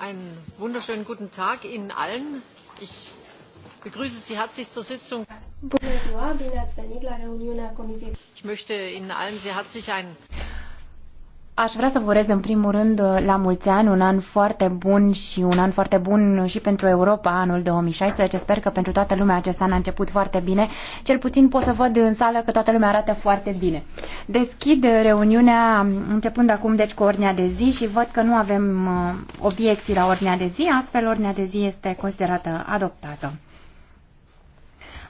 einen wunderschönen guten Tag Ihnen allen. Ich begrüße Sie herzlich zur Sitzung. Ich möchte Ihnen allen sehr herzlich ein Aș vrea să vă urez în primul rând la mulți ani, un an foarte bun și un an foarte bun și pentru Europa, anul 2016. Sper că pentru toată lumea acest an a început foarte bine. Cel puțin pot să văd în sală că toată lumea arată foarte bine. Deschid reuniunea începând acum deci cu ordinea de zi și văd că nu avem uh, obiecții la ordinea de zi, astfel ordinea de zi este considerată adoptată.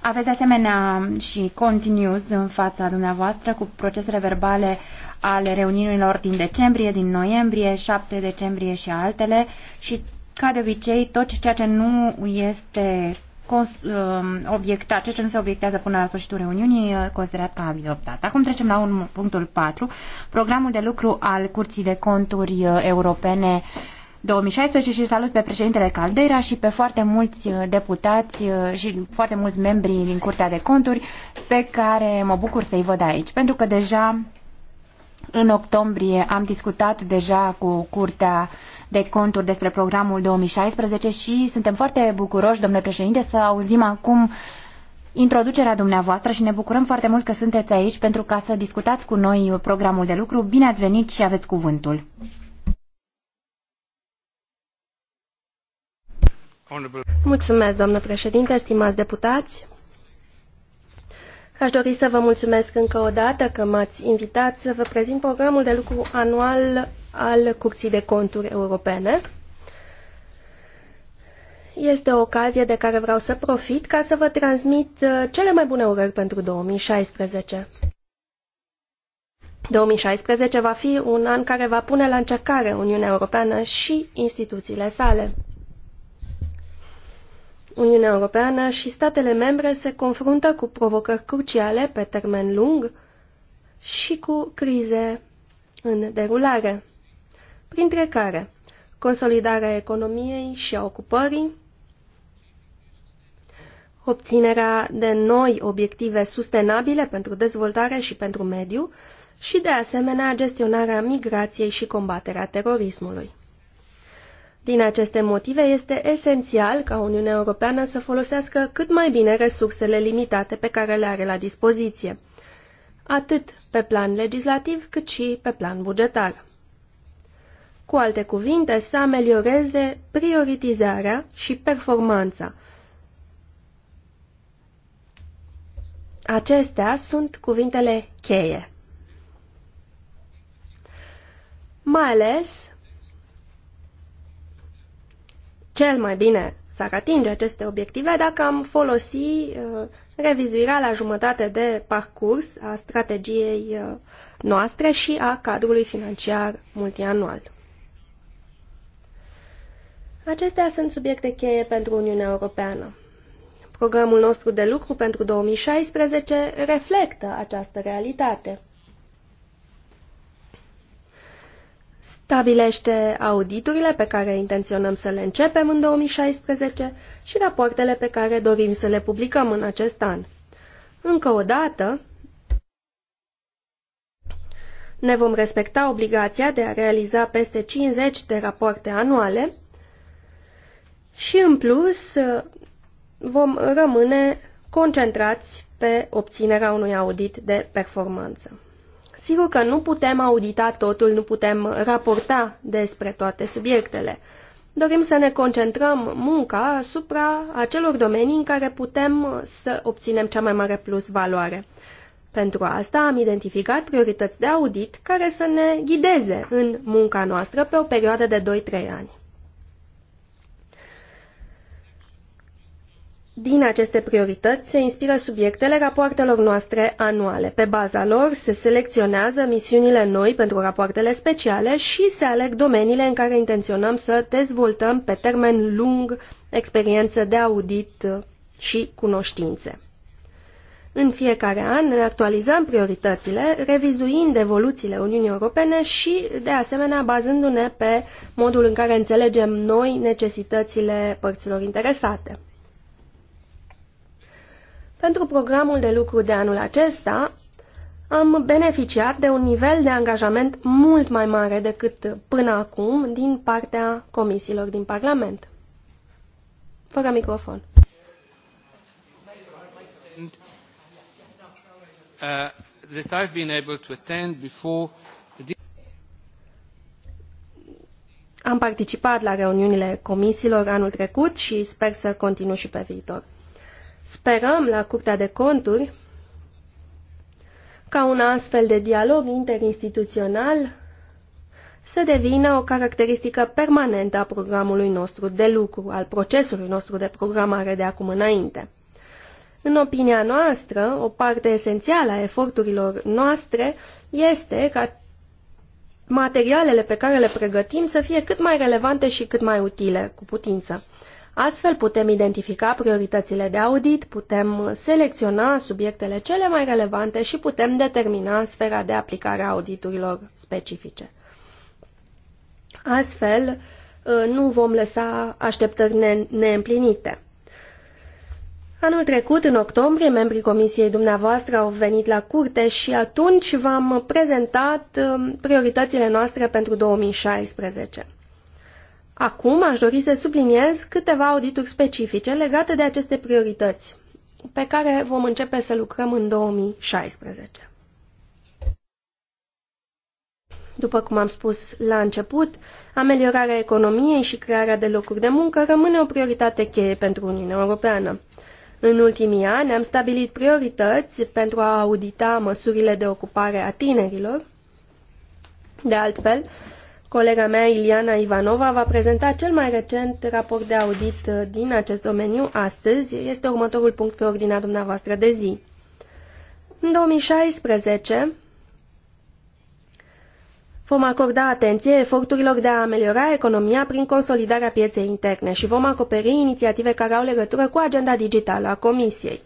Aveți de asemenea și continuous în fața dumneavoastră cu procesele verbale ale reuniunilor din decembrie, din noiembrie, 7 decembrie și altele și, ca de obicei, tot ceea ce nu este um, obiectat, ceea ce nu se obiectează până la sfârșitul reuniunii, uh, considerat ca adoptat. Acum trecem la un, punctul 4, programul de lucru al Curții de Conturi uh, Europene 2016 și salut pe președintele Caldera și pe foarte mulți uh, deputați și foarte mulți membri din Curtea de Conturi pe care mă bucur să-i văd aici, pentru că deja în octombrie am discutat deja cu Curtea de Conturi despre programul 2016 și suntem foarte bucuroși, domnule președinte, să auzim acum introducerea dumneavoastră și ne bucurăm foarte mult că sunteți aici pentru ca să discutați cu noi programul de lucru. Bine ați venit și aveți cuvântul. Mulțumesc, doamnă președinte, stimați deputați. Aș dori să vă mulțumesc încă o dată că m-ați invitat să vă prezint programul de lucru anual al Curții de Conturi Europene. Este o ocazie de care vreau să profit ca să vă transmit uh, cele mai bune urări pentru 2016. 2016 va fi un an care va pune la încercare Uniunea Europeană și instituțiile sale. Uniunea Europeană și statele membre se confruntă cu provocări cruciale pe termen lung și cu crize în derulare, printre care consolidarea economiei și a ocupării, obținerea de noi obiective sustenabile pentru dezvoltare și pentru mediu și, de asemenea, gestionarea migrației și combaterea terorismului. Din aceste motive, este esențial ca Uniunea Europeană să folosească cât mai bine resursele limitate pe care le are la dispoziție, atât pe plan legislativ cât și pe plan bugetar. Cu alte cuvinte, să amelioreze prioritizarea și performanța. Acestea sunt cuvintele cheie. Mai ales Cel mai bine s-ar atinge aceste obiective dacă am folosi uh, revizuirea la jumătate de parcurs a strategiei uh, noastre și a cadrului financiar multianual. Acestea sunt subiecte cheie pentru Uniunea Europeană. Programul nostru de lucru pentru 2016 reflectă această realitate. stabilește auditurile pe care intenționăm să le începem în 2016 și rapoartele pe care dorim să le publicăm în acest an. Încă o dată, ne vom respecta obligația de a realiza peste 50 de rapoarte anuale și, în plus, vom rămâne concentrați pe obținerea unui audit de performanță. Sigur că nu putem audita totul, nu putem raporta despre toate subiectele. Dorim să ne concentrăm munca asupra acelor domenii în care putem să obținem cea mai mare plus valoare. Pentru asta am identificat priorități de audit care să ne ghideze în munca noastră pe o perioadă de 2-3 ani. Din aceste priorități se inspiră subiectele rapoartelor noastre anuale. Pe baza lor se selecționează misiunile noi pentru rapoartele speciale și se aleg domeniile în care intenționăm să dezvoltăm pe termen lung experiență de audit și cunoștințe. În fiecare an ne actualizăm prioritățile, revizuind evoluțiile Uniunii Europene și, de asemenea, bazându-ne pe modul în care înțelegem noi necesitățile părților interesate. Pentru programul de lucru de anul acesta am beneficiat de un nivel de angajament mult mai mare decât până acum din partea comisiilor din Parlament. Fără microfon. Uh, that I've been able to attend before Am participat la reuniunile comisiilor anul trecut și sper să continu și pe viitor. Sperăm la Curtea de Conturi ca un astfel de dialog interinstituțional să devină o caracteristică permanentă a programului nostru de lucru, al procesului nostru de programare de acum înainte. În opinia noastră, o parte esențială a eforturilor noastre este ca materialele pe care le pregătim să fie cât mai relevante și cât mai utile, cu putință. Astfel putem identifica prioritățile de audit, putem selecționa subiectele cele mai relevante și putem determina sfera de aplicare a auditurilor specifice. Astfel, uh, nu vom lăsa așteptări ne neîmplinite. Anul trecut, în octombrie, membrii comisiei dumneavoastră au venit la curte și atunci v-am prezentat um, prioritățile noastre pentru 2016. Acum aș dori să subliniez câteva audituri specifice legate de aceste priorități, pe care vom începe să lucrăm în 2016. După cum am spus la început, ameliorarea economiei și crearea de locuri de muncă rămâne o prioritate cheie pentru Uniunea Europeană. În ultimii ani am stabilit priorități pentru a audita măsurile de ocupare a tinerilor. De altfel, Colega mea, Iliana Ivanova, va prezenta cel mai recent raport de audit uh, din acest domeniu astăzi. Este următorul punct pe ordinea dumneavoastră de zi. În 2016 vom acorda atenție eforturilor de a ameliora economia prin consolidarea pieței interne și vom acoperi inițiative care au legătură cu agenda digitală a Comisiei.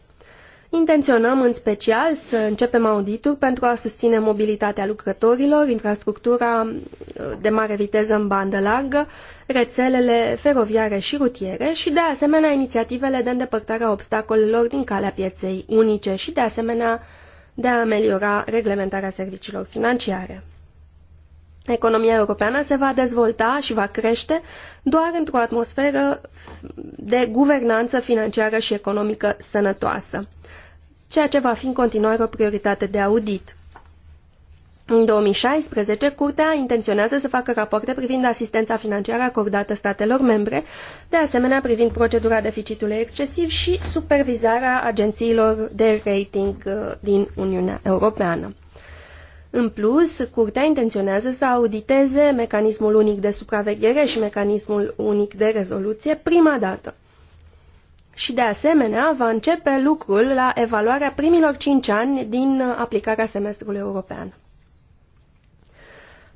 Intenționăm în special să începem auditul pentru a susține mobilitatea lucrătorilor, infrastructura uh, de mare viteză în bandă largă, rețelele feroviare și rutiere și de asemenea inițiativele de îndepărtare a obstacolelor din calea pieței unice și de asemenea de a ameliora reglementarea serviciilor financiare. Economia europeană se va dezvolta și va crește doar într-o atmosferă de guvernanță financiară și economică sănătoasă ceea ce va fi în continuare o prioritate de audit. În 2016, Curtea intenționează să facă rapoarte privind asistența financiară acordată statelor membre, de asemenea privind procedura deficitului excesiv și supervizarea agențiilor de rating uh, din Uniunea Europeană. În plus, Curtea intenționează să auditeze mecanismul unic de supraveghere și mecanismul unic de rezoluție prima dată și de asemenea va începe lucrul la evaluarea primilor cinci ani din aplicarea semestrului european.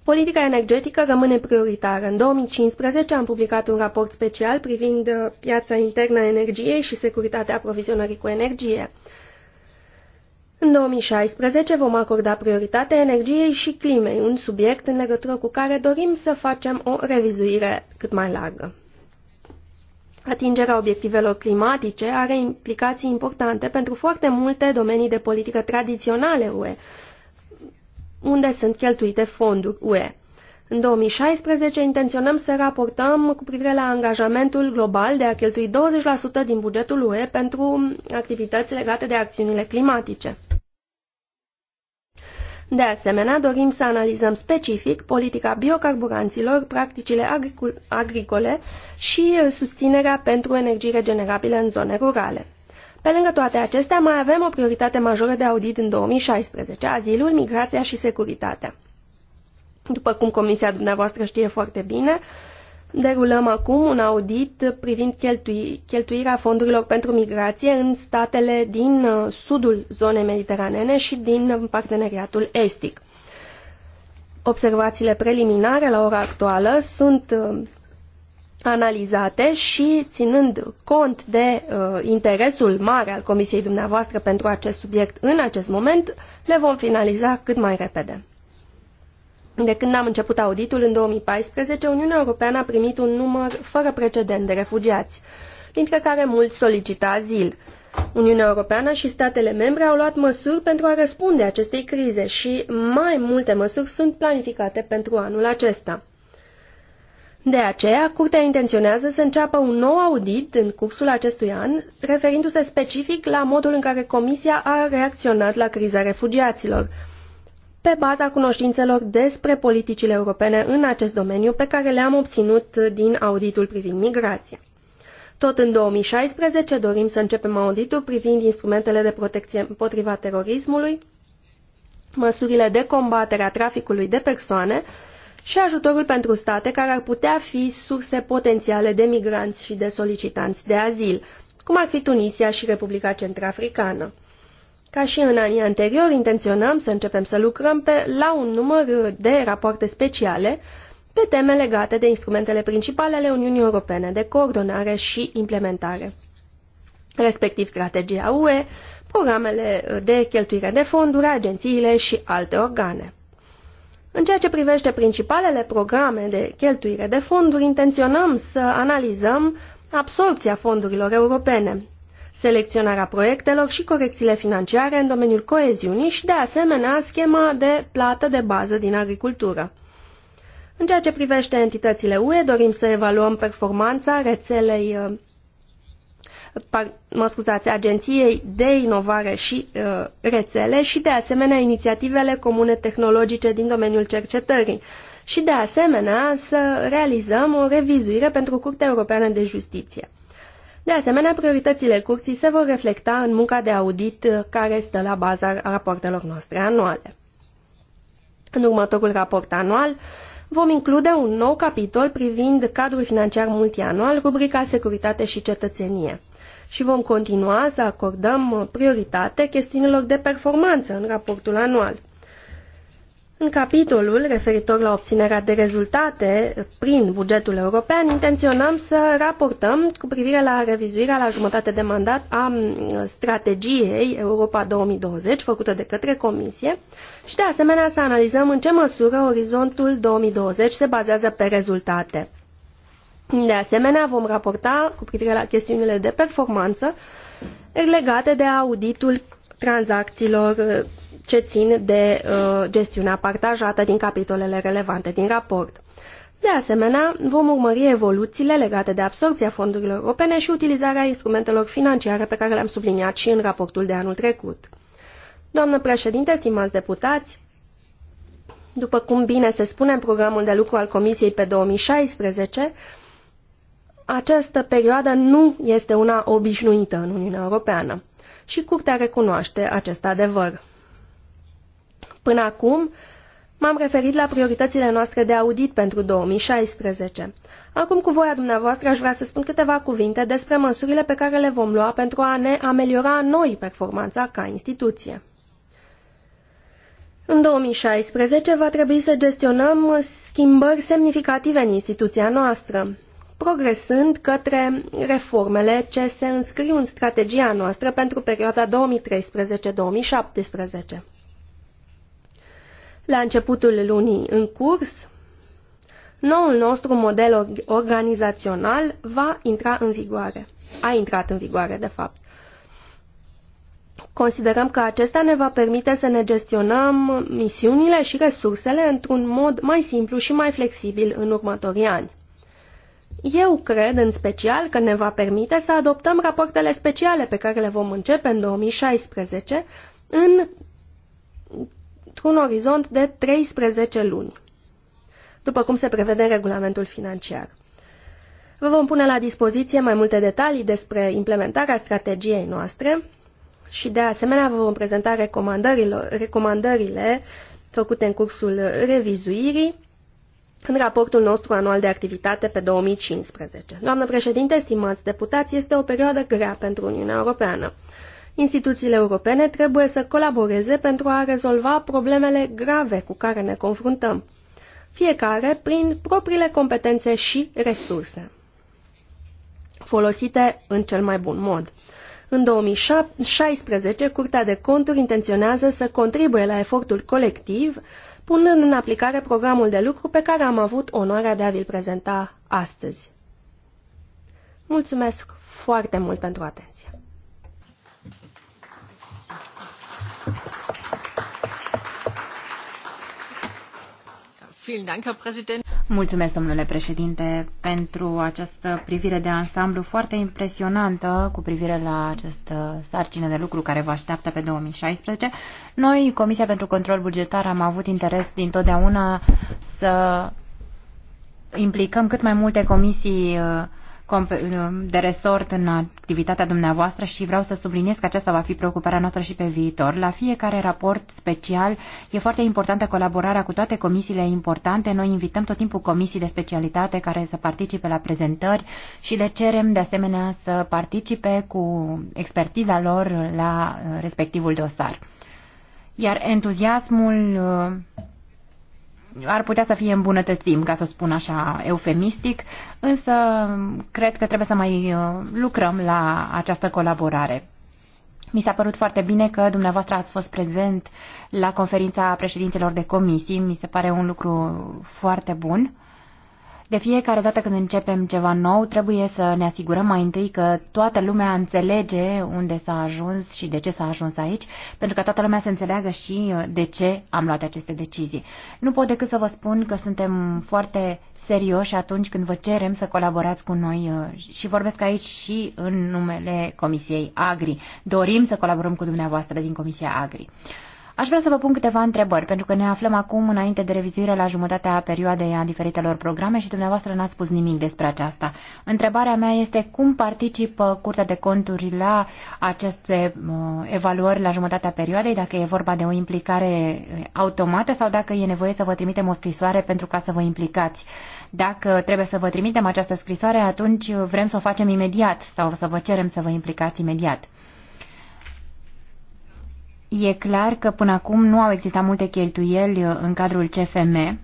Politica energetică rămâne prioritară. În 2015 am publicat un raport special privind uh, piața internă a energiei și securitatea aprovizionării cu energie. În 2016 vom acorda prioritate energiei și climei, un subiect în legătură cu care dorim să facem o revizuire cât mai largă. Atingerea obiectivelor climatice are implicații importante pentru foarte multe domenii de politică tradiționale UE, unde sunt cheltuite fonduri UE. În 2016 intenționăm să raportăm cu privire la angajamentul global de a cheltui 20% din bugetul UE pentru activități legate de acțiunile climatice. De asemenea, dorim să analizăm specific politica biocarburanților, practicile agricole și uh, susținerea pentru energii regenerabile în zone rurale. Pe lângă toate acestea, mai avem o prioritate majoră de audit în 2016, azilul, migrația și securitatea. După cum Comisia dumneavoastră știe foarte bine, Derulăm acum un audit privind cheltui, cheltuirea fondurilor pentru migrație în statele din uh, sudul zonei mediteranene și din parteneriatul estic. Observațiile preliminare la ora actuală sunt uh, analizate și ținând cont de uh, interesul mare al Comisiei dumneavoastră pentru acest subiect în acest moment, le vom finaliza cât mai repede. De când am început auditul în 2014, Uniunea Europeană a primit un număr fără precedent de refugiați, dintre care mulți solicită azil. Uniunea Europeană și statele membre au luat măsuri pentru a răspunde acestei crize și mai multe măsuri sunt planificate pentru anul acesta. De aceea, Curtea intenționează să înceapă un nou audit în cursul acestui an, referindu-se specific la modul în care Comisia a reacționat la criza refugiaților – pe baza cunoștințelor despre politicile europene în acest domeniu pe care le-am obținut din auditul privind migrația. Tot în 2016 dorim să începem auditul privind instrumentele de protecție împotriva terorismului, măsurile de combatere a traficului de persoane și ajutorul pentru state care ar putea fi surse potențiale de migranți și de solicitanți de azil, cum ar fi Tunisia și Republica Centrafricană. Ca și în anii anteriori, intenționăm să începem să lucrăm pe, la un număr de rapoarte speciale pe teme legate de instrumentele principale ale Uniunii Europene de coordonare și implementare, respectiv strategia UE, programele de cheltuire de fonduri, agențiile și alte organe. În ceea ce privește principalele programe de cheltuire de fonduri, intenționăm să analizăm absorpția fondurilor europene, selecționarea proiectelor și corecțiile financiare în domeniul coeziunii și, de asemenea, schema de plată de bază din agricultură. În ceea ce privește entitățile UE, dorim să evaluăm performanța rețelei uh, mă scuzați, Agenției de Inovare și uh, Rețele și, de asemenea, inițiativele comune tehnologice din domeniul cercetării și, de asemenea, să realizăm o revizuire pentru Curtea Europeană de Justiție. De asemenea, prioritățile curții se vor reflecta în munca de audit uh, care stă la baza rapoartelor noastre anuale. În următorul raport anual vom include un nou capitol privind cadrul financiar multianual, rubrica Securitate și cetățenie și vom continua să acordăm uh, prioritate chestiunilor de performanță în raportul anual. În capitolul referitor la obținerea de rezultate prin bugetul european, intenționăm să raportăm cu privire la revizuirea la jumătate de mandat a strategiei Europa 2020 făcută de către Comisie și de asemenea să analizăm în ce măsură orizontul 2020 se bazează pe rezultate. De asemenea, vom raporta cu privire la chestiunile de performanță legate de auditul tranzacțiilor ce țin de uh, gestiunea partajată din capitolele relevante din raport. De asemenea, vom urmări evoluțiile legate de absorbția fondurilor europene și utilizarea instrumentelor financiare pe care le-am subliniat și în raportul de anul trecut. Doamnă președinte, stimați deputați, după cum bine se spune în programul de lucru al Comisiei pe 2016, această perioadă nu este una obișnuită în Uniunea Europeană și Curtea recunoaște acest adevăr. Până acum, m-am referit la prioritățile noastre de audit pentru 2016. Acum, cu voia dumneavoastră, aș vrea să spun câteva cuvinte despre măsurile pe care le vom lua pentru a ne ameliora noi performanța ca instituție. În 2016 va trebui să gestionăm schimbări semnificative în instituția noastră, progresând către reformele ce se înscriu în strategia noastră pentru perioada 2013-2017 la începutul lunii în curs, noul nostru model organizațional va intra în vigoare. A intrat în vigoare, de fapt. Considerăm că acesta ne va permite să ne gestionăm misiunile și resursele într-un mod mai simplu și mai flexibil în următorii ani. Eu cred în special că ne va permite să adoptăm rapoartele speciale pe care le vom începe în 2016 în într-un orizont de 13 luni, după cum se prevede în regulamentul financiar. Vă vom pune la dispoziție mai multe detalii despre implementarea strategiei noastre și de asemenea vă vom prezenta recomandările, recomandările făcute în cursul revizuirii în raportul nostru anual de activitate pe 2015. Doamnă președinte, stimați deputați, este o perioadă grea pentru Uniunea Europeană. Instituțiile europene trebuie să colaboreze pentru a rezolva problemele grave cu care ne confruntăm, fiecare prin propriile competențe și resurse, folosite în cel mai bun mod. În 2016, Curtea de Conturi intenționează să contribuie la efortul colectiv, punând în aplicare programul de lucru pe care am avut onoarea de a vi-l prezenta astăzi. Mulțumesc foarte mult pentru atenție! Mulțumesc, domnule președinte, pentru această privire de ansamblu foarte impresionantă cu privire la această sarcină de lucru care vă așteaptă pe 2016. Noi, Comisia pentru Control Bugetar, am avut interes dintotdeauna să implicăm cât mai multe comisii uh, de resort în activitatea dumneavoastră și vreau să subliniez că aceasta va fi preocuparea noastră și pe viitor. La fiecare raport special e foarte importantă colaborarea cu toate comisiile importante. Noi invităm tot timpul comisii de specialitate care să participe la prezentări și le cerem de asemenea să participe cu expertiza lor la uh, respectivul dosar. Iar entuziasmul uh, ar putea să fie îmbunătățim, ca să spun așa eufemistic, însă cred că trebuie să mai uh, lucrăm la această colaborare. Mi s-a părut foarte bine că dumneavoastră ați fost prezent la conferința președintelor de comisii. Mi se pare un lucru foarte bun. De fiecare dată când începem ceva nou, trebuie să ne asigurăm mai întâi că toată lumea înțelege unde s-a ajuns și de ce s-a ajuns aici, pentru că toată lumea să înțeleagă și uh, de ce am luat aceste decizii. Nu pot decât să vă spun că suntem foarte serioși atunci când vă cerem să colaborați cu noi uh, și vorbesc aici și în numele Comisiei Agri. Dorim să colaborăm cu dumneavoastră din Comisia Agri. Aș vrea să vă pun câteva întrebări, pentru că ne aflăm acum înainte de revizuire la jumătatea perioadei a diferitelor programe și dumneavoastră n-ați spus nimic despre aceasta. Întrebarea mea este cum participă Curtea de Conturi la aceste uh, evaluări la jumătatea perioadei, dacă e vorba de o implicare uh, automată sau dacă e nevoie să vă trimitem o scrisoare pentru ca să vă implicați. Dacă trebuie să vă trimitem această scrisoare, atunci vrem să o facem imediat sau să vă cerem să vă implicați imediat. E clar că până acum nu au existat multe cheltuieli uh, în cadrul CFM,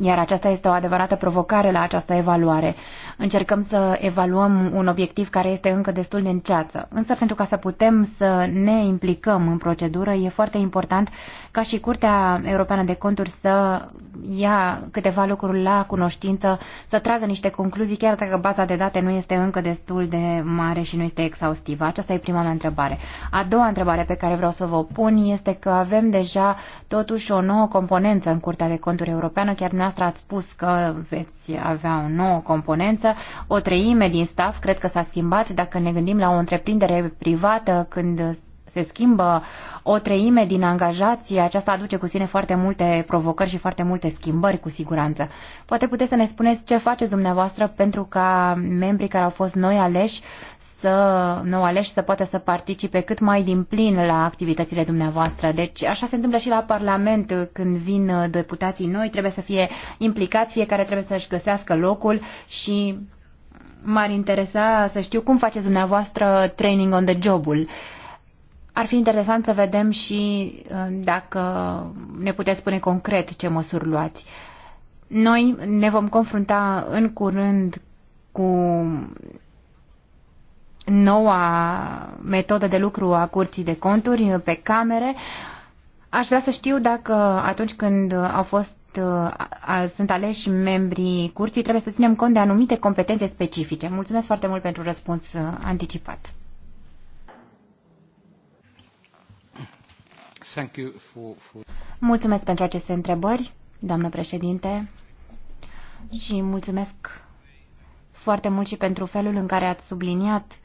iar aceasta este o adevărată provocare la această evaluare încercăm să evaluăm un obiectiv care este încă destul de înceață. Însă pentru ca să putem să ne implicăm în procedură, e foarte important ca și Curtea Europeană de Conturi să ia câteva lucruri la cunoștință, să tragă niște concluzii, chiar dacă baza de date nu este încă destul de mare și nu este exhaustivă. Aceasta e prima mea întrebare. A doua întrebare pe care vreau să vă pun este că avem deja totuși o nouă componență în Curtea de Conturi Europeană. Chiar dumneavoastră ați spus că veți avea o nouă componență dimineața, o treime din staff cred că s-a schimbat. Dacă ne gândim la o întreprindere privată, când se schimbă o treime din angajații, aceasta aduce cu sine foarte multe provocări și foarte multe schimbări, cu siguranță. Poate puteți să ne spuneți ce faceți dumneavoastră pentru ca membrii care au fost noi aleși să, nu aleși să poată să participe cât mai din plin la activitățile dumneavoastră. Deci așa se întâmplă și la Parlament când vin uh, deputații noi, trebuie să fie implicați, fiecare trebuie să-și găsească locul și m-ar interesa să știu cum faceți dumneavoastră training on the job-ul. Ar fi interesant să vedem și uh, dacă ne puteți spune concret ce măsuri luați. Noi ne vom confrunta în curând cu noua metodă de lucru a curții de conturi pe camere. Aș vrea să știu dacă atunci când au fost sunt aleși membrii curții, trebuie să ținem cont de anumite competențe specifice. Mulțumesc foarte mult pentru răspuns uh, anticipat. Thank you for, for... Mulțumesc pentru aceste întrebări, doamnă președinte, și mulțumesc foarte mult și pentru felul în care ați subliniat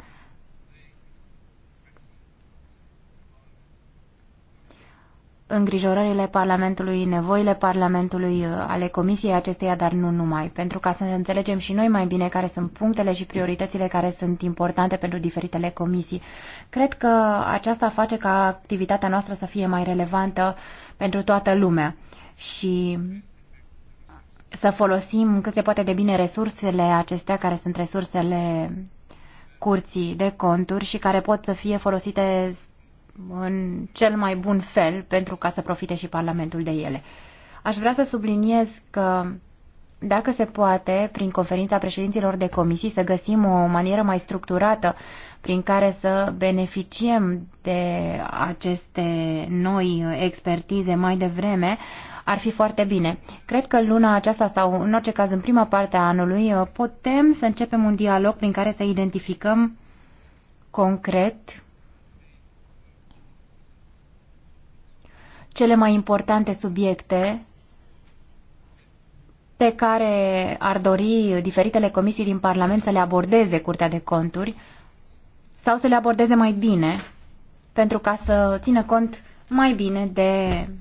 îngrijorările Parlamentului, nevoile Parlamentului, uh, ale Comisiei acesteia, dar nu numai, pentru ca să ne înțelegem și noi mai bine care sunt punctele și prioritățile care sunt importante pentru diferitele comisii. Cred că aceasta face ca activitatea noastră să fie mai relevantă pentru toată lumea și să folosim cât se poate de bine resursele acestea, care sunt resursele curții de conturi și care pot să fie folosite în cel mai bun fel pentru ca să profite și Parlamentul de ele. Aș vrea să subliniez că dacă se poate, prin conferința președinților de comisii, să găsim o manieră mai structurată prin care să beneficiem de aceste noi expertize mai devreme, ar fi foarte bine. Cred că luna aceasta sau în orice caz în prima parte a anului putem să începem un dialog prin care să identificăm concret cele mai importante subiecte pe care ar dori diferitele comisii din Parlament să le abordeze Curtea de Conturi sau să le abordeze mai bine pentru ca să țină cont mai bine de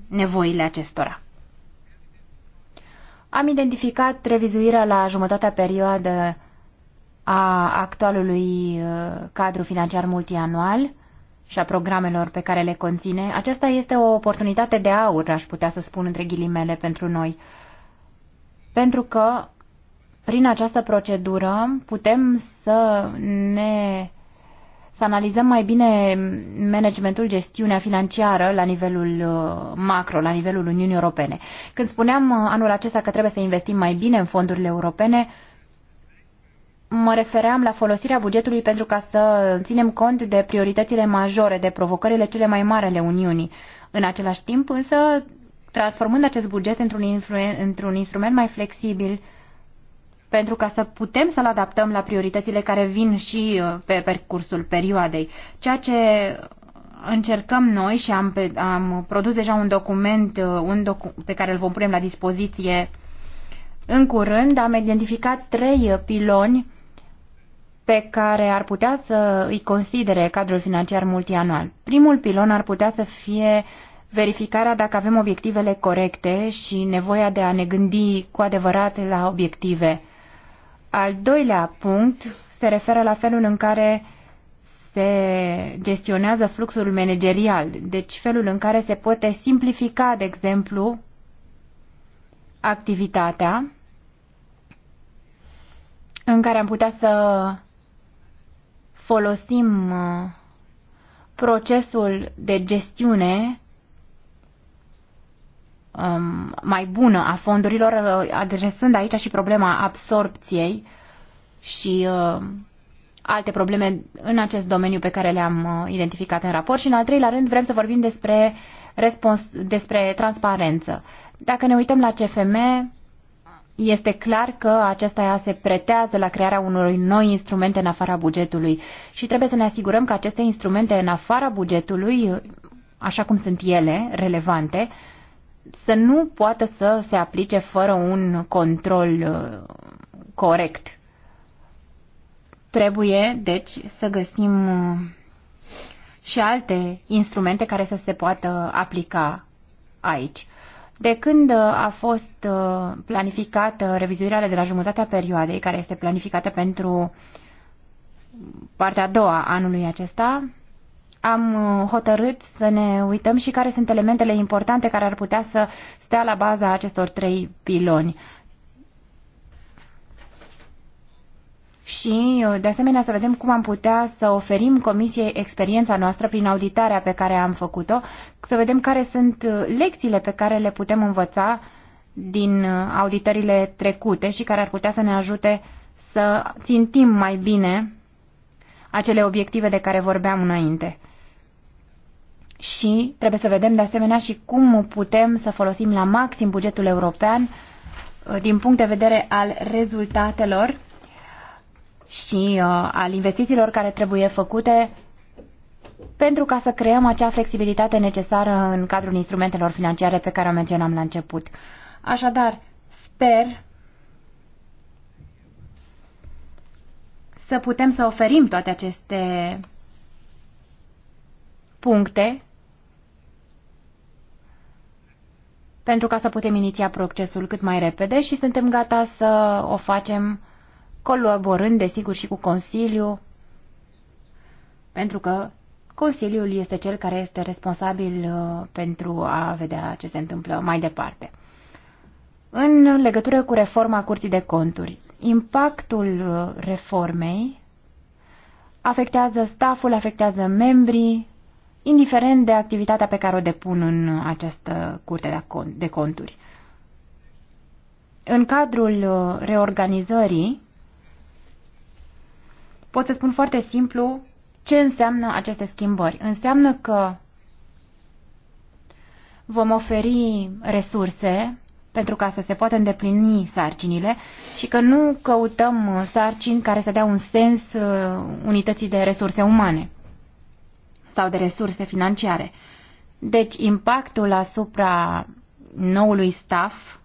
nevoile acestora. Am identificat revizuirea la jumătatea perioadă a actualului uh, cadru financiar multianual, și a programelor pe care le conține, aceasta este o oportunitate de aur, aș putea să spun între ghilimele, pentru noi. Pentru că prin această procedură putem să ne să analizăm mai bine managementul, gestiunea financiară la nivelul uh, macro, la nivelul Uniunii Europene. Când spuneam uh, anul acesta că trebuie să investim mai bine în fondurile europene, mă refeream la folosirea bugetului pentru ca să ținem cont de prioritățile majore, de provocările cele mai mari ale Uniunii. În același timp, însă, transformând acest buget într-un, într instrument mai flexibil, pentru ca să putem să-l adaptăm la prioritățile care vin și uh, pe percursul perioadei. Ceea ce încercăm noi și am, am produs deja un document uh, un docu- pe care îl vom pune la dispoziție în curând, am identificat trei piloni pe care ar putea să îi considere cadrul financiar multianual. Primul pilon ar putea să fie verificarea dacă avem obiectivele corecte și nevoia de a ne gândi cu adevărat la obiective. Al doilea punct se referă la felul în care se gestionează fluxul managerial, deci felul în care se poate simplifica, de exemplu, activitatea în care am putea să folosim uh, procesul de gestiune um, mai bună a fondurilor, uh, adresând aici și problema absorpției și uh, alte probleme în acest domeniu pe care le-am identificat în raport și în al treilea rând vrem să vorbim despre, despre transparență. Dacă ne uităm la CFM, este clar că acesta se pretează la crearea unor noi instrumente în afara bugetului și trebuie să ne asigurăm că aceste instrumente în afara bugetului, așa cum sunt ele, relevante, să nu poată să se aplice fără un control uh, corect. Trebuie, deci, să găsim uh, și alte instrumente care să se poată aplica aici. De când uh, a fost uh, planificată revizuirea de la jumătatea perioadei, care este planificată pentru partea a doua anului acesta, am uh, hotărât să ne uităm și care sunt elementele importante care ar putea să stea la baza acestor trei piloni. și, uh, de asemenea, să vedem cum am putea să oferim Comisiei experiența noastră prin auditarea pe care am făcut-o, să vedem care sunt uh, lecțiile pe care le putem învăța din uh, auditările trecute și care ar putea să ne ajute să țintim mai bine acele obiective de care vorbeam înainte. Și trebuie să vedem de asemenea și cum putem să folosim la maxim bugetul european din punct de vedere al rezultatelor și uh, al investițiilor care trebuie făcute pentru ca să creăm acea flexibilitate necesară în cadrul instrumentelor financiare pe care o menționam la început. Așadar, sper să putem să oferim toate aceste puncte pentru ca să putem iniția procesul cât mai repede și suntem gata să o facem colaborând, desigur, și cu consiliu, pentru că Consiliul este cel care este responsabil uh, pentru a vedea ce se întâmplă mai departe. În legătură cu reforma Curții de Conturi, impactul uh, reformei afectează staful, afectează membrii, indiferent de activitatea pe care o depun în această curte de conturi. În cadrul uh, reorganizării, pot să spun foarte simplu ce înseamnă aceste schimbări. Înseamnă că vom oferi resurse pentru ca să se poată îndeplini sarcinile și că nu căutăm sarcini care să dea un sens uh, unității de resurse umane sau de resurse financiare. Deci impactul asupra noului staff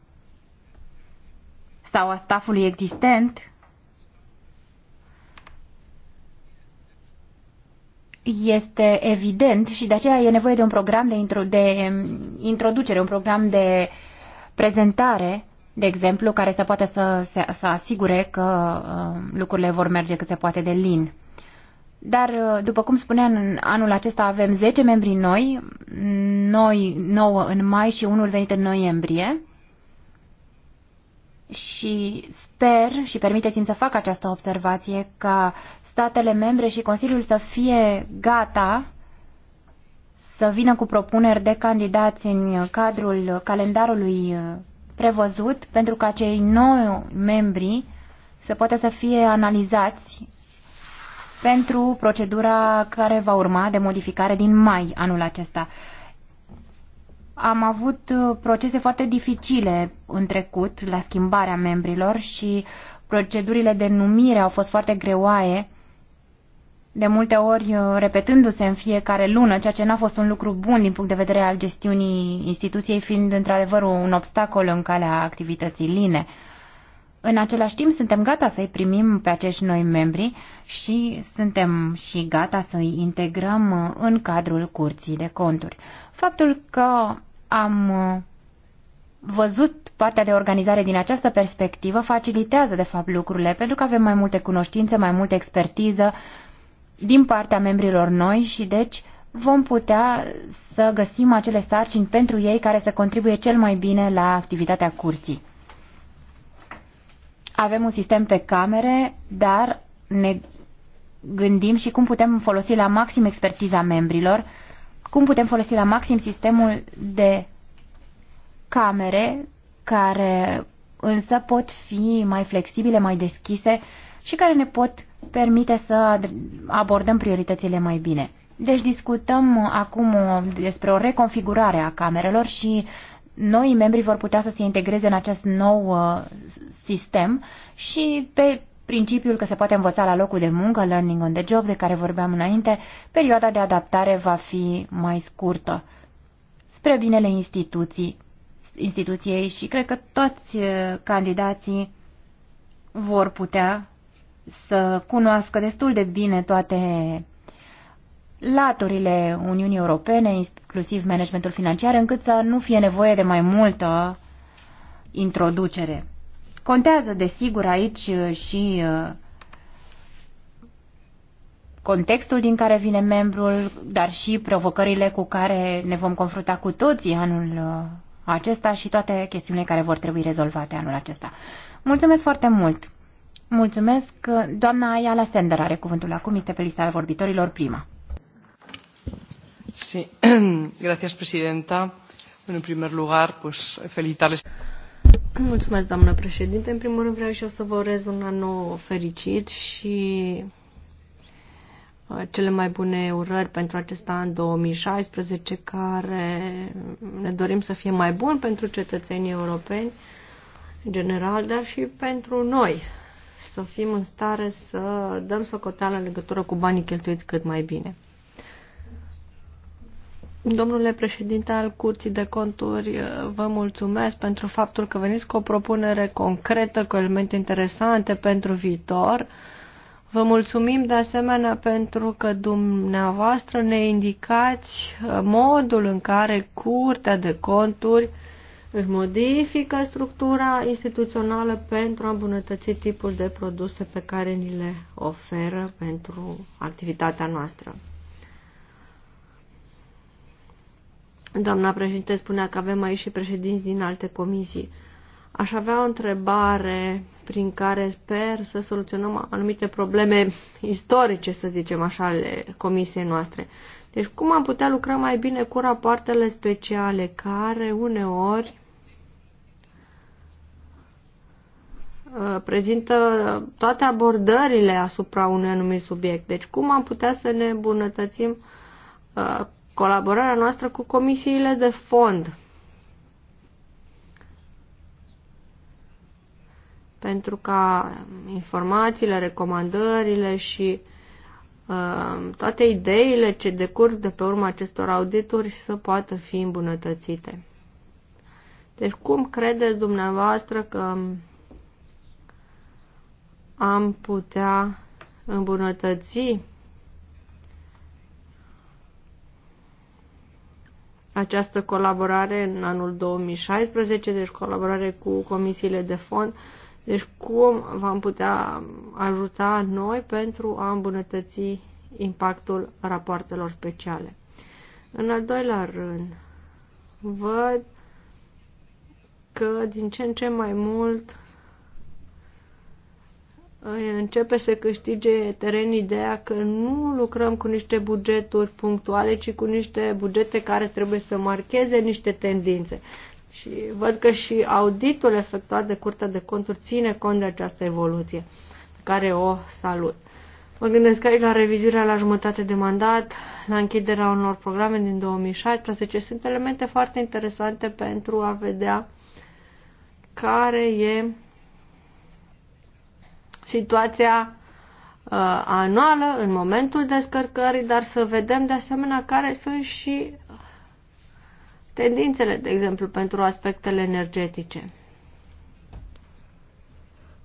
sau a staffului existent este evident și de aceea e nevoie de un program de, intro, de um, introducere, un program de prezentare, de exemplu, care să poată să, să, să asigure că um, lucrurile vor merge cât se poate de lin. Dar, uh, după cum spuneam, în anul acesta avem 10 membri noi, noi 9 în mai și unul venit în noiembrie. Și sper, și permiteți-mi să fac această observație, ca statele membre și Consiliul să fie gata să vină cu propuneri de candidați în cadrul calendarului uh, prevăzut pentru ca cei noi membri să poată să fie analizați pentru procedura care va urma de modificare din mai anul acesta. Am avut uh, procese foarte dificile în trecut la schimbarea membrilor și procedurile de numire au fost foarte greoaie de multe ori uh, repetându-se în fiecare lună, ceea ce n-a fost un lucru bun din punct de vedere al gestiunii instituției, fiind într-adevăr un obstacol în calea activității line. În același timp, suntem gata să-i primim pe acești noi membri și suntem și gata să-i integrăm uh, în cadrul curții de conturi. Faptul că am uh, văzut partea de organizare din această perspectivă facilitează, de fapt, lucrurile, pentru că avem mai multe cunoștințe, mai multă expertiză, din partea membrilor noi și deci vom putea să găsim acele sarcini pentru ei care să contribuie cel mai bine la activitatea curții. Avem un sistem pe camere, dar ne gândim și cum putem folosi la maxim expertiza membrilor, cum putem folosi la maxim sistemul de camere care însă pot fi mai flexibile, mai deschise și care ne pot permite să abordăm prioritățile mai bine. Deci discutăm acum uh, despre o reconfigurare a camerelor și noi membri vor putea să se integreze în acest nou uh, sistem și pe principiul că se poate învăța la locul de muncă, learning on the job, de care vorbeam înainte, perioada de adaptare va fi mai scurtă spre binele instituții, instituției și cred că toți uh, candidații vor putea să cunoască destul de bine toate laturile Uniunii Europene, inclusiv managementul financiar, încât să nu fie nevoie de mai multă introducere. Contează, desigur, aici și uh, contextul din care vine membrul, dar și provocările cu care ne vom confrunta cu toții anul uh, acesta și toate chestiunile care vor trebui rezolvate anul acesta. Mulțumesc foarte mult! Mulțumesc. Doamna Ayala Sender are cuvântul acum, este pe lista vorbitorilor prima. Sí, gracias, presidenta. În primer lugar, pues felicitarles. Mulțumesc, doamnă președinte. În primul rând vreau și eu să vă urez un an nou fericit și uh, cele mai bune urări pentru acest an 2016, care ne dorim să fie mai bun pentru cetățenii europeni în general, dar și pentru noi, să fim în stare să dăm socoteală în legătură cu banii cheltuiți cât mai bine. Domnule președinte al Curții de Conturi, vă mulțumesc pentru faptul că veniți cu o propunere concretă, cu elemente interesante pentru viitor. Vă mulțumim de asemenea pentru că dumneavoastră ne indicați modul în care Curtea de Conturi își modifică structura instituțională pentru a îmbunătăți tipul de produse pe care ni le oferă pentru activitatea noastră. Doamna președinte spunea că avem aici și președinți din alte comisii. Aș avea o întrebare prin care sper să soluționăm anumite probleme istorice, să zicem așa, ale comisiei noastre. Deci cum am putea lucra mai bine cu rapoartele speciale care uneori Uh, prezintă toate abordările asupra unui anumit subiect. Deci cum am putea să ne îmbunătățim uh, colaborarea noastră cu comisiile de fond? Pentru ca informațiile, recomandările și uh, toate ideile ce decurg de pe urma acestor audituri să poată fi îmbunătățite. Deci cum credeți dumneavoastră că am putea îmbunătăți această colaborare în anul 2016, deci colaborare cu comisiile de fond. Deci cum vom putea ajuta noi pentru a îmbunătăți impactul rapoartelor speciale. În al doilea rând, văd că din ce în ce mai mult începe să câștige teren ideea că nu lucrăm cu niște bugeturi punctuale, ci cu niște bugete care trebuie să marcheze niște tendințe. Și văd că și auditul efectuat de Curtea de Conturi ține cont de această evoluție, pe care o salut. Mă gândesc aici la revizuirea la jumătate de mandat, la închiderea unor programe din 2016. Sunt elemente foarte interesante pentru a vedea care e situația uh, anuală în momentul descărcării, dar să vedem de asemenea care sunt și tendințele, de exemplu, pentru aspectele energetice.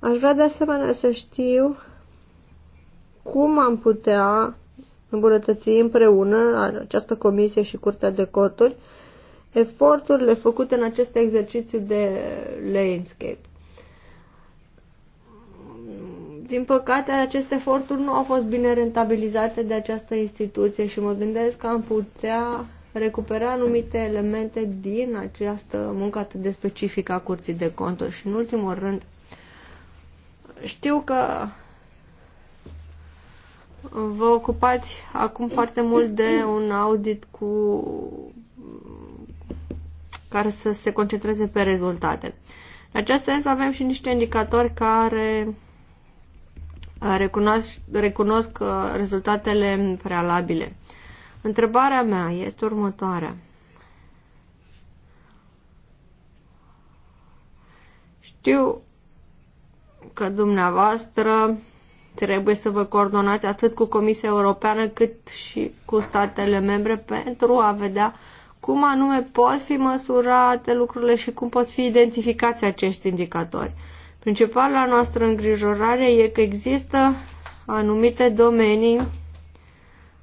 Aș vrea de asemenea să știu cum am putea îmbunătăți împreună această comisie și Curtea de Coturi eforturile făcute în acest exercițiu de landscape. Din păcate, aceste eforturi nu au fost bine rentabilizate de această instituție și mă gândesc că am putea recupera anumite elemente din această muncă atât de specifică a Curții de Conturi. Și în ultimul rând, știu că vă ocupați acum foarte mult de un audit cu care să se concentreze pe rezultate. În acest sens avem și niște indicatori care recunosc, recunosc uh, rezultatele prealabile. Întrebarea mea este următoarea. Știu că dumneavoastră trebuie să vă coordonați atât cu Comisia Europeană cât și cu statele membre pentru a vedea cum anume pot fi măsurate lucrurile și cum pot fi identificați acești indicatori. Principala noastră îngrijorare e că există anumite domenii,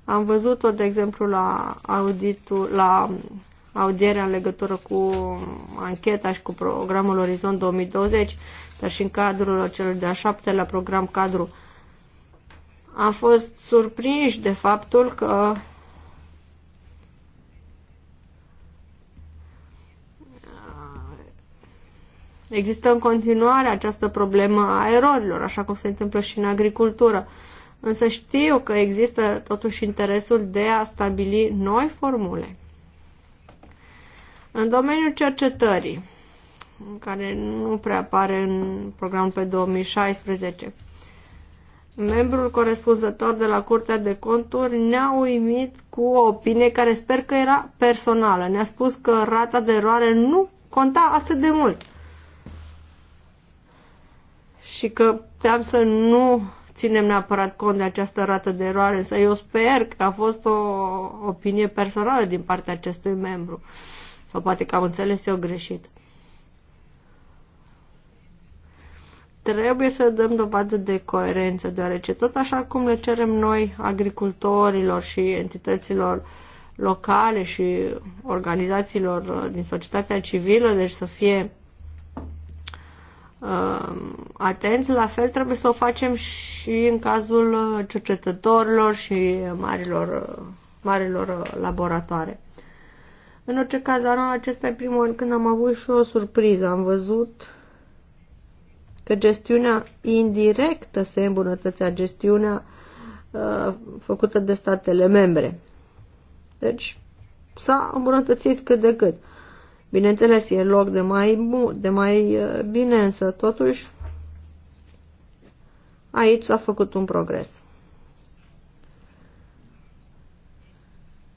am văzut-o, de exemplu, la, auditul, la audierea în legătură cu ancheta și cu programul Orizont 2020, dar și în cadrul celor de-a șaptelea program cadru, am fost surprinși de faptul că Există în continuare această problemă a erorilor, așa cum se întâmplă și în agricultură. Însă știu că există totuși interesul de a stabili noi formule. În domeniul cercetării, care nu prea apare în programul pe 2016, membrul corespunzător de la Curtea de Conturi ne-a uimit cu o opinie care sper că era personală. Ne-a spus că rata de eroare nu conta atât de mult și că puteam să nu ținem neapărat cont de această rată de eroare, însă eu sper că a fost o opinie personală din partea acestui membru. Sau poate că am înțeles eu greșit. Trebuie să dăm dovadă de coerență, deoarece tot așa cum le cerem noi agricultorilor și entităților locale și organizațiilor din societatea civilă, deci să fie uh, atenți, la fel trebuie să o facem și în cazul uh, cercetătorilor și marilor, uh, marilor uh, laboratoare. În orice caz, anul acesta e primul an când am avut și o surpriză. Am văzut că gestiunea indirectă se îmbunătățea, gestiunea uh, făcută de statele membre. Deci s-a îmbunătățit cât de cât. Uh, Bineînțeles, e loc de mai, bu de mai uh, bine, însă totuși aici s-a făcut un progres.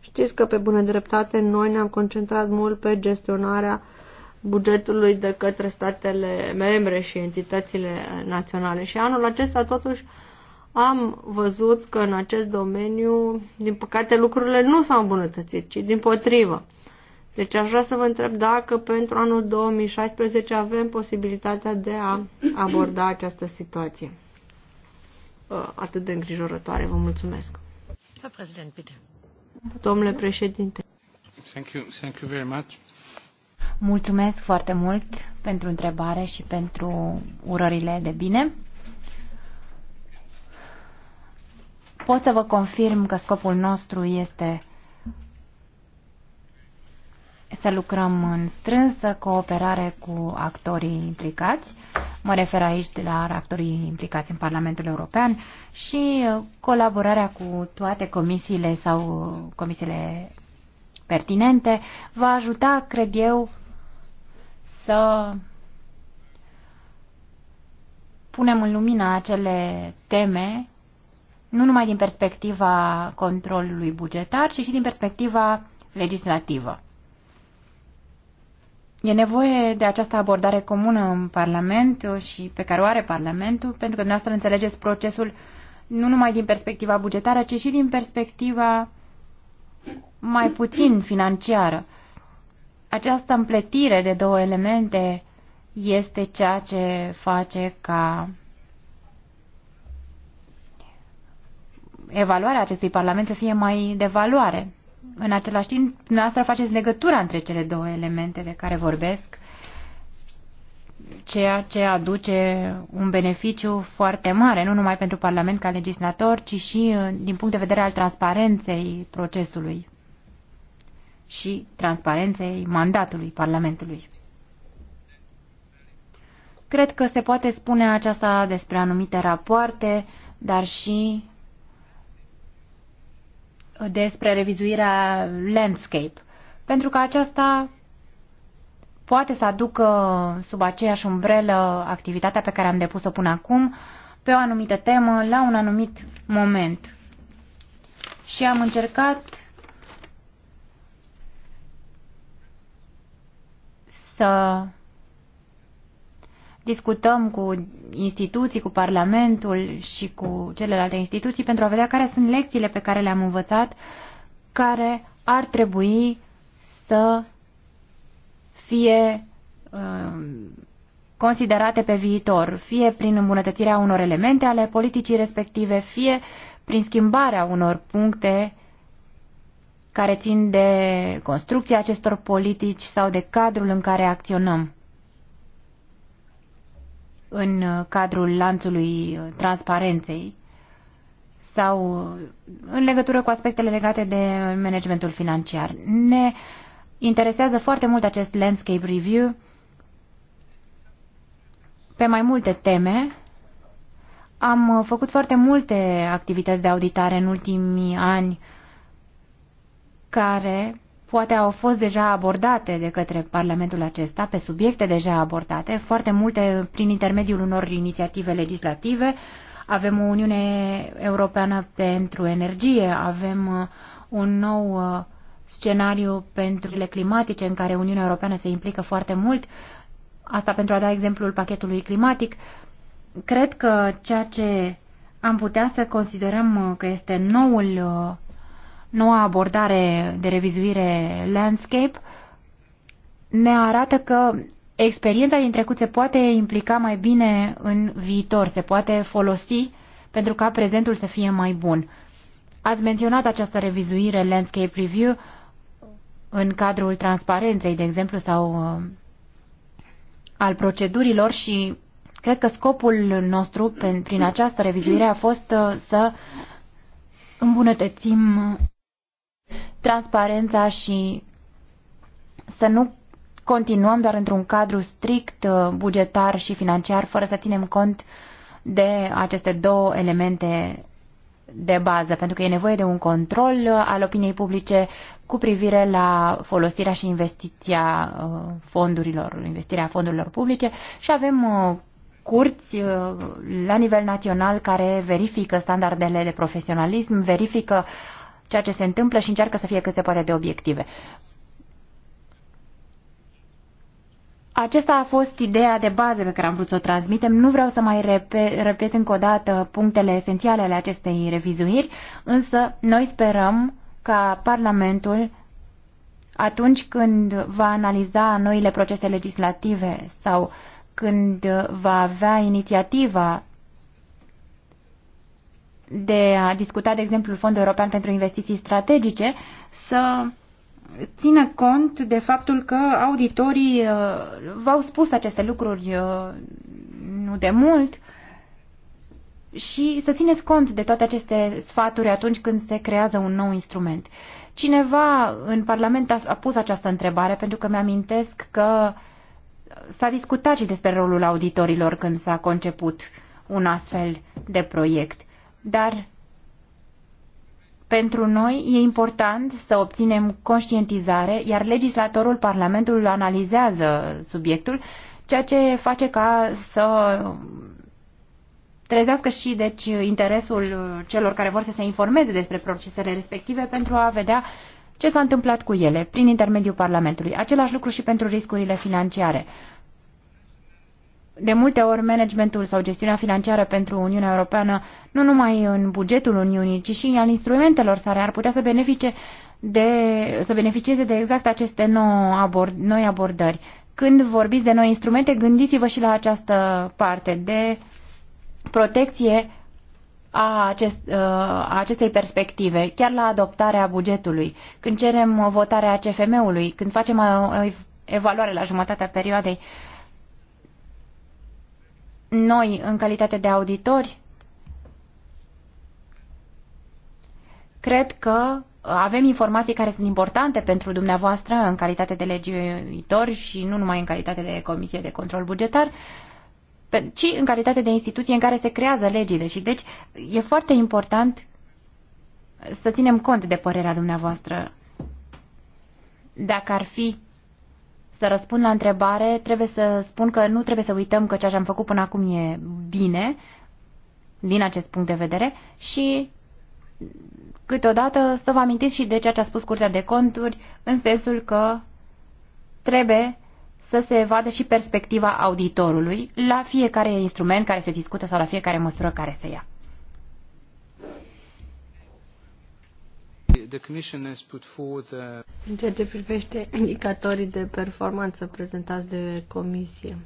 Știți că pe bună dreptate noi ne-am concentrat mult pe gestionarea bugetului de către statele membre și entitățile naționale și anul acesta totuși am văzut că în acest domeniu, din păcate, lucrurile nu s-au îmbunătățit, ci din potrivă. Deci aș vrea să vă întreb dacă pentru anul 2016 avem posibilitatea de a aborda această situație uh, atât de îngrijorătoare. Vă mulțumesc. Domnule președinte. Thank you. Thank you very much. Mulțumesc foarte mult pentru întrebare și pentru urările de bine. Pot să vă confirm că scopul nostru este să lucrăm în strânsă cooperare cu actorii implicați. Mă refer aici de la actorii implicați în Parlamentul European și uh, colaborarea cu toate comisiile sau uh, comisiile pertinente va ajuta, cred eu, să punem în lumină acele teme nu numai din perspectiva controlului bugetar, ci și din perspectiva legislativă. E nevoie de această abordare comună în Parlament și pe care o are Parlamentul, pentru că dumneavoastră înțelegeți procesul nu numai din perspectiva bugetară, ci și din perspectiva mai puțin financiară. Această împletire de două elemente este ceea ce face ca evaluarea acestui Parlament să fie mai de valoare în același timp, dumneavoastră faceți legătura între cele două elemente de care vorbesc, ceea ce aduce un beneficiu foarte mare, nu numai pentru Parlament ca legislator, ci și uh, din punct de vedere al transparenței procesului și transparenței mandatului Parlamentului. Cred că se poate spune aceasta despre anumite rapoarte, dar și despre revizuirea landscape, pentru că aceasta poate să aducă sub aceeași umbrelă activitatea pe care am depus-o până acum pe o anumită temă la un anumit moment. Și am încercat să discutăm cu instituții, cu Parlamentul și cu celelalte instituții pentru a vedea care sunt lecțiile pe care le-am învățat, care ar trebui să fie uh, considerate pe viitor, fie prin îmbunătățirea unor elemente ale politicii respective, fie prin schimbarea unor puncte care țin de construcția acestor politici sau de cadrul în care acționăm în uh, cadrul lanțului uh, transparenței sau uh, în legătură cu aspectele legate de managementul financiar. Ne interesează foarte mult acest landscape review pe mai multe teme. Am făcut foarte multe activități de auditare în ultimii ani care poate au fost deja abordate de către Parlamentul acesta, pe subiecte deja abordate, foarte multe prin intermediul unor inițiative legislative. Avem o Uniune Europeană pentru Energie, avem uh, un nou uh, scenariu pentru climatice în care Uniunea Europeană se implică foarte mult. Asta pentru a da exemplul pachetului climatic. Cred că ceea ce am putea să considerăm uh, că este noul noua abordare de revizuire landscape ne arată că experiența din trecut se poate implica mai bine în viitor, se poate folosi pentru ca prezentul să fie mai bun. Ați menționat această revizuire Landscape Review în cadrul transparenței, de exemplu, sau uh, al procedurilor și cred că scopul nostru prin, această revizuire a fost uh, să îmbunătățim transparența și să nu continuăm doar într-un cadru strict uh, bugetar și financiar, fără să ținem cont de aceste două elemente de bază, pentru că e nevoie de un control uh, al opiniei publice cu privire la folosirea și investiția uh, fondurilor, investirea fondurilor publice și avem curți la nivel național care verifică standardele de profesionalism, verifică ceea ce se întâmplă și încearcă să fie cât se poate de obiective. Acesta a fost ideea de bază pe care am vrut să o transmitem. Nu vreau să mai repet, repet încă o dată punctele esențiale ale acestei revizuiri, însă noi sperăm ca Parlamentul, atunci când va analiza noile procese legislative sau când va avea inițiativa de a discuta, de exemplu, Fondul European pentru Investiții Strategice, să țină cont de faptul că auditorii uh, v-au spus aceste lucruri uh, nu de mult și să țineți cont de toate aceste sfaturi atunci când se creează un nou instrument. Cineva în Parlament a pus această întrebare pentru că mi-amintesc că s-a discutat și despre rolul auditorilor când s-a conceput un astfel de proiect dar pentru noi e important să obținem conștientizare, iar legislatorul Parlamentului analizează subiectul, ceea ce face ca să trezească și deci interesul celor care vor să se informeze despre procesele respective pentru a vedea ce s-a întâmplat cu ele prin intermediul Parlamentului. Același lucru și pentru riscurile financiare de multe ori managementul sau gestiunea financiară pentru Uniunea Europeană, nu numai în bugetul Uniunii, ci și al instrumentelor sale, ar putea să, benefice de, să beneficieze de exact aceste nou abord, noi abordări. Când vorbiți de noi instrumente, gândiți-vă și la această parte de protecție a, acest, uh, a acestei perspective, chiar la adoptarea bugetului, când cerem votarea CFM-ului, când facem uh, evaluare la jumătatea perioadei, uh, noi, în calitate de auditori, cred că avem informații care sunt importante pentru dumneavoastră în calitate de legiuitor și nu numai în calitate de comisie de control bugetar, ci în calitate de instituție în care se creează legile. Și deci e foarte important să ținem cont de părerea dumneavoastră. Dacă ar fi să răspund la întrebare, trebuie să spun că nu trebuie să uităm că ceea ce am făcut până acum e bine, din acest punct de vedere, și câteodată să vă amintiți și de ceea ce a spus Curtea de Conturi, în sensul că trebuie să se vadă și perspectiva auditorului la fiecare instrument care se discută sau la fiecare măsură care se ia. the Commission has put forward the... Uh, în ceea ce privește indicatorii de performanță prezentați de Comisie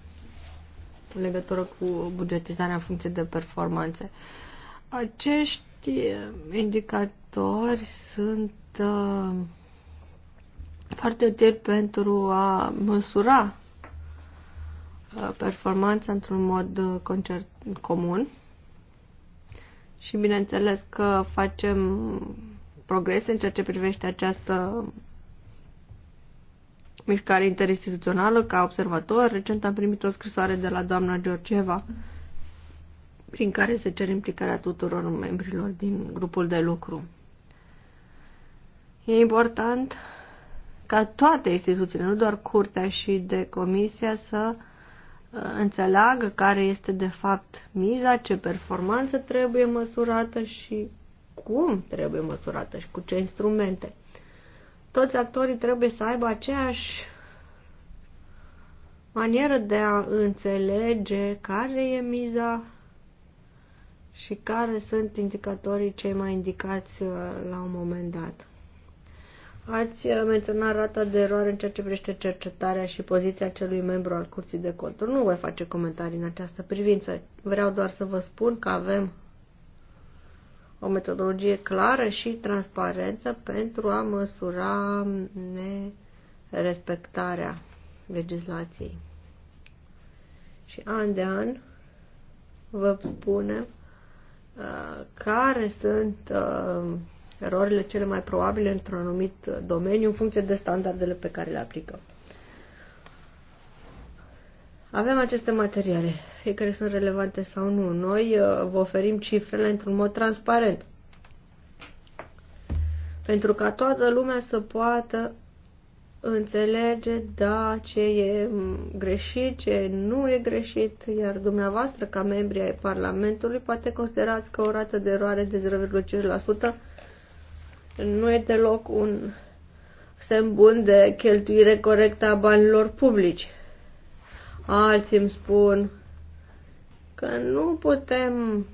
în legătură cu bugetizarea în funcție de performanțe, acești indicatori sunt uh, foarte utili pentru a măsura uh, performanța într-un mod uh, concert comun. Și bineînțeles că facem progrese în ceea ce privește această mișcare interinstituțională ca observator. Recent am primit o scrisoare de la doamna Georgieva prin care se cere implicarea tuturor membrilor din grupul de lucru. E important ca toate instituțiile, nu doar curtea și de comisia, să uh, înțeleagă care este de fapt miza, ce performanță trebuie măsurată și cum trebuie măsurată și cu ce instrumente. Toți actorii trebuie să aibă aceeași manieră de a înțelege care e miza și care sunt indicatorii cei mai indicați uh, la un moment dat. Ați uh, menționat rata de eroare în ceea ce privește cercetarea și poziția celui membru al Curții de Conturi. Nu voi face comentarii în această privință. Vreau doar să vă spun că avem o metodologie clară și transparentă pentru a măsura nerespectarea legislației. Și an de an vă spunem uh, care sunt uh, erorile cele mai probabile într-un anumit domeniu în funcție de standardele pe care le aplicăm. Avem aceste materiale, fie care sunt relevante sau nu. Noi uh, vă oferim cifrele într-un mod transparent. Pentru ca toată lumea să poată înțelege, da, ce e mm, greșit, ce nu e greșit, iar dumneavoastră, ca membri ai Parlamentului, poate considerați că o rată de eroare de 0,5% nu e deloc un semn bun de cheltuire corectă a banilor publici. Alții îmi spun că nu putem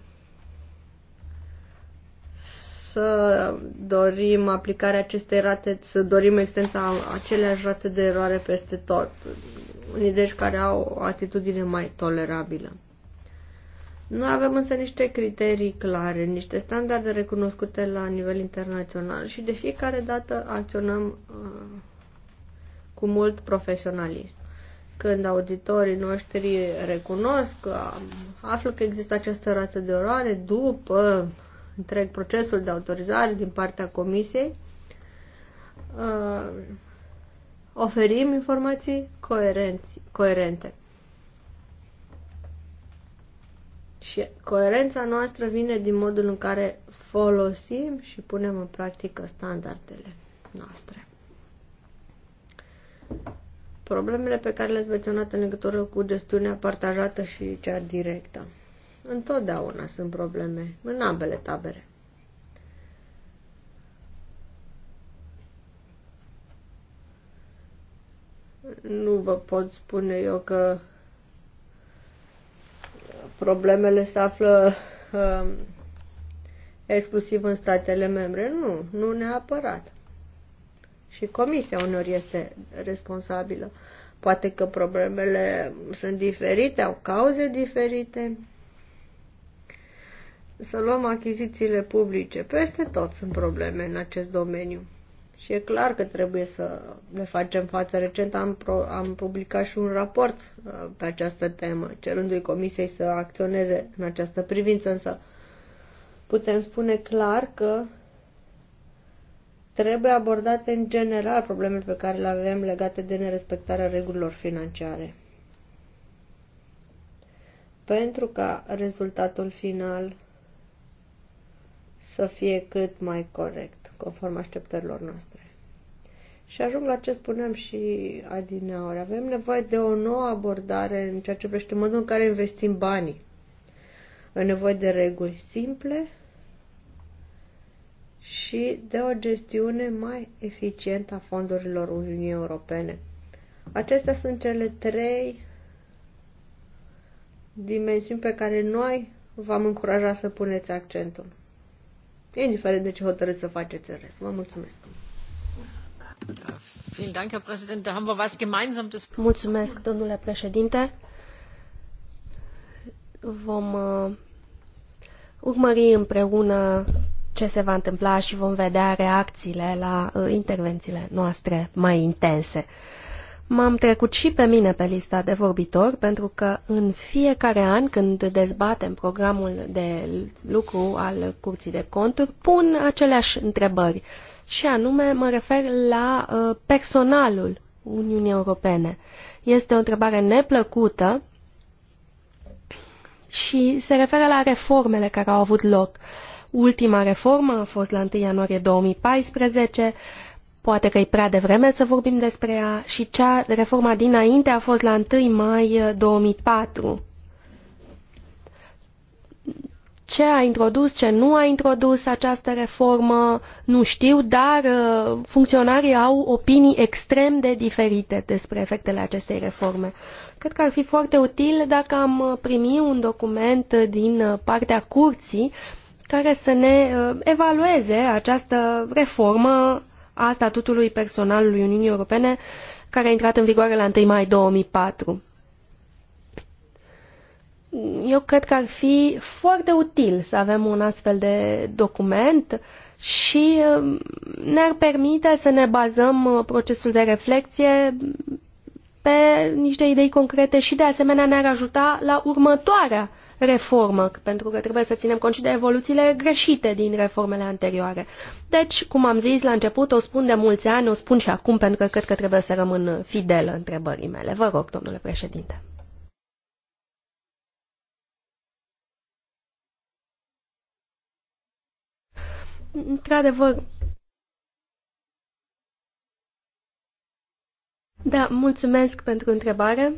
să dorim aplicarea acestei rate, să dorim existența aceleași rate de eroare peste tot. Unii deci care au o atitudine mai tolerabilă. Noi avem însă niște criterii clare, niște standarde recunoscute la nivel internațional și de fiecare dată acționăm uh, cu mult profesionalism când auditorii noștri recunosc, află că există această rată de oroare după întreg procesul de autorizare din partea comisiei, uh, oferim informații coerenți, coerente. Și coerența noastră vine din modul în care folosim și punem în practică standardele noastre problemele pe care le-ați menționat în legătură cu gestiunea partajată și cea directă. Întotdeauna sunt probleme în ambele tabere. Nu vă pot spune eu că problemele se află uh, exclusiv în statele membre. Nu, nu neapărat și comisia unor este responsabilă. Poate că problemele sunt diferite, au cauze diferite. Să luăm achizițiile publice. Peste tot sunt probleme în acest domeniu. Și e clar că trebuie să le facem față. Recent am, pro, am publicat și un raport uh, pe această temă, cerându-i Comisiei să acționeze în această privință, însă putem spune clar că trebuie abordate în general problemele pe care le avem legate de nerespectarea regulilor financiare. Pentru ca rezultatul final să fie cât mai corect, conform așteptărilor noastre. Și ajung la ce spuneam și adineaori. Avem nevoie de o nouă abordare în ceea ce privește modul în care investim banii. E nevoie de reguli simple și de o gestiune mai eficientă a fondurilor Uniunii Europene. Acestea sunt cele trei dimensiuni pe care noi v-am încurajat să puneți accentul. Indiferent de ce hotărâți să faceți în rest. Vă mulțumesc! Da mulțumesc, domnule președinte. Vom uh, urmări împreună ce se va întâmpla și vom vedea reacțiile la uh, intervențiile noastre mai intense. M-am trecut și pe mine pe lista de vorbitori, pentru că în fiecare an, când dezbatem programul de lucru al Curții de Conturi, pun aceleași întrebări, și anume mă refer la uh, personalul Uniunii Europene. Este o întrebare neplăcută și se referă la reformele care au avut loc. Uh, Ultima reformă a fost la 1 ianuarie 2014, poate că e prea devreme să vorbim despre ea, și cea reforma dinainte a fost la 1 mai 2004. Uh, ce a introdus, ce nu a introdus această reformă, nu știu, dar uh, funcționarii au opinii extrem de diferite despre efectele acestei reforme. Cred că ar fi foarte util dacă am uh, primi un document din partea curții care să ne uh, evalueze această reformă a statutului personalului Uniunii Europene care a intrat în vigoare la 1 mai 2004. Eu cred că ar fi foarte util să avem un astfel de document și uh, ne-ar permite să ne bazăm uh, procesul de reflexie pe niște idei concrete și de asemenea ne-ar ajuta la următoarea reformă, pentru că trebuie să ținem cont și de evoluțiile greșite din reformele anterioare. Deci, cum am zis la început, o spun de mulți ani, o spun și acum, pentru că cred că trebuie să rămân fidelă întrebării mele. Vă rog, domnule președinte. Într-adevăr, da, mulțumesc pentru întrebare.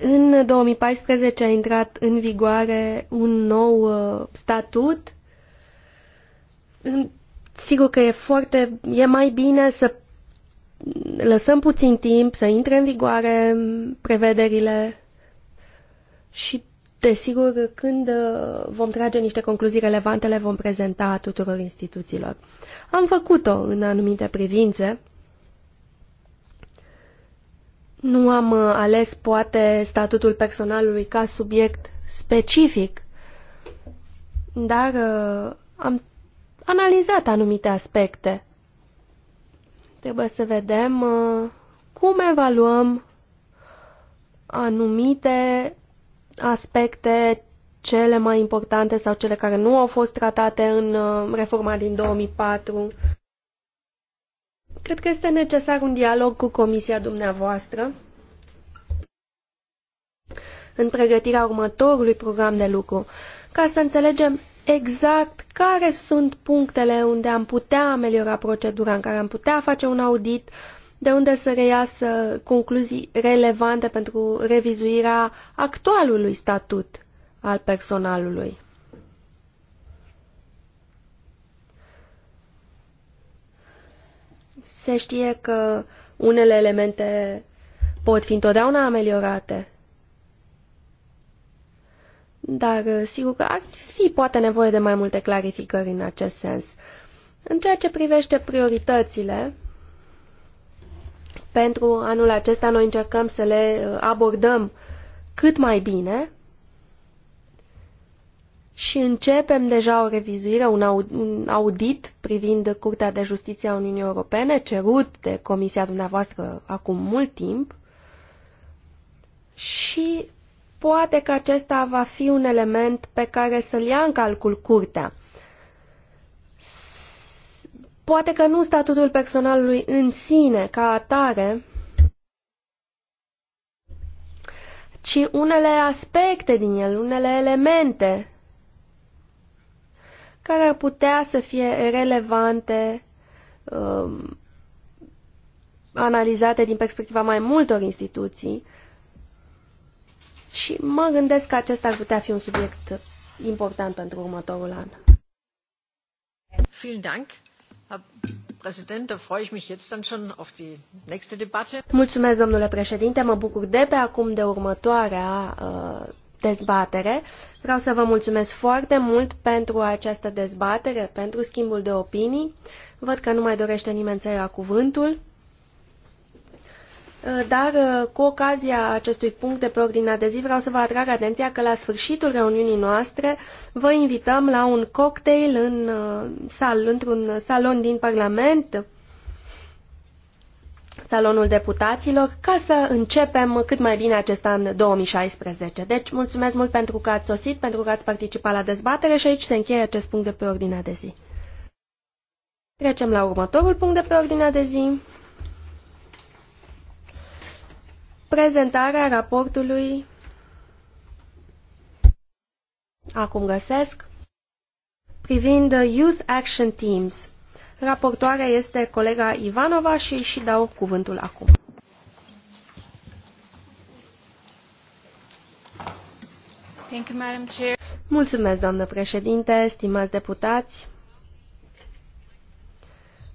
În 2014 a intrat în vigoare un nou uh, statut. Sigur că e foarte, e mai bine să lăsăm puțin timp să intre în vigoare prevederile și, desigur, când uh, vom trage niște concluzii relevante, le vom prezenta tuturor instituțiilor. Am făcut-o în anumite privințe nu am uh, ales, poate, statutul personalului ca subiect specific, dar uh, am analizat anumite aspecte. Trebuie să vedem uh, cum evaluăm anumite aspecte cele mai importante sau cele care nu au fost tratate în reforma din 2004. Cred că este necesar un dialog cu comisia dumneavoastră în pregătirea următorului program de lucru, ca să înțelegem exact care sunt punctele unde am putea ameliora procedura, în care am putea face un audit, de unde să reiasă concluzii relevante pentru revizuirea actualului statut al personalului. Se știe că unele elemente pot fi întotdeauna ameliorate. Dar uh, sigur că ar fi poate nevoie de mai multe clarificări în acest sens. În ceea ce privește prioritățile, pentru anul acesta noi încercăm să le uh, abordăm cât mai bine și începem deja o revizuire, un audit privind Curtea de Justiție a Uniunii Europene, cerut de Comisia dumneavoastră acum mult timp. Și poate că acesta va fi un element pe care să-l ia în calcul Curtea. Poate că nu statutul personalului în sine, ca atare, ci unele aspecte din el, unele elemente care ar putea să fie relevante, um, analizate din perspectiva mai multor instituții și mă gândesc că acesta ar putea fi un subiect important pentru următorul an. Vielen Dank. Da Mulțumesc, domnule președinte. Mă bucur de pe acum de următoarea uh, dezbatere. Vreau să vă mulțumesc foarte mult pentru această dezbatere, pentru schimbul de opinii. Văd că nu mai dorește nimeni să ia cuvântul. Dar uh, cu ocazia acestui punct de pe ordinea de zi vreau să vă atrag atenția că la sfârșitul reuniunii noastre vă invităm la un cocktail în uh, sal, într-un salon din Parlament salonul deputaților ca să începem cât mai bine acest an 2016. Deci, mulțumesc mult pentru că ați sosit, pentru că ați participat la dezbatere și aici se încheie acest punct de pe ordinea de zi. Trecem la următorul punct de pe ordinea de zi. Prezentarea raportului acum găsesc privind Youth Action Teams Raportoarea este colega Ivanova și și dau cuvântul acum. Thank you, Madam Chair. Mulțumesc, doamnă președinte, stimați deputați.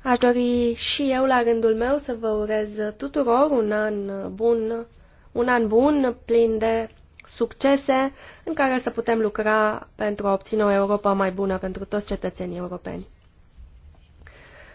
Aș dori și eu la rândul meu să vă urez tuturor un an bun, un an bun plin de succese în care să putem lucra pentru a obține o Europa mai bună pentru toți cetățenii europeni.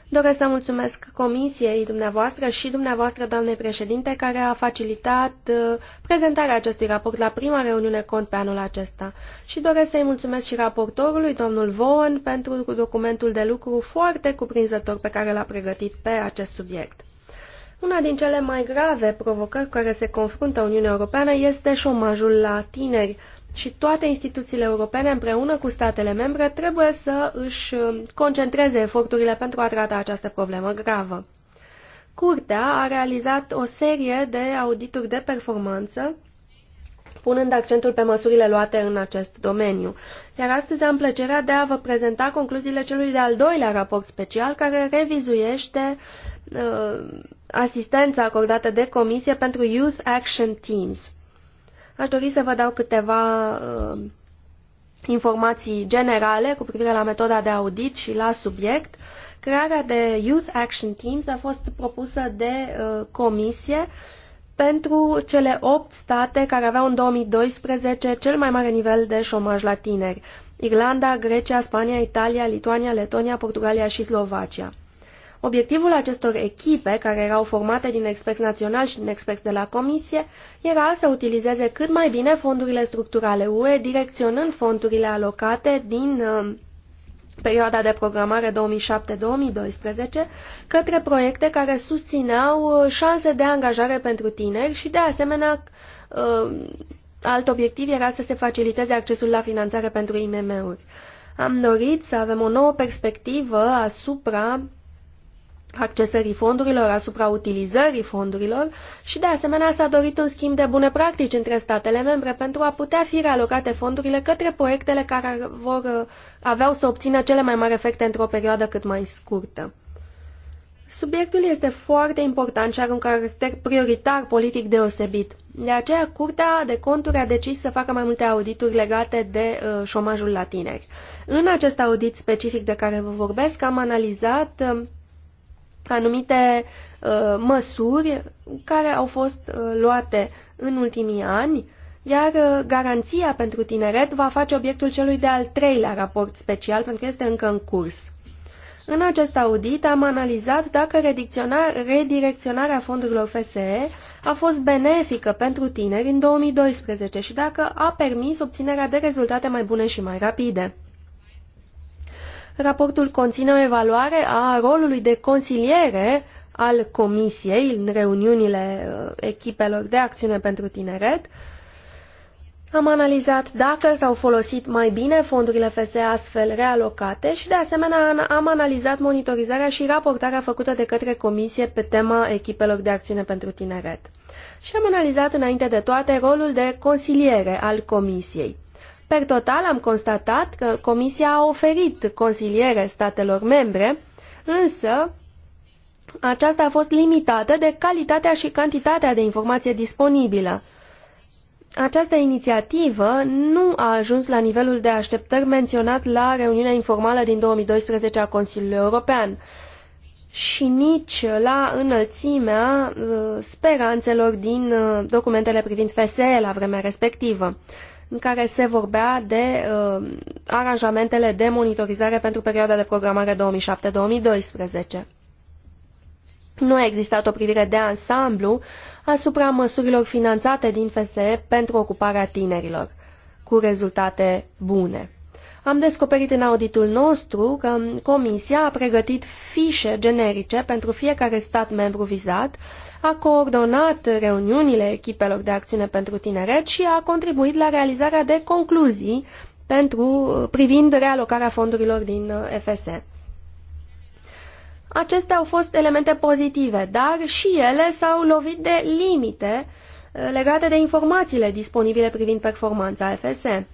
Doresc să mulțumesc Comisiei dumneavoastră și dumneavoastră, doamne președinte, care a facilitat uh, prezentarea acestui raport la prima reuniune cont pe anul acesta. Și doresc să-i mulțumesc și raportorului, domnul Vaughan, pentru documentul de lucru foarte cuprinzător pe care l-a pregătit pe acest subiect. Una din cele mai grave provocări cu care se confruntă Uniunea Europeană este șomajul la tineri, și toate instituțiile europene împreună cu statele membre trebuie să își uh, concentreze eforturile pentru a trata această problemă gravă. Curtea a realizat o serie de audituri de performanță, punând accentul pe măsurile luate în acest domeniu. Iar astăzi am plăcerea de a vă prezenta concluziile celui de-al doilea raport special, care revizuiește uh, asistența acordată de Comisie pentru Youth Action Teams. Aș dori să vă dau câteva uh, informații generale cu privire la metoda de audit și la subiect. Crearea de Youth Action Teams a fost propusă de uh, comisie pentru cele 8 state care aveau în 2012 cel mai mare nivel de șomaj la tineri. Irlanda, Grecia, Spania, Italia, Lituania, Letonia, Portugalia și Slovacia. Obiectivul acestor echipe, care erau formate din experți naționali și din experți de la Comisie, era să utilizeze cât mai bine fondurile structurale UE, direcționând fondurile alocate din uh, perioada de programare 2007-2012 către proiecte care susțineau uh, șanse de angajare pentru tineri și, de asemenea, uh, alt obiectiv era să se faciliteze accesul la finanțare pentru IMM-uri. Am dorit să avem o nouă perspectivă asupra accesării fondurilor, asupra utilizării fondurilor și, de asemenea, s-a dorit un schimb de bune practici între statele membre pentru a putea fi realocate fondurile către proiectele care vor uh, avea să obțină cele mai mari efecte într-o perioadă cât mai scurtă. Subiectul este foarte important și are un caracter prioritar politic deosebit. De aceea, Curtea de Conturi a decis să facă mai multe audituri legate de uh, șomajul la tineri. În acest audit specific de care vă vorbesc, am analizat uh, anumite uh, măsuri care au fost uh, luate în ultimii ani, iar uh, garanția pentru tineret va face obiectul celui de-al treilea raport special, pentru că este încă în curs. În acest audit am analizat dacă redirecționarea fondurilor FSE a fost benefică pentru tineri în 2012 și dacă a permis obținerea de rezultate mai bune și mai rapide. Raportul conține o evaluare a rolului de consiliere al Comisiei în reuniunile uh, echipelor de acțiune pentru tineret. Am analizat dacă s-au folosit mai bine fondurile FSE astfel realocate și, de asemenea, am analizat monitorizarea și raportarea făcută de către Comisie pe tema echipelor de acțiune pentru tineret. Și am analizat, înainte de toate, rolul de consiliere al Comisiei. Per total am constatat că Comisia a oferit consiliere statelor membre, însă aceasta a fost limitată de calitatea și cantitatea de informație disponibilă. Această inițiativă nu a ajuns la nivelul de așteptări menționat la reuniunea informală din 2012 a Consiliului European și nici la înălțimea uh, speranțelor din uh, documentele privind FSE la vremea respectivă în care se vorbea de uh, aranjamentele de monitorizare pentru perioada de programare 2007-2012. Nu a existat o privire de ansamblu asupra măsurilor finanțate din FSE pentru ocuparea tinerilor, cu rezultate bune. Am descoperit în auditul nostru că Comisia a pregătit fișe generice pentru fiecare stat membru vizat, a coordonat reuniunile echipelor de acțiune pentru tineret și a contribuit la realizarea de concluzii pentru, privind realocarea fondurilor din uh, FS. Acestea au fost elemente pozitive, dar și ele s-au lovit de limite uh, legate de informațiile disponibile privind performanța FSE.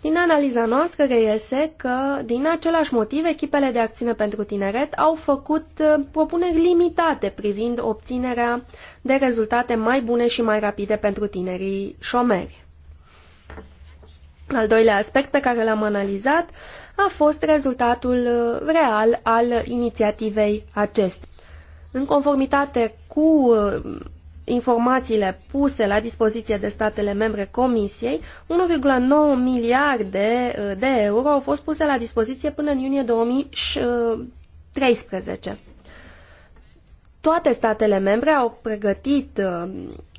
Din analiza noastră reiese că, din același motiv, echipele de acțiune pentru tineret au făcut uh, propuneri limitate privind obținerea de rezultate mai bune și mai rapide pentru tinerii șomeri. Al doilea aspect pe care l-am analizat a fost rezultatul uh, real al inițiativei acestei. În conformitate cu uh, informațiile puse la dispoziție de statele membre Comisiei, 1,9 miliarde uh, de euro au fost puse la dispoziție până în iunie 2013. Toate statele membre au pregătit uh,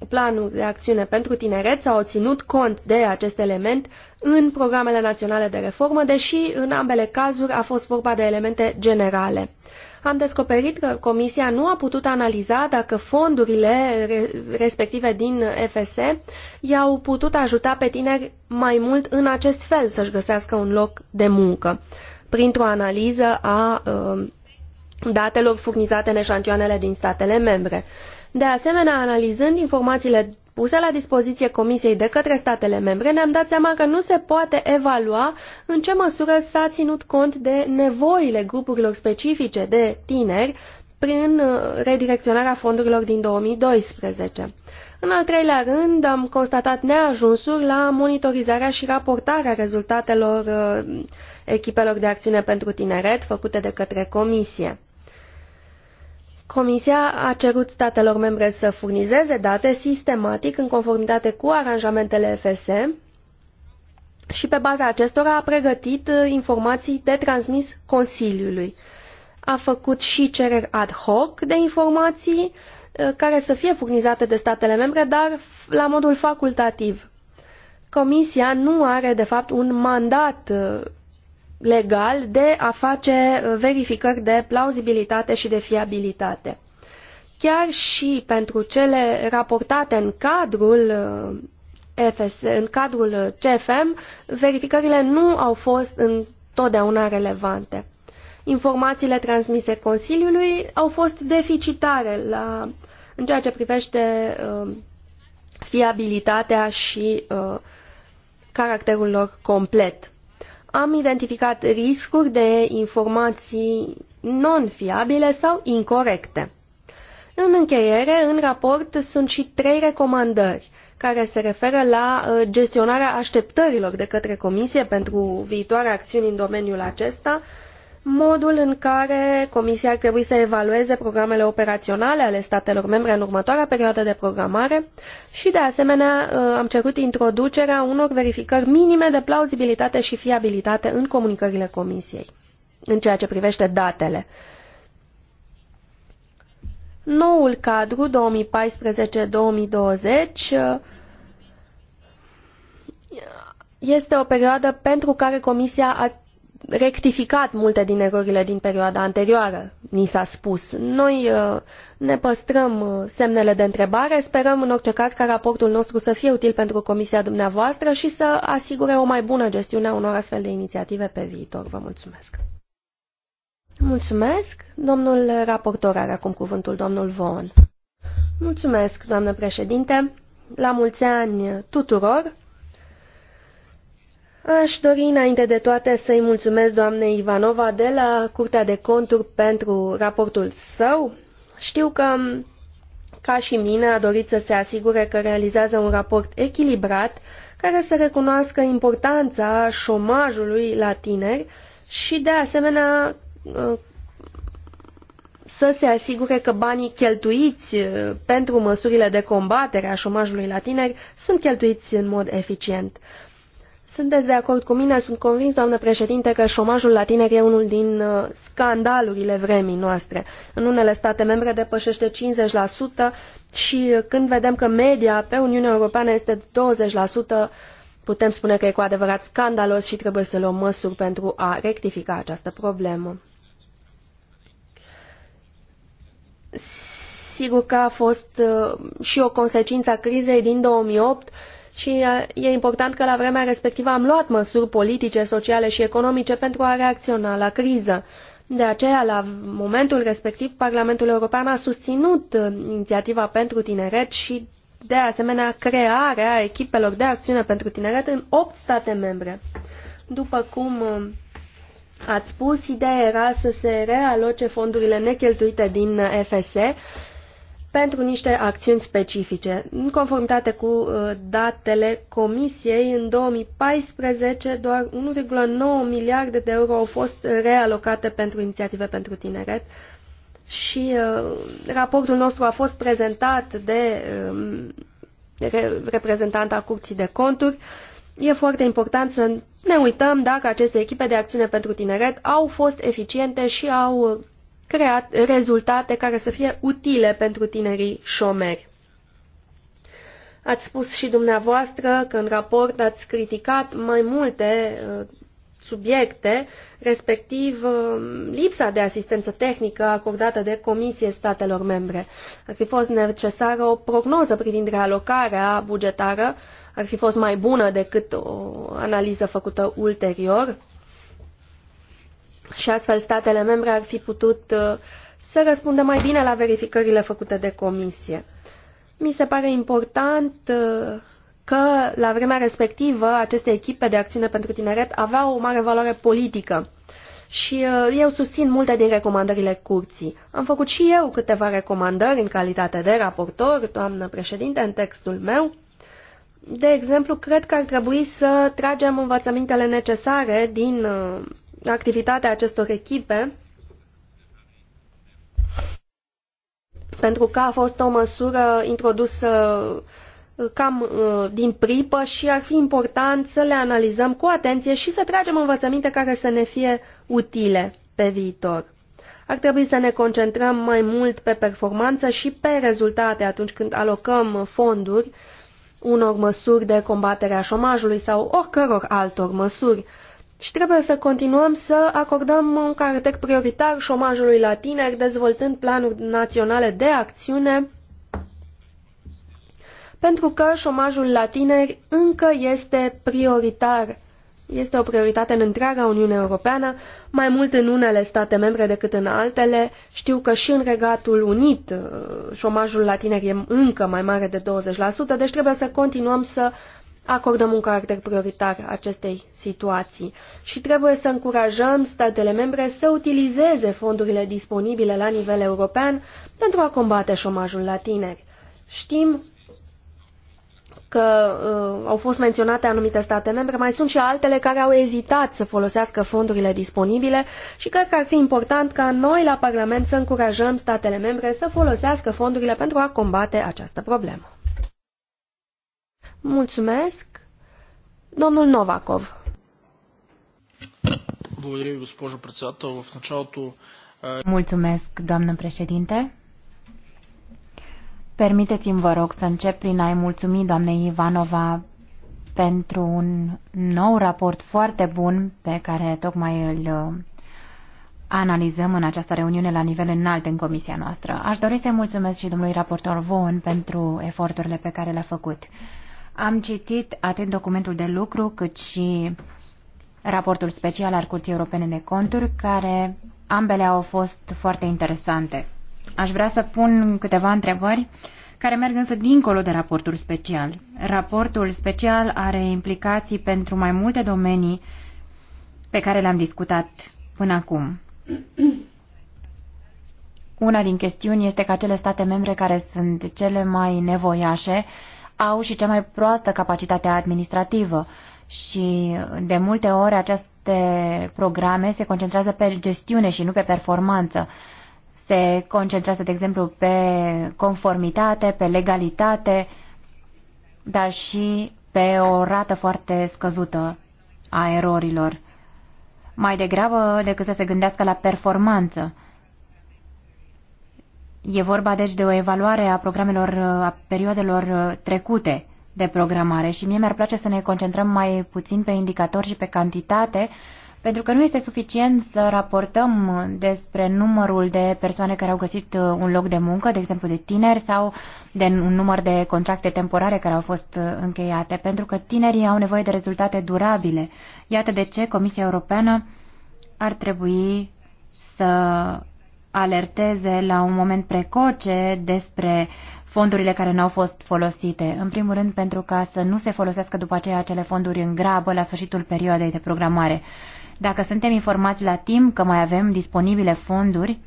planuri de acțiune pentru tineret, s-au ținut cont de acest element în programele naționale de reformă, deși în ambele cazuri a fost vorba de elemente generale am descoperit că Comisia nu a putut analiza dacă fondurile respective din FS i-au putut ajuta pe tineri mai mult în acest fel să-și găsească un loc de muncă, printr-o analiză a um, datelor furnizate în eșantioanele din statele membre. De asemenea, analizând informațiile puse la dispoziție Comisiei de către statele membre, ne-am dat seama că nu se poate evalua în ce măsură s-a ținut cont de nevoile grupurilor specifice de tineri prin uh, redirecționarea fondurilor din 2012. În al treilea rând, am constatat neajunsuri la monitorizarea și raportarea rezultatelor uh, echipelor de acțiune pentru tineret făcute de către Comisie. Comisia a cerut statelor membre să furnizeze date sistematic în conformitate cu aranjamentele FS și pe baza acestora a pregătit uh, informații de transmis Consiliului. A făcut și cereri ad hoc de informații uh, care să fie furnizate de statele membre, dar la modul facultativ. Comisia nu are, de fapt, un mandat uh, legal de a face uh, verificări de plauzibilitate și de fiabilitate. Chiar și pentru cele raportate în cadrul uh, FS, în cadrul uh, CFM, verificările nu au fost întotdeauna relevante. Informațiile transmise Consiliului au fost deficitare la, în ceea ce privește uh, fiabilitatea și uh, caracterul lor complet am identificat riscuri de informații non-fiabile sau incorrecte. În încheiere, în raport sunt și trei recomandări care se referă la uh, gestionarea așteptărilor de către Comisie pentru viitoare acțiuni în domeniul acesta, modul în care Comisia ar trebui să evalueze programele operaționale ale statelor membre în următoarea perioadă de programare și, de asemenea, uh, am cerut introducerea unor verificări minime de plauzibilitate și fiabilitate în comunicările Comisiei, în ceea ce privește datele. Noul cadru 2014-2020 uh, este o perioadă pentru care Comisia a rectificat multe din erorile din perioada anterioară, ni s-a spus. Noi uh, ne păstrăm uh, semnele de întrebare, sperăm în orice caz ca raportul nostru să fie util pentru comisia dumneavoastră și să asigure o mai bună gestiune a unor astfel de inițiative pe viitor. Vă mulțumesc! Mulțumesc! Domnul raportor are acum cuvântul, domnul Vaughan. Mulțumesc, doamnă președinte! La mulți ani tuturor! Aș dori înainte de toate să-i mulțumesc doamnei Ivanova de la Curtea de Conturi pentru raportul său. Știu că, ca și mine, a dorit să se asigure că realizează un raport echilibrat care să recunoască importanța șomajului la tineri și, de asemenea, să se asigure că banii cheltuiți uh, pentru măsurile de combatere a șomajului la tineri sunt cheltuiți în mod eficient. Sunteți de acord cu mine? Sunt convins, doamnă președinte, că șomajul la tineri e unul din uh, scandalurile vremii noastre. În unele state membre depășește 50% și uh, când vedem că media pe Uniunea Europeană este 20%, putem spune că e cu adevărat scandalos și trebuie să luăm măsuri pentru a rectifica această problemă. Sigur că a fost uh, și o consecință a crizei din 2008 și e important că la vremea respectivă am luat măsuri politice, sociale și economice pentru a reacționa la criză. De aceea, la momentul respectiv, Parlamentul European a susținut uh, inițiativa pentru tineret și, de asemenea, crearea echipelor de acțiune pentru tineret în 8 state membre. După cum uh, ați spus, ideea era să se realoce fondurile necheltuite din FSE pentru niște acțiuni specifice. În conformitate cu uh, datele Comisiei, în 2014 doar 1,9 miliarde de euro au fost realocate pentru inițiative pentru tineret și uh, raportul nostru a fost prezentat de uh, reprezentanta Curții de Conturi. E foarte important să ne uităm dacă aceste echipe de acțiune pentru tineret au fost eficiente și au creat rezultate care să fie utile pentru tinerii șomeri. Ați spus și dumneavoastră că în raport ați criticat mai multe uh, subiecte, respectiv uh, lipsa de asistență tehnică acordată de Comisie statelor membre. Ar fi fost necesară o prognoză privind realocarea bugetară, ar fi fost mai bună decât o analiză făcută ulterior și astfel statele membre ar fi putut uh, să răspundă mai bine la verificările făcute de comisie. Mi se pare important uh, că la vremea respectivă aceste echipe de acțiune pentru tineret aveau o mare valoare politică și uh, eu susțin multe din recomandările curții. Am făcut și eu câteva recomandări în calitate de raportor, doamnă președinte, în textul meu. De exemplu, cred că ar trebui să tragem învățămintele necesare din activitatea acestor echipe pentru că a fost o măsură introdusă uh, cam uh, din pripă și ar fi important să le analizăm cu atenție și să tragem învățăminte care să ne fie utile pe viitor. Ar trebui să ne concentrăm mai mult pe performanță și pe rezultate atunci când alocăm fonduri unor măsuri de combatere a șomajului sau oricăror altor măsuri, și trebuie să continuăm să acordăm un caracter prioritar șomajului la tineri, dezvoltând planuri naționale de acțiune, pentru că șomajul la tineri încă este prioritar. Este o prioritate în întreaga Uniune Europeană, mai mult în unele state membre decât în altele. Știu că și în Regatul Unit uh, șomajul la tineri e încă mai mare de 20%, deci trebuie să continuăm să acordăm un caracter prioritar acestei situații și trebuie să încurajăm statele membre să utilizeze fondurile disponibile la nivel european pentru a combate șomajul la tineri. Știm că uh, au fost menționate anumite state membre, mai sunt și altele care au ezitat să folosească fondurile disponibile și cred că ar fi important ca noi la Parlament să încurajăm statele membre să folosească fondurile pentru a combate această problemă. Mulțumesc. Domnul Novakov. Mulțumesc, doamnă președinte. Permiteți-mi, vă rog, să încep prin a-i mulțumi doamnei Ivanova pentru un nou raport foarte bun pe care tocmai îl uh, analizăm în această reuniune la nivel înalt în comisia noastră. Aș dori să mulțumesc și domnului raportor Vaughan pentru eforturile pe care le-a făcut. Am citit atent documentul de lucru, cât și raportul special al Curții Europene de Conturi, care ambele au fost foarte interesante. Aș vrea să pun câteva întrebări care merg însă dincolo de raportul special. Raportul special are implicații pentru mai multe domenii pe care le-am discutat până acum. Una din chestiuni este că acele state membre care sunt cele mai nevoiașe uh, au și cea mai proastă capacitate administrativă și de multe ori aceste programe se concentrează pe gestiune și nu pe performanță. Se concentrează, de exemplu, pe conformitate, pe legalitate, dar și pe o rată foarte scăzută a erorilor, mai degrabă decât să se gândească la performanță. E vorba deci de o evaluare a programelor, a perioadelor uh, trecute de programare și mie mi-ar place să ne concentrăm mai puțin pe indicatori și pe cantitate, pentru că nu este suficient să raportăm despre numărul de persoane care au găsit uh, un loc de muncă, de exemplu de tineri, sau de un număr de contracte temporare care au fost uh, încheiate, pentru că tinerii au nevoie de rezultate durabile. Iată de ce Comisia Europeană ar trebui să alerteze la un moment precoce despre fondurile care nu au fost folosite. În primul rând pentru ca să nu se folosească după aceea acele fonduri în grabă la sfârșitul perioadei de programare. Dacă suntem informați la timp că mai avem disponibile fonduri,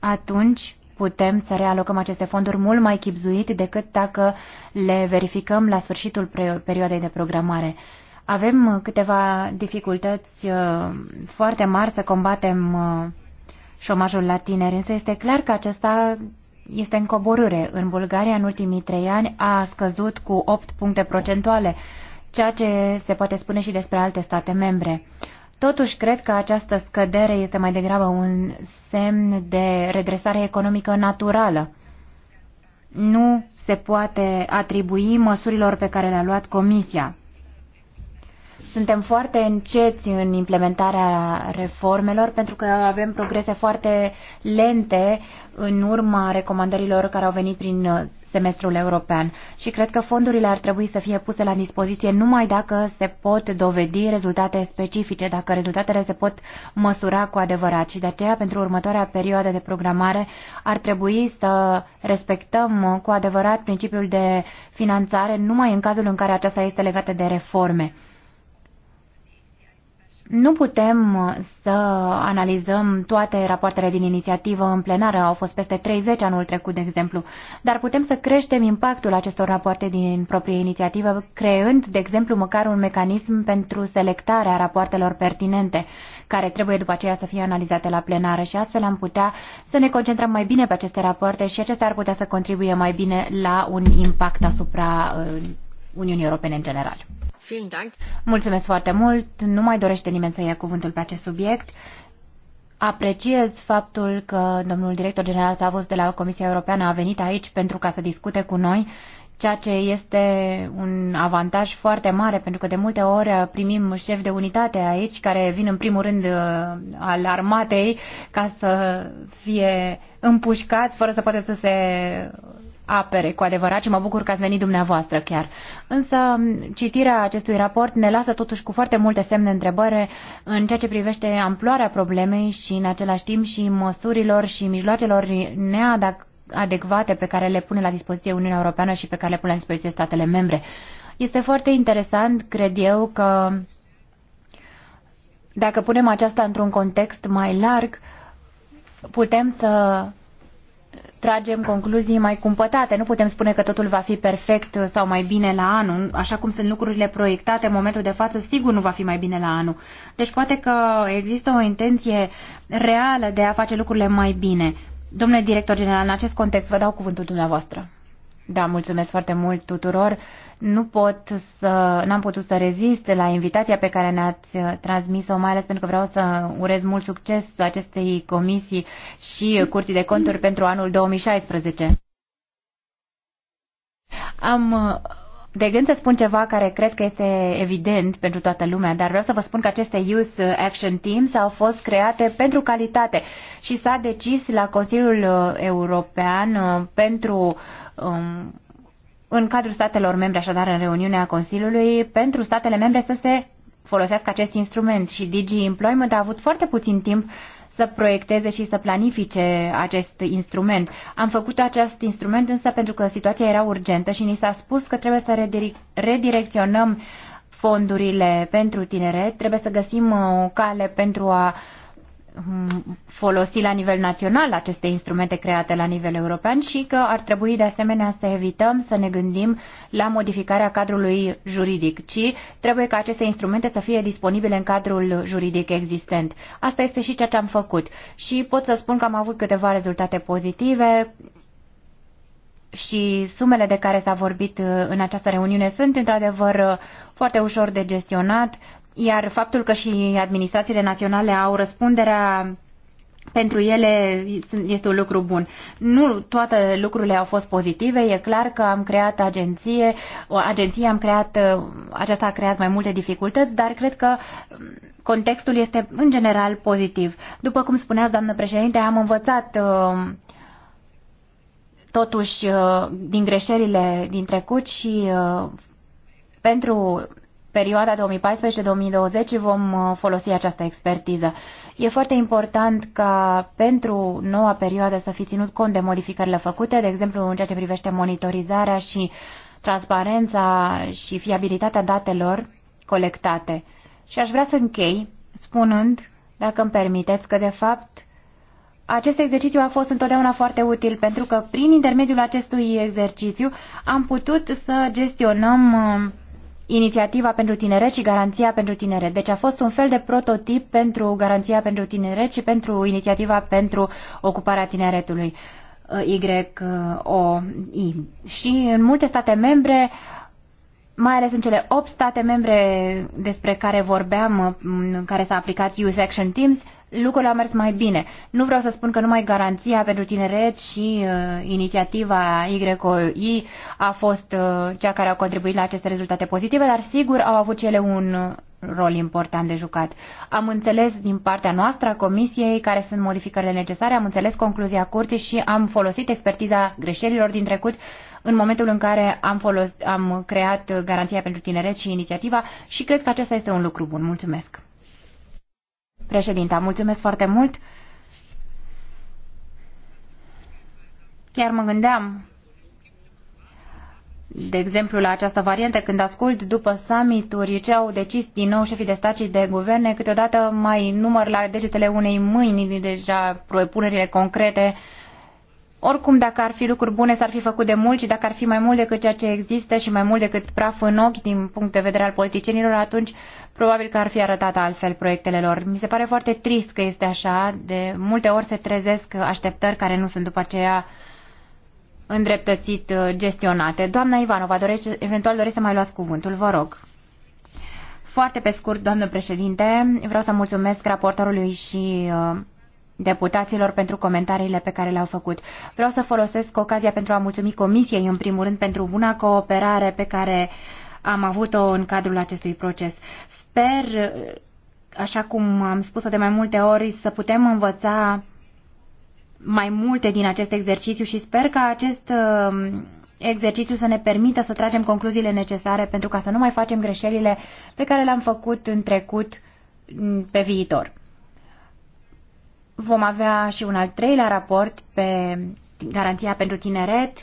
atunci putem să realocăm aceste fonduri mult mai chipzuit decât dacă le verificăm la sfârșitul perioadei de programare. Avem câteva dificultăți uh, foarte mari să combatem uh, șomajul la tineri, însă este clar că acesta este în coborâre. În Bulgaria, în ultimii trei ani, a scăzut cu 8 puncte procentuale, ceea ce se poate spune și despre alte state membre. Totuși, cred că această scădere este mai degrabă un semn de redresare economică naturală. Nu se poate atribui măsurilor pe care le-a luat Comisia. Suntem foarte înceți în implementarea reformelor pentru că avem progrese foarte lente în urma recomandărilor care au venit prin uh, semestrul european și cred că fondurile ar trebui să fie puse la dispoziție numai dacă se pot dovedi rezultate specifice, dacă rezultatele se pot măsura cu adevărat și de aceea pentru următoarea perioadă de programare ar trebui să respectăm cu adevărat principiul de finanțare numai în cazul în care aceasta este legată de reforme. Nu putem uh, să analizăm toate rapoartele din inițiativă în plenară, au fost peste 30 anul trecut, de exemplu, dar putem să creștem impactul acestor rapoarte din proprie inițiativă, creând, de exemplu, măcar un mecanism pentru selectarea rapoartelor pertinente, care trebuie după aceea să fie analizate la plenară și astfel am putea să ne concentrăm mai bine pe aceste rapoarte și acestea ar putea să contribuie mai bine la un impact asupra uh, Uniunii Europene în general. Mulțumesc foarte mult. Nu mai dorește nimeni să ia cuvântul pe acest subiect. Apreciez faptul că domnul director general s-a de la Comisia Europeană a venit aici pentru ca să discute cu noi, ceea ce este un avantaj foarte mare, pentru că de multe ori primim șefi de unitate aici care vin în primul rând uh, al armatei ca să fie împușcați fără să poată să se apere cu adevărat și mă bucur că ați venit dumneavoastră chiar. Însă citirea acestui raport ne lasă totuși cu foarte multe semne întrebări în ceea ce privește amploarea problemei și în același timp și măsurilor și mijloacelor neadecvate pe care le pune la dispoziție Uniunea Europeană și pe care le pune la dispoziție statele membre. Este foarte interesant, cred eu, că dacă punem aceasta într-un context mai larg, putem să tragem concluzii mai cumpătate. Nu putem spune că totul va fi perfect sau mai bine la anul. Așa cum sunt lucrurile proiectate în momentul de față, sigur nu va fi mai bine la anul. Deci poate că există o intenție reală de a face lucrurile mai bine. Domnule director general, în acest context vă dau cuvântul dumneavoastră. Da, mulțumesc foarte mult tuturor. Nu pot să, n-am putut să rezist la invitația pe care ne-ați uh, transmis-o, mai ales pentru că vreau să urez mult succes acestei comisii și curții de conturi pentru anul 2016. Am uh, de gând să spun ceva care cred că este evident pentru toată lumea, dar vreau să vă spun că aceste Youth Action Teams au fost create pentru calitate și s-a decis la Consiliul uh, European pentru uh, um, în cadrul statelor membre, așadar în reuniunea Consiliului, pentru statele membre să se folosească acest instrument și Digi Employment a avut foarte puțin timp să proiecteze și să planifice acest instrument. Am făcut acest instrument însă pentru că situația era urgentă și ni s-a spus că trebuie să redirecționăm fondurile pentru tineret, trebuie să găsim uh, o cale pentru a uh, Mm, folosi la nivel național aceste instrumente create la nivel european și că ar trebui de asemenea să evităm să ne gândim la modificarea cadrului juridic, ci trebuie ca aceste instrumente să fie disponibile în cadrul juridic existent. Asta este și ceea ce am făcut și pot să spun că am avut câteva rezultate pozitive și sumele de care s-a vorbit uh, în această reuniune sunt într-adevăr uh, foarte ușor de gestionat, iar faptul că și administrațiile naționale au răspunderea pentru ele este un lucru bun. Nu toate lucrurile au fost pozitive, e clar că am creat agenție, o agenție am creat, aceasta a creat mai multe dificultăți, dar cred că contextul este în general pozitiv. După cum spuneați, doamnă președinte, am învățat uh, totuși uh, din greșelile din trecut și uh, pentru perioada 2014-2020 vom uh, folosi această expertiză. E foarte important ca pentru noua perioadă să fi ținut cont de modificările făcute, de exemplu în ceea ce privește monitorizarea și transparența și fiabilitatea datelor colectate. Și aș vrea să închei spunând, dacă îmi permiteți, că de fapt acest exercițiu a fost întotdeauna foarte util pentru că prin intermediul acestui exercițiu am putut să gestionăm uh, inițiativa pentru tineret și garanția pentru tineret. Deci a fost un fel de prototip pentru garanția pentru tineret și pentru inițiativa pentru ocuparea tineretului uh, YOI. Uh, și în multe state membre mai ales în cele 8 state membre despre care vorbeam, uh, în care s-a aplicat Use Action Teams, lucrurile au mers mai bine. Nu vreau să spun că numai garanția pentru tineret și uh, inițiativa YOI a fost uh, cea care a contribuit la aceste rezultate pozitive, dar sigur au avut cele un rol important de jucat. Am înțeles din partea noastră a Comisiei care sunt modificările necesare, am înțeles concluzia curții și am folosit expertiza greșelilor din trecut în momentul în care am, folos, am creat uh, garanția pentru tineret și inițiativa și cred că acesta este un lucru bun. Mulțumesc! Președinta, mulțumesc foarte mult. Chiar mă gândeam, de exemplu, la această variantă, când ascult după summituri ce au decis din nou șefii de stat și de guverne, câteodată mai număr la degetele unei mâini deja propunerile concrete uh, oricum, dacă ar fi lucruri bune, s-ar fi făcut de mult și dacă ar fi mai mult decât ceea ce există și mai mult decât praf în ochi din punct de vedere al politicienilor, atunci probabil că ar fi arătat altfel proiectele lor. Mi se pare foarte trist că este așa. De multe ori se trezesc așteptări care nu sunt după aceea îndreptățit uh, gestionate. Doamna Ivanova, dorește, eventual dorește să mai luați cuvântul, vă rog. Foarte pe scurt, doamnă președinte, vreau să mulțumesc raportorului și uh, deputaților pentru comentariile pe care le-au făcut. Vreau să folosesc ocazia pentru a mulțumi Comisiei, în primul rând, pentru buna cooperare pe care am avut-o în cadrul acestui proces. Sper, așa cum am spus-o de mai multe ori, să putem învăța mai multe din acest exercițiu și sper că acest um, exercițiu să ne permită să tragem concluziile necesare pentru ca să nu mai facem greșelile pe care le-am făcut în trecut pe viitor. Vom avea și un al treilea raport pe garanția pentru tineret.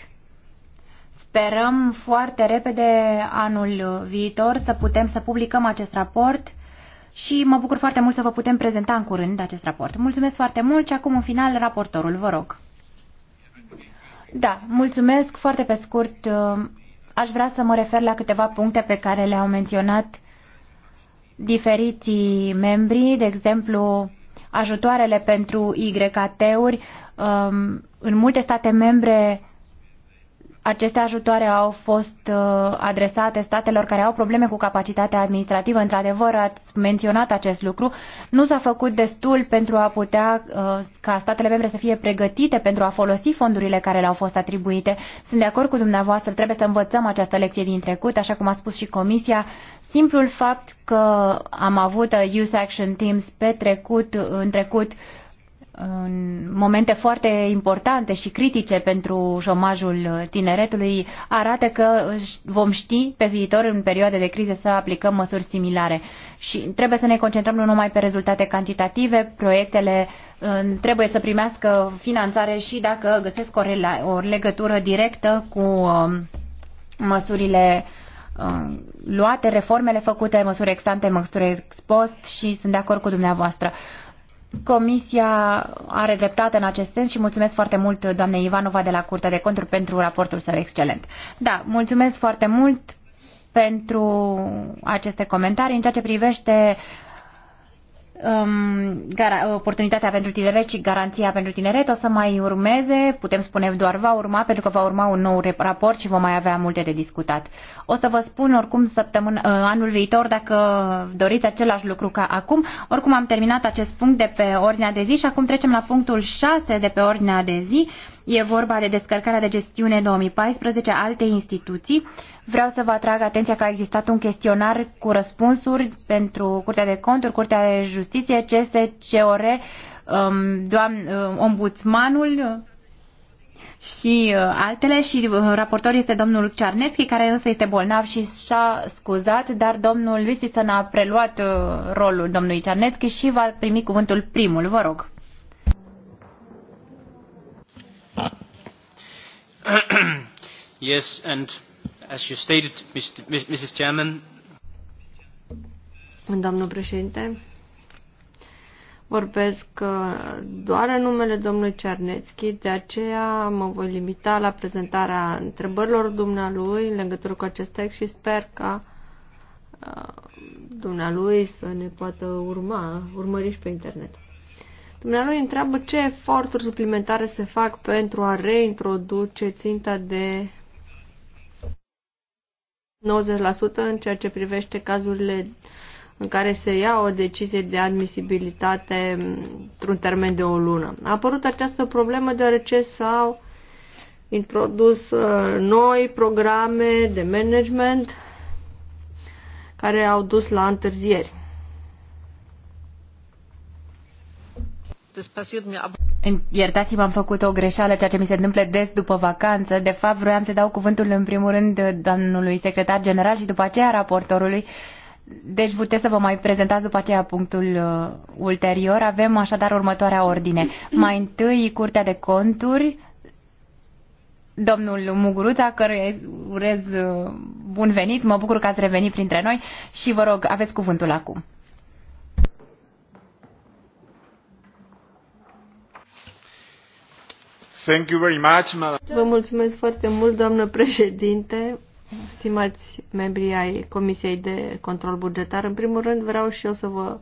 Sperăm foarte repede anul viitor să putem să publicăm acest raport și mă bucur foarte mult să vă putem prezenta în curând acest raport. Mulțumesc foarte mult și acum în final raportorul, vă rog. Da, mulțumesc foarte pe scurt. Aș vrea să mă refer la câteva puncte pe care le-au menționat diferiții membri, de exemplu ajutoarele pentru YKT-uri. Um, în multe state membre aceste ajutoare au fost uh, adresate statelor care au probleme cu capacitatea administrativă. Într-adevăr, ați menționat acest lucru. Nu s-a făcut destul pentru a putea uh, ca statele membre să fie pregătite pentru a folosi fondurile care le-au fost atribuite. Sunt de acord cu dumneavoastră, trebuie să învățăm această lecție din trecut, așa cum a spus și Comisia. Simplul fapt că am avut uh, Youth Action Teams pe trecut, în trecut, în momente foarte importante și critice pentru șomajul uh, tineretului arată că vom ști pe viitor în perioade de criză să aplicăm măsuri similare și trebuie să ne concentrăm nu numai pe rezultate cantitative, proiectele uh, trebuie să primească finanțare și dacă găsesc o, o legătură directă cu măsurile uh, Uh, luate reformele făcute, măsuri extante, măsuri expost și sunt de acord cu dumneavoastră. Comisia are dreptate în acest sens și mulțumesc foarte mult doamnei Ivanova de la Curtea de Conturi pentru raportul său excelent. Da, mulțumesc foarte mult pentru aceste comentarii. În ceea ce privește um, oportunitatea pentru tineret și garanția pentru tineret o să mai urmeze, putem spune doar va urma, pentru că va urma un nou raport și vom mai avea multe de discutat. O să vă spun oricum săptămână, uh, anul viitor dacă doriți același lucru ca acum. Oricum am terminat acest punct de pe ordinea de zi și acum trecem la punctul 6 de pe ordinea de zi. E vorba de descărcarea de gestiune 2014, alte instituții. Vreau să vă atrag atenția că a existat un chestionar cu răspunsuri pentru Curtea de Conturi, Curtea de Justiție, CSCOR, um, doamn, uh, ombudsmanul și uh, altele și uh, raportor este domnul Cearnețchi care însă este bolnav și și-a scuzat, dar domnul Luisison a preluat rolul domnului Cearnețchi și va primi cuvântul primul, vă rog. yes, and as you stated, Mrs. Chairman. Doamnă președinte, vorbesc uh, doar în numele domnului Cernețchi, de aceea mă voi limita la prezentarea întrebărilor dumnealui în legătură cu acest text și sper ca uh, dumnealui să ne poată urma, urmări și pe internet. Dumnealui întreabă ce eforturi suplimentare se fac pentru a reintroduce ținta de 90% în ceea ce privește cazurile în care se ia o decizie de admisibilitate într-un termen de o lună. A apărut această problemă deoarece s-au introdus uh, noi programe de management care au dus la întârzieri. Iertați-mă, am făcut o greșeală, ceea ce mi se întâmplă des după vacanță. De fapt, vroiam să dau cuvântul în primul rând uh, domnului secretar general și după aceea raportorului. Deci puteți să vă mai prezentați după aceea punctul uh, ulterior. Avem așadar următoarea ordine. Mai întâi Curtea de Conturi, domnul Muguruța, căruia urez uh, bun venit, mă bucur că ați revenit printre noi și vă rog, aveți cuvântul acum. Thank you very much, Vă mulțumesc foarte mult, doamnă președinte, stimați membrii ai Comisiei de Control Bugetar. În primul rând vreau și eu să vă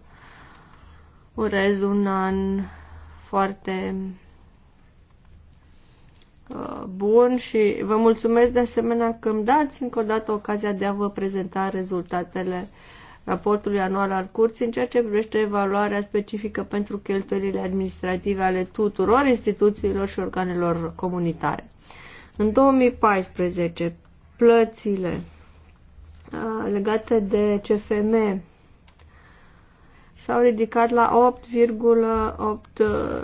urez un an foarte uh, bun și vă mulțumesc de asemenea că îmi dați încă o dată ocazia de a vă prezenta rezultatele uh, raportului anual al curții în ceea ce privește evaluarea specifică pentru cheltuielile administrative ale tuturor instituțiilor și organelor comunitare. În 2014, plățile legate de CFM s-au ridicat la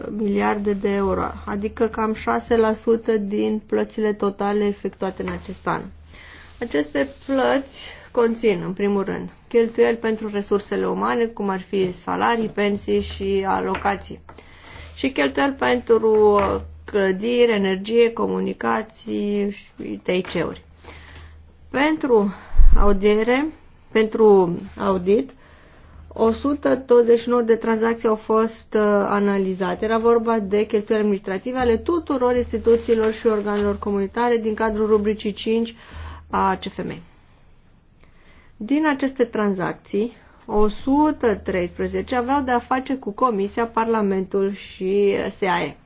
8,8 miliarde de euro, adică cam 6% din plățile totale efectuate în acest an. Aceste plăți conțin, în primul rând, cheltuieli pentru resursele umane, cum ar fi salarii, pensii și alocații. Și cheltuieli pentru uh, clădiri, energie, comunicații și TIC-uri. Pentru audiere, pentru audit, 129 de tranzacții au fost uh, analizate. Era vorba de cheltuieli administrative ale tuturor instituțiilor și organelor comunitare din cadrul rubricii 5 a CFM. Din aceste tranzacții, 113 aveau de a face cu Comisia, Parlamentul și SAE.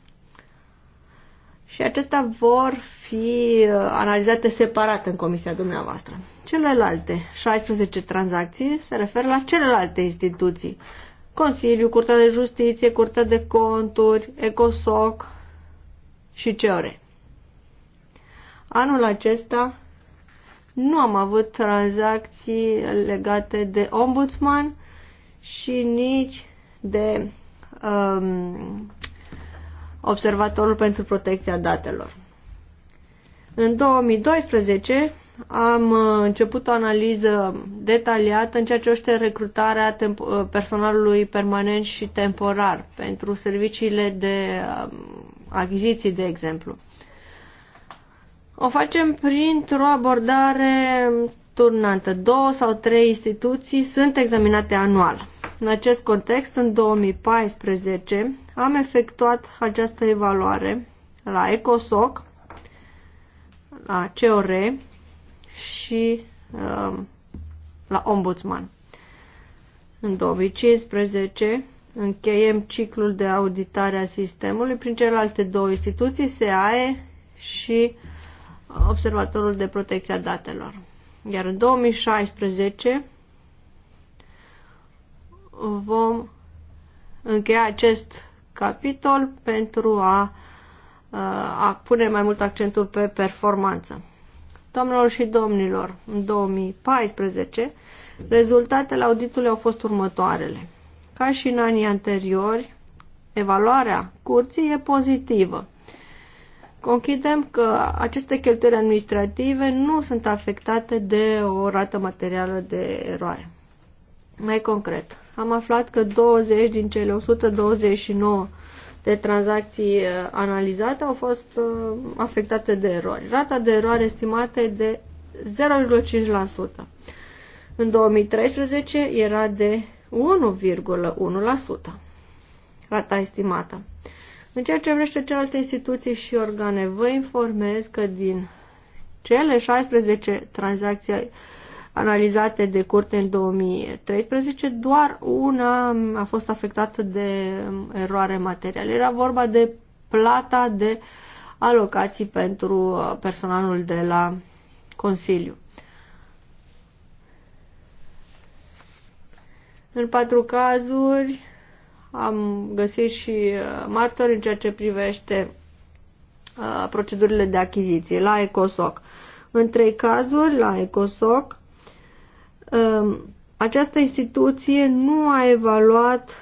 Și acestea vor fi uh, analizate separat în comisia dumneavoastră. Celelalte 16 tranzacții se referă la celelalte instituții. Consiliu, Curtea de Justiție, Curtea de Conturi, ECOSOC și CEORE. Anul acesta nu am avut tranzacții legate de ombudsman și nici de um, observatorul pentru protecția datelor. În 2012 am uh, început o analiză detaliată în ceea ce oște recrutarea uh, personalului permanent și temporar pentru serviciile de um, achiziții, de exemplu. O facem printr-o abordare turnantă. Două sau trei instituții sunt examinate anual. În acest context, în 2014, am efectuat această evaluare la ECOSOC, la COR și uh, la Ombudsman. În 2015 încheiem ciclul de auditare a sistemului prin celelalte două instituții, SEAE și uh, Observatorul de Protecție a Datelor. Iar în 2016 vom încheia acest capitol pentru a, a pune mai mult accentul pe performanță. domnilor și domnilor, în 2014, rezultatele auditului au fost următoarele. Ca și în anii anteriori, evaluarea curții e pozitivă. Conchidem că aceste cheltuieli administrative nu sunt afectate de o rată materială de eroare. Mai concret, am aflat că 20 din cele 129 de tranzacții uh, analizate au fost uh, afectate de erori. Rata de eroare estimată e de 0,5%. În 2013 era de 1,1%. Rata estimată. În ceea ce vrește celelalte instituții și organe, vă informez că din cele 16 tranzacții analizate de curte în 2013, doar una a fost afectată de eroare materială. Era vorba de plata de alocații pentru uh, personalul de la Consiliu. În patru cazuri, am găsit și uh, martori în ceea ce privește uh, procedurile de achiziție la ECOSOC. În trei cazuri, la ECOSOC, um, această instituție nu a evaluat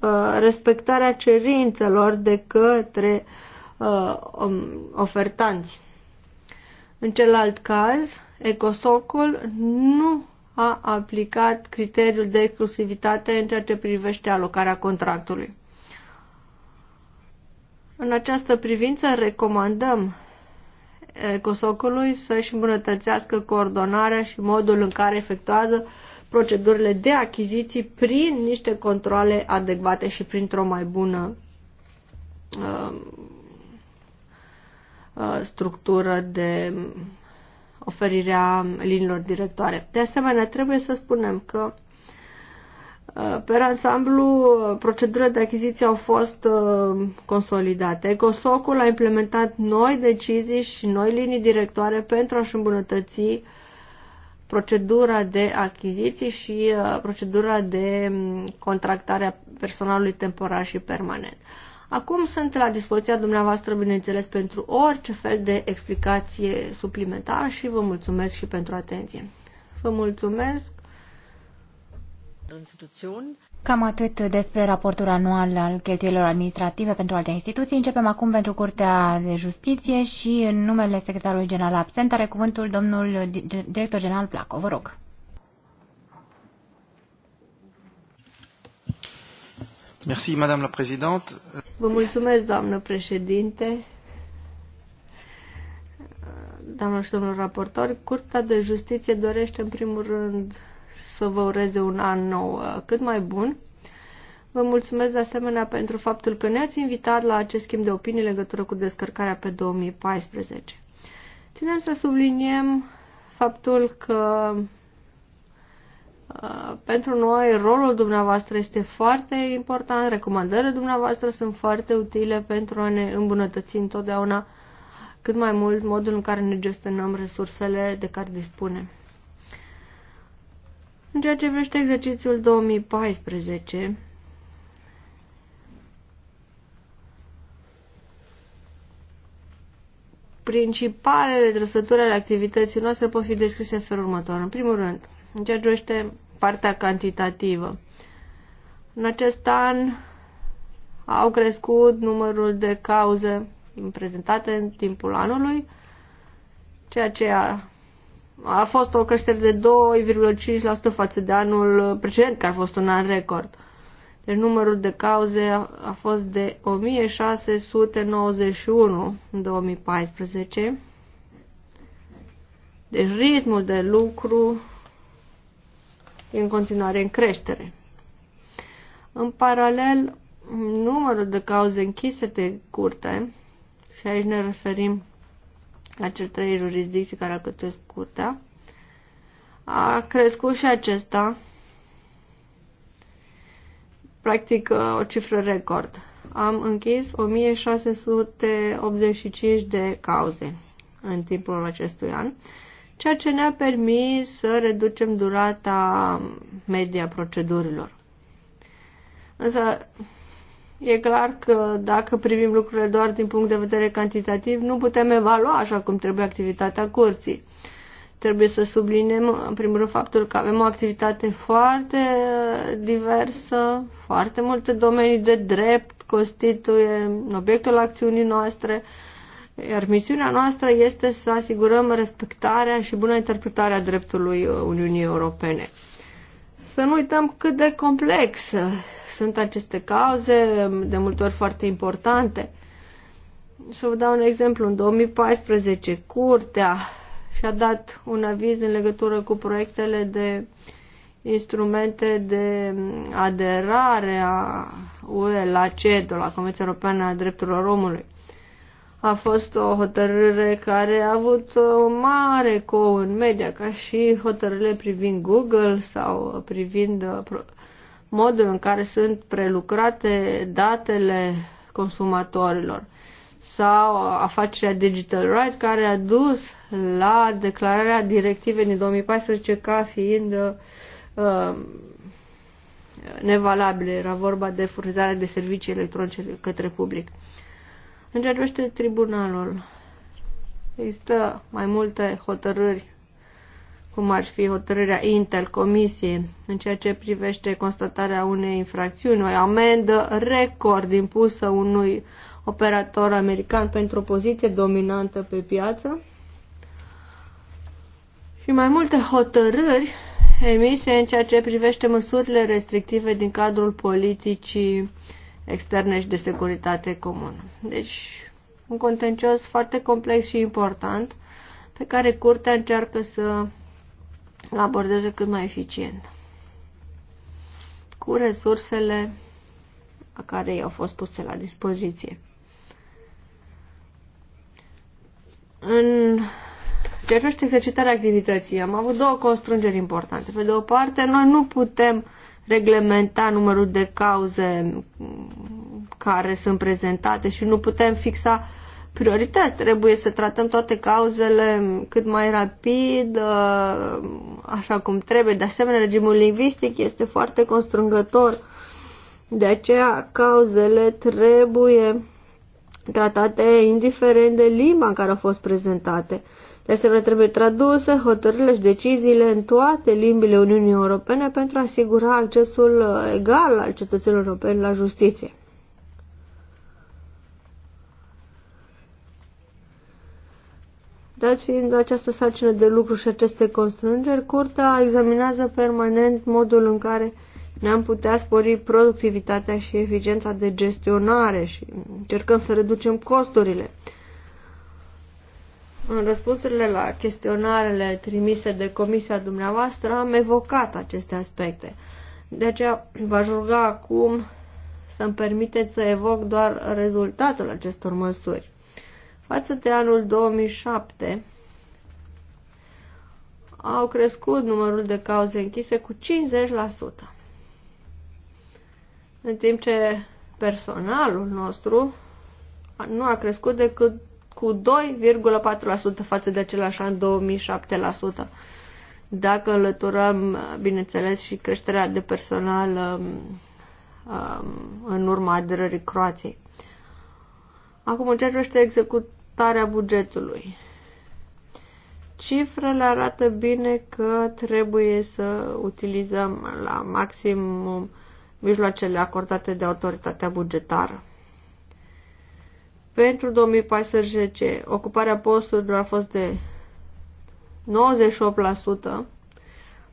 uh, respectarea cerințelor de către um, ofertanți. În celălalt caz, ECOSOC-ul nu a aplicat criteriul de exclusivitate în ceea ce privește alocarea contractului. În această privință recomandăm Cosocului să-și îmbunătățească coordonarea și modul în care efectuează procedurile de achiziții prin niște controle adecvate și printr-o mai bună uh, uh, structură de oferirea linilor directoare. De asemenea, trebuie să spunem că uh, pe ansamblu, procedurile de achiziție au fost uh, consolidate. Ecosocul a implementat noi decizii și noi linii directoare pentru a-și îmbunătăți procedura de achiziții și uh, procedura de mm, contractare a personalului temporar și permanent. Uh, Acum sunt la dispoziția dumneavoastră, bineînțeles, pentru orice fel de explicație suplimentară și vă mulțumesc și pentru atenție. Vă mulțumesc! Cam atât despre raportul anual al cheltuielor administrative pentru alte instituții. Începem acum pentru Curtea de Justiție și în numele secretarului general absent are cuvântul domnul director general Placo. Vă rog. Merci, Madame la Présidente. Vă mulțumesc, doamnă președinte. Doamnă și domnul raportor, Curtea de Justiție dorește, în primul rând, să vă ureze un an nou uh, cât mai bun. Vă mulțumesc de asemenea pentru faptul că ne-ați invitat la acest schimb de opinii legătură cu descărcarea pe 2014. Ținem să subliniem faptul că Uh, pentru noi rolul dumneavoastră este foarte important, recomandările dumneavoastră sunt foarte utile pentru a ne îmbunătăți întotdeauna cât mai mult modul în care ne gestionăm resursele de care dispunem. În ceea ce privește exercițiul 2014, principalele trăsături ale activității noastre pot fi descrise în felul următor. În primul rând, în ce partea cantitativă. În acest an au crescut numărul de cauze prezentate în timpul anului, ceea ce a, a fost o creștere de 2,5% față de anul precedent, care a fost un an record. Deci numărul de cauze a, a fost de 1691 în 2014. Deci ritmul de lucru e în continuare în creștere. În paralel, numărul de cauze închise de curte, și aici ne referim la cele trei jurisdicții care alcătuiesc curtea, a crescut și acesta, practic uh, o cifră record. Am închis 1685 de cauze în timpul acestui an ceea ce ne-a permis să reducem durata media procedurilor. Însă, e clar că dacă privim lucrurile doar din punct de vedere cantitativ, nu putem evalua așa cum trebuie activitatea curții. Trebuie să subliniem, în primul rând, faptul că avem o activitate foarte diversă, foarte multe domenii de drept constituie obiectul acțiunii noastre, uh, iar misiunea noastră este să asigurăm respectarea și bună interpretarea dreptului uh, Uniunii Europene. Să nu uităm cât de complex sunt aceste cauze, de multe ori foarte importante. Să vă dau un exemplu. În 2014, Curtea și-a dat un aviz în legătură cu proiectele de instrumente de aderare a UE la CEDO, la Comisia Europeană a Drepturilor Omului a fost o hotărâre care a avut o uh, mare co în media, ca și hotărârile privind Google sau uh, privind uh, modul în care sunt prelucrate datele consumatorilor sau afacerea Digital Rights care a dus la declararea directivei din 2014 ca fiind uh, nevalabile. Era vorba de furnizarea de servicii electronice către public. În ce privește tribunalul, există mai multe hotărâri, cum ar fi hotărârea Comisie în ceea ce privește constatarea unei infracțiuni, o amendă record impusă unui operator american pentru o poziție dominantă pe piață și mai multe hotărâri emise în ceea ce privește măsurile restrictive din cadrul politicii externe și de securitate comună. Deci, un contencios foarte complex și important pe care curtea încearcă să îl abordeze cât mai eficient. Cu resursele care i-au fost puse la dispoziție. În ce privește exercitarea activității, am avut două constrângeri importante. Pe de o parte, noi nu putem reglementa numărul de cauze care sunt prezentate și nu putem fixa priorități. Trebuie să tratăm toate cauzele cât mai rapid, ă, așa cum trebuie. De asemenea, regimul lingvistic este foarte constrângător. De aceea, cauzele trebuie tratate indiferent de limba în care au fost prezentate asemenea, trebuie traduse, hotărârile și deciziile în toate limbile Uniunii Europene pentru a asigura accesul uh, egal al cetățenilor europeni la justiție. Dat fiind această sarcină de lucru și aceste constrângeri, Curtea examinează permanent modul în care ne-am putea spori productivitatea și eficiența de gestionare și încercăm să reducem costurile. În răspunsurile la chestionarele trimise de comisia dumneavoastră am evocat aceste aspecte. De aceea v-aș ruga acum să-mi permiteți să evoc doar rezultatul acestor măsuri. Față de anul 2007, au crescut numărul de cauze închise cu 50%. În timp ce personalul nostru nu a crescut decât cu 2,4% față de același an 2007%. Dacă înlăturăm, bineînțeles, și creșterea de personal um, um, în urma aderării Croației. Acum, în ceea ce executarea bugetului. Cifrele arată bine că trebuie să utilizăm la maximum mijloacele acordate de autoritatea bugetară. Pentru 2014, ocuparea posturilor a fost de 98%.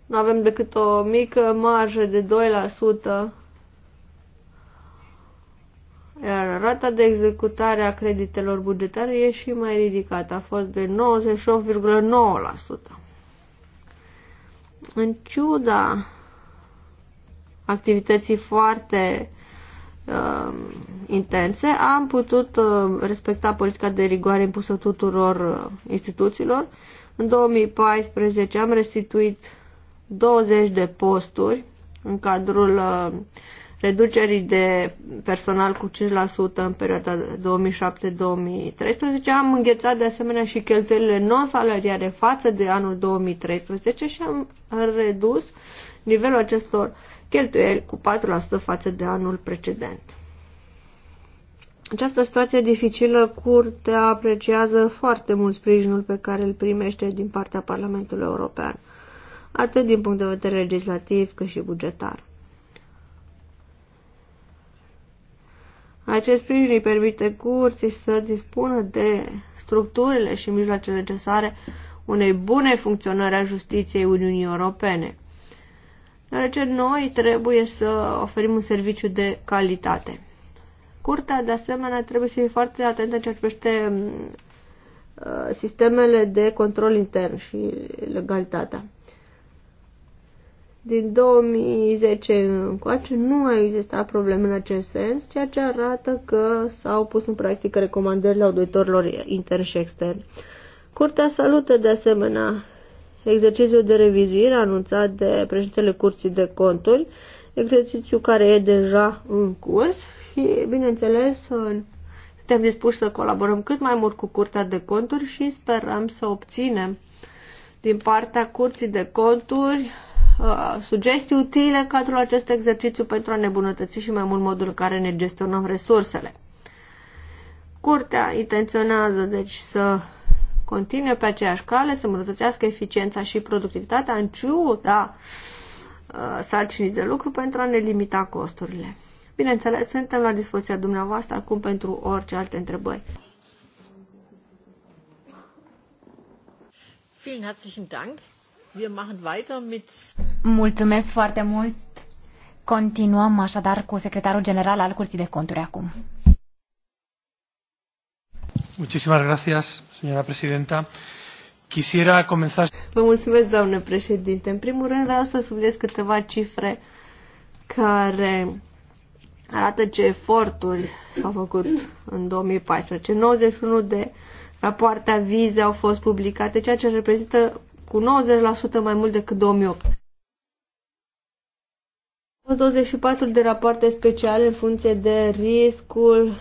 Nu avem decât o mică marjă de 2%. Iar rata de executare a creditelor bugetare e și mai ridicată. A fost de 98,9%. În ciuda activității foarte uh, intense, am putut uh, respecta politica de rigoare impusă tuturor uh, instituțiilor. În 2014 am restituit 20 de posturi în cadrul uh, reducerii de personal cu 5% în perioada 2007-2013. Am înghețat de asemenea și cheltuielile non-salariare față de anul 2013 și am redus nivelul acestor uh, cheltuieli cu 4% față de anul precedent. Această situație dificilă, Curtea apreciază foarte mult sprijinul pe care îl primește din partea Parlamentului European, atât din punct de vedere legislativ cât și bugetar. Acest sprijin îi permite curții să dispună de structurile și mijloacele necesare unei bune funcționări a justiției Uniunii Europene deoarece noi trebuie să oferim un serviciu de calitate. Curtea, de asemenea, trebuie să fie foarte atentă în ceea ce privește mm, uh, sistemele de control intern și legalitatea. Din 2010 încoace nu a existat probleme în acest sens, ceea ce arată că s-au pus în practică recomandările auditorilor interni și externi. Curtea salută de asemenea exercițiul de revizuire anunțat de președintele Curții de Conturi, exercițiu care e deja în curs și, bineînțeles, suntem dispuși să colaborăm cât mai mult cu Curtea de Conturi și sperăm să obținem din partea Curții de Conturi uh, sugestii utile în cadrul acest exercițiu pentru a ne bunătăți și mai mult modul în care ne gestionăm resursele. Curtea intenționează deci să continue pe aceeași cale, să îmbunătățească eficiența și productivitatea în ciuda uh, sarcinii de lucru pentru a ne limita costurile. Bineînțeles, suntem la dispoziția dumneavoastră acum pentru orice alte întrebări. Vielen herzlichen Dank. Wir machen weiter mit Mulțumesc foarte mult. Continuăm așadar cu secretarul general al Curții de Conturi acum. Muchísimas gracias, señora presidenta. Quisiera comenzar... Vă mulțumesc, doamnă președinte. În primul rând vreau să subliniez câteva cifre care arată ce eforturi s-au făcut în 2014. 91 de rapoarte avize au fost publicate, ceea ce reprezintă cu 90% mai mult decât 2008. 24 de rapoarte speciale în funcție de riscul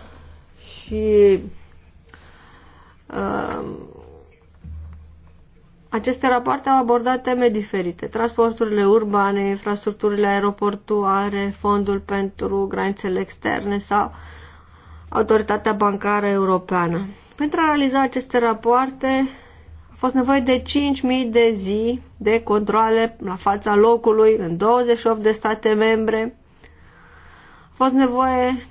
și Ehm, aceste rapoarte au abordat teme diferite. Transporturile urbane, infrastructurile aeroportuare, fondul pentru granițele externe sau autoritatea bancară europeană. Pentru a realiza aceste rapoarte a fost nevoie de 5.000 de zi de controle la fața locului în 28 de state membre. A fost nevoie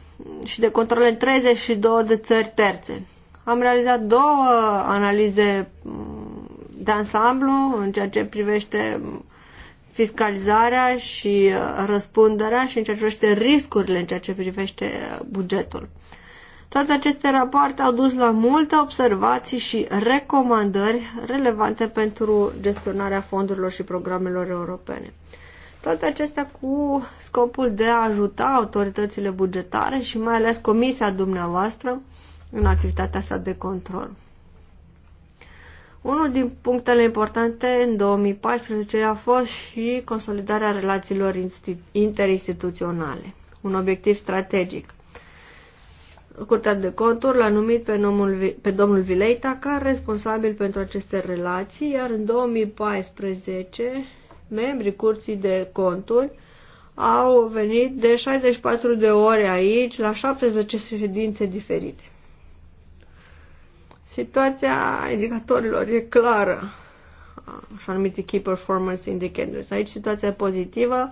și de controle în 32 de țări terțe. Am realizat două analize de ansamblu în ceea ce privește fiscalizarea și uh, răspunderea și în ceea ce privește riscurile, în ceea ce privește uh, bugetul. Toate aceste rapoarte au dus la multe observații și recomandări relevante pentru gestionarea fondurilor și programelor europene. Toate acestea cu scopul de a ajuta autoritățile bugetare și mai ales comisia dumneavoastră în activitatea sa de control. Unul din punctele importante în 2014 a fost și consolidarea relațiilor interinstituționale, un obiectiv strategic. Curtea de conturi l-a numit pe, nomul, pe domnul Vileita ca responsabil pentru aceste relații, iar în 2014 membrii Curții de Conturi au venit de 64 de ore aici la 70 ședințe diferite. Situația indicatorilor e clară, așa numiți Key Performance Indicators. Aici situația e pozitivă,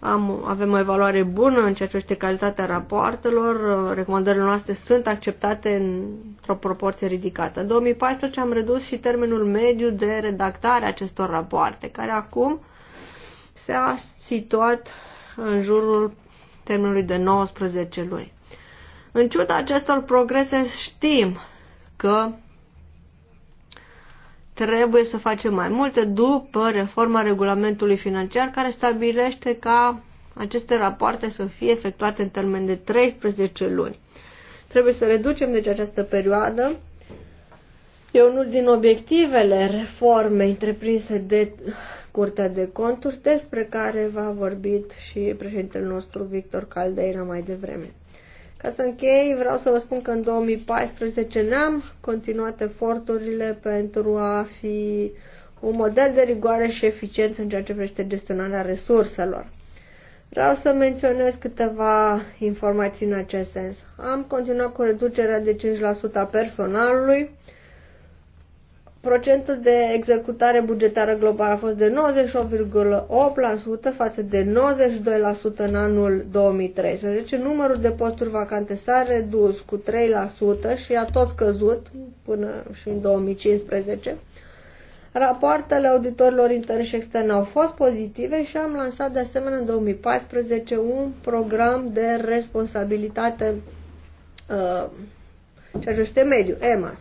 am, avem o evaluare bună în ceea ce este calitatea rapoartelor, recomandările noastre sunt acceptate într-o proporție ridicată. În 2014 am redus și termenul mediu de redactare a acestor rapoarte, care acum s-a situat în jurul termenului de 19 luni. În ciuda acestor progrese știm că trebuie să facem mai multe după reforma regulamentului financiar care stabilește ca aceste rapoarte să fie efectuate în termen de 13 luni. Trebuie să reducem deci această perioadă. E unul din obiectivele reformei întreprinse de Curtea de Conturi, despre care va vorbit și președintele nostru Victor Caldeira mai devreme. Ca să închei, vreau să vă spun că în 2014 ne-am continuat eforturile pentru a fi un model de rigoare și eficiență în ceea ce privește gestionarea resurselor. Vreau să menționez câteva informații în acest sens. Am continuat cu reducerea de 5% a personalului, Procentul de executare bugetară globală a fost de 98,8% față de 92% în anul 2013. Numărul de posturi vacante s-a redus cu 3% și a tot scăzut până și în 2015. Rapoartele auditorilor interni și externe au fost pozitive și am lansat de asemenea în 2014 un program de responsabilitate uh, ce ajuste mediu, EMAS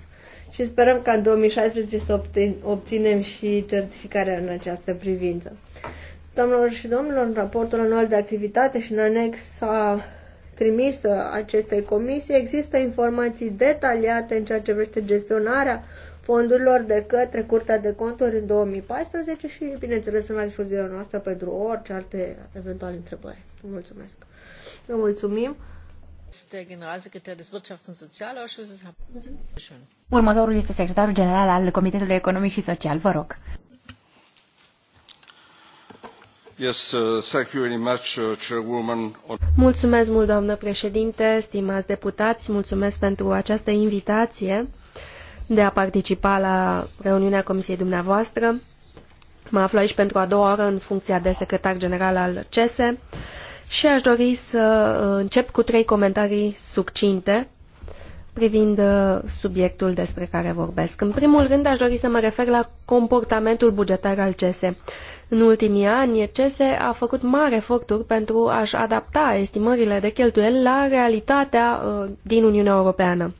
și sperăm ca în 2016 să obținem și certificarea în această privință. Domnilor și domnilor, în raportul anual de activitate și în anexa trimisă acestei comisii există informații detaliate în ceea ce privește gestionarea fondurilor de către Curtea de Conturi în 2014 și, bineînțeles, sunt la dispoziția noastră pentru orice alte eventuale întrebări. mulțumesc. Vă mulțumim. Este generalsecretar des Wirtschafts- und Sozialausschusses. Schön. Următorul este secretarul general al Comitetului Economic și Social. Vă rog. Yes, uh, thank you very much, uh, Chairwoman. Mulțumesc mult, doamnă președinte, stimați deputați, mulțumesc pentru această invitație de a participa la reuniunea comisiei dumneavoastră. Mă aflu aici pentru a doua oară în funcția de secretar general al CESE și aș dori să încep cu trei comentarii succinte privind uh, subiectul despre care vorbesc. În primul rând, aș dori să mă refer la comportamentul bugetar al CESE. În ultimii ani, CESE a făcut mari eforturi pentru a-și adapta estimările de cheltuieli la realitatea uh, din Uniunea Europeană.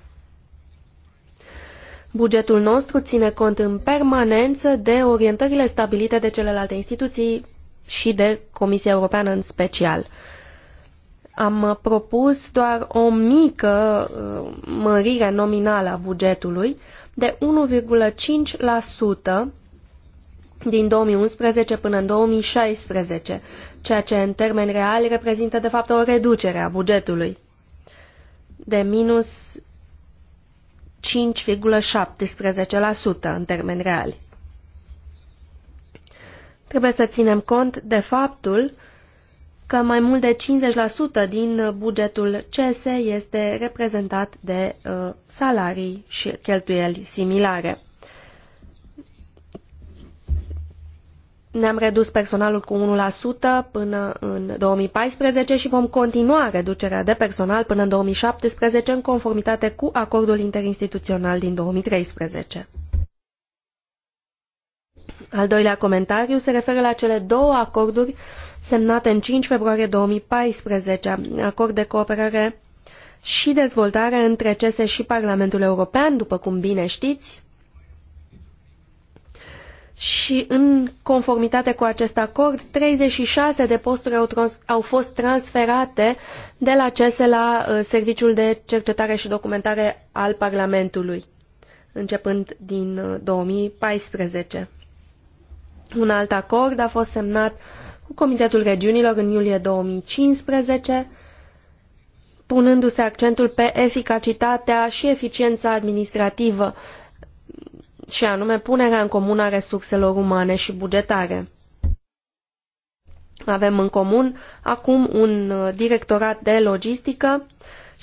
Bugetul nostru ține cont în permanență de orientările stabilite de celelalte instituții și de Comisia Europeană în special. Am uh, propus doar o mică uh, mărire nominală a bugetului de 1,5% din 2011 până în 2016, ceea ce în termeni reali reprezintă de fapt o reducere a bugetului de minus 5,17% în termeni reali. Trebuie să ținem cont de faptul că mai mult de 50% din bugetul CS este reprezentat de uh, salarii și cheltuieli similare. Ne-am redus personalul cu 1% până în 2014 și vom continua reducerea de personal până în 2017 în conformitate cu acordul interinstituțional din 2013. Al doilea comentariu se referă la cele două acorduri uh, semnate în 5 februarie 2014, acord de cooperare și dezvoltare între CESE și Parlamentul European, după cum bine știți. Și în conformitate cu acest acord, 36 de posturi au, au fost transferate de la CESE la uh, Serviciul de Cercetare și Documentare al Parlamentului, începând din uh, 2014. Un alt acord a fost semnat uh, cu Comitetul Regiunilor în iulie 2015, punându-se accentul pe eficacitatea și eficiența administrativă, și anume punerea în comun a resurselor umane și bugetare. Avem în comun acum un uh, directorat de logistică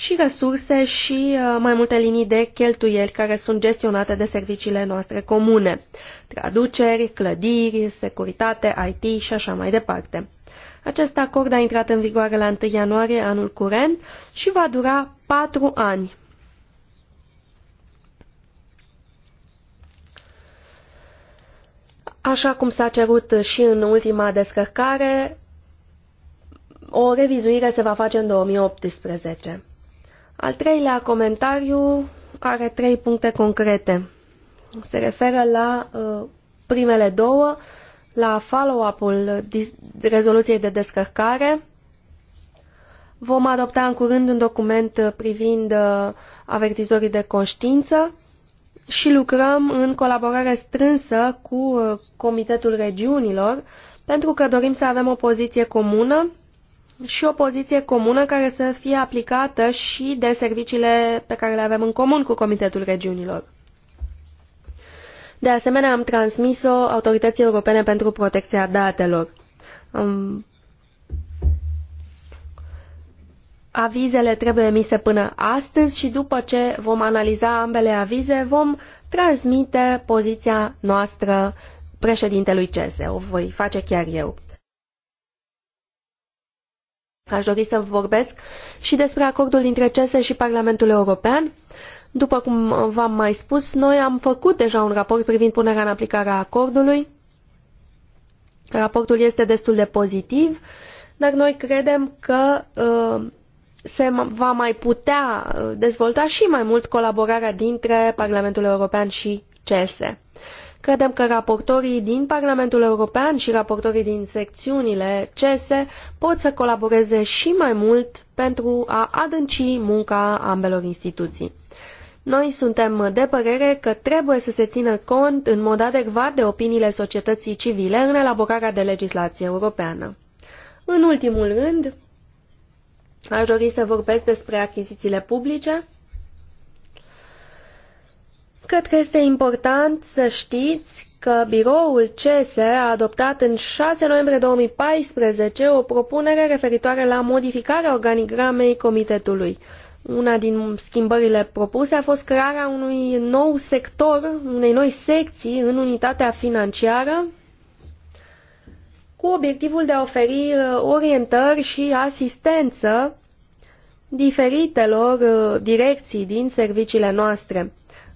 și resurse și uh, mai multe linii de cheltuieli care sunt gestionate de serviciile noastre comune, traduceri, clădiri, securitate, IT și așa mai departe. Acest acord a intrat în vigoare la 1 ianuarie anul curent și va dura 4 ani. Așa cum s-a cerut și în ultima descărcare, o revizuire se va face în 2018. Al treilea comentariu are trei puncte concrete. Se referă la uh, primele două, la follow-up-ul rezoluției de descărcare. Vom adopta în curând un document privind uh, avertizorii de conștiință și lucrăm în colaborare strânsă cu uh, Comitetul Regiunilor pentru că dorim să avem o poziție comună și o poziție comună care să fie aplicată și de serviciile pe care le avem în comun cu Comitetul Regiunilor. De asemenea, am transmis-o Autorității Europene pentru Protecția Datelor. Um, avizele trebuie emise până astăzi și după ce vom analiza ambele avize, vom transmite poziția noastră președintelui CESE. O voi face chiar eu. Aș dori să vorbesc și despre acordul dintre CESE și Parlamentul European. După cum v-am mai spus, noi am făcut deja un raport privind punerea în aplicare a acordului. Raportul este destul de pozitiv, dar noi credem că uh, se va mai putea uh, dezvolta și mai mult colaborarea dintre Parlamentul European și CESE. Credem că raportorii din Parlamentul European și raportorii din secțiunile CESE pot să colaboreze și mai mult pentru a adânci munca ambelor instituții. Noi suntem de părere că trebuie să se țină cont în mod adecvat de opiniile societății civile în elaborarea de legislație europeană. În ultimul rând, aș dori să vorbesc despre achizițiile publice. Cred că este important să știți că biroul CESE a adoptat în 6 noiembrie 2014 o propunere referitoare la modificarea organigramei comitetului. Una din schimbările propuse a fost crearea unui nou sector, unei noi secții în unitatea financiară, cu obiectivul de a oferi uh, orientări și asistență diferitelor uh, direcții din serviciile noastre.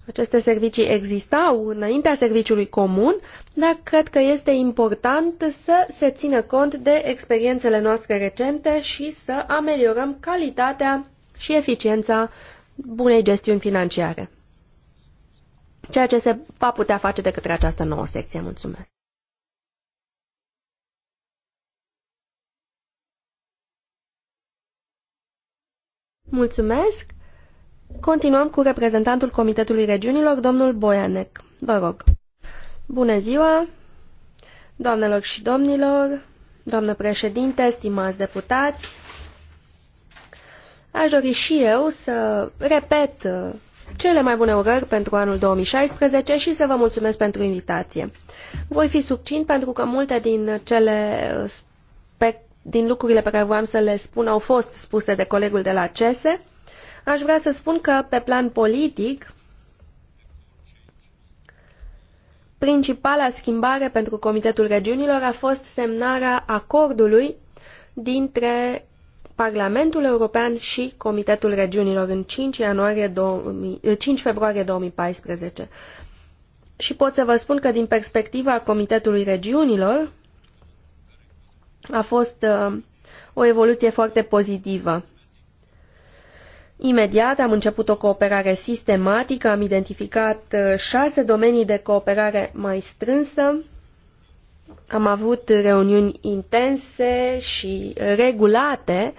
Aceste servicii existau înaintea serviciului comun, dar cred că este important să se țină cont de experiențele noastre recente și să ameliorăm calitatea și eficiența bunei gestiuni financiare. Ceea ce se va putea face de către această nouă secție. Mulțumesc! Mulțumesc! Continuăm cu reprezentantul Comitetului Regiunilor, domnul Boianec. Vă rog. Bună ziua, doamnelor și domnilor, doamnă președinte, stimați deputați. Aș dori și eu să repet uh, cele mai bune urări pentru anul 2016 și să vă mulțumesc pentru invitație. Voi fi succint pentru că multe din cele uh, din lucrurile pe care voiam să le spun au fost spuse de colegul de la CESE Aș vrea să spun că, pe plan politic, principala schimbare pentru Comitetul Regiunilor a fost semnarea acordului dintre Parlamentul European și Comitetul Regiunilor în 5, ianuarie 2000, 5 eh, februarie 2014. Și pot să vă spun că din perspectiva Comitetului Regiunilor a fost uh, o evoluție foarte pozitivă. Imediat am început o cooperare sistematică, am identificat uh, șase domenii de cooperare mai strânsă, am avut reuniuni intense și regulate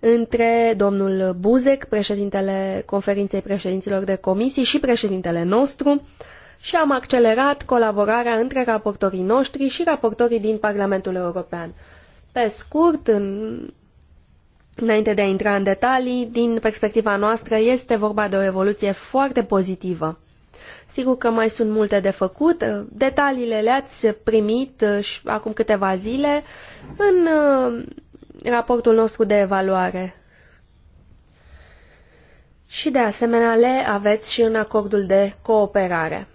între domnul Buzek, președintele conferinței președinților de comisii și președintele nostru și am accelerat colaborarea între raportorii noștri și raportorii din Parlamentul European. Pe scurt, în Înainte de a intra în detalii, din perspectiva noastră este vorba de o evoluție foarte pozitivă. Sigur că mai sunt multe de făcut, detaliile le-ați primit uh, și acum câteva zile în uh, raportul nostru de evaluare. Și de asemenea le aveți și în acordul de cooperare.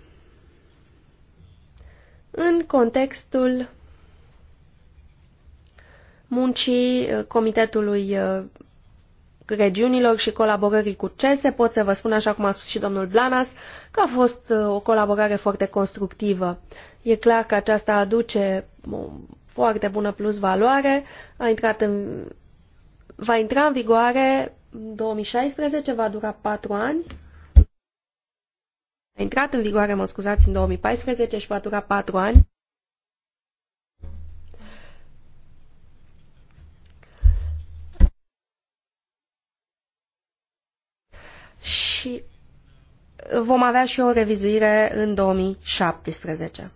În contextul muncii uh, Comitetului uh, regiunilor și colaborării cu CESE, pot să vă spun, așa cum a spus și domnul Blanas, că a fost uh, o colaborare foarte constructivă. E clar că aceasta aduce o um, foarte bună plus valoare, a intrat în, va intra în vigoare 2016, va dura 4 ani. A intrat în vigoare, mă scuzați, în 2014 și va dura 4 ani. și uh, vom avea și o revizuire în 2017.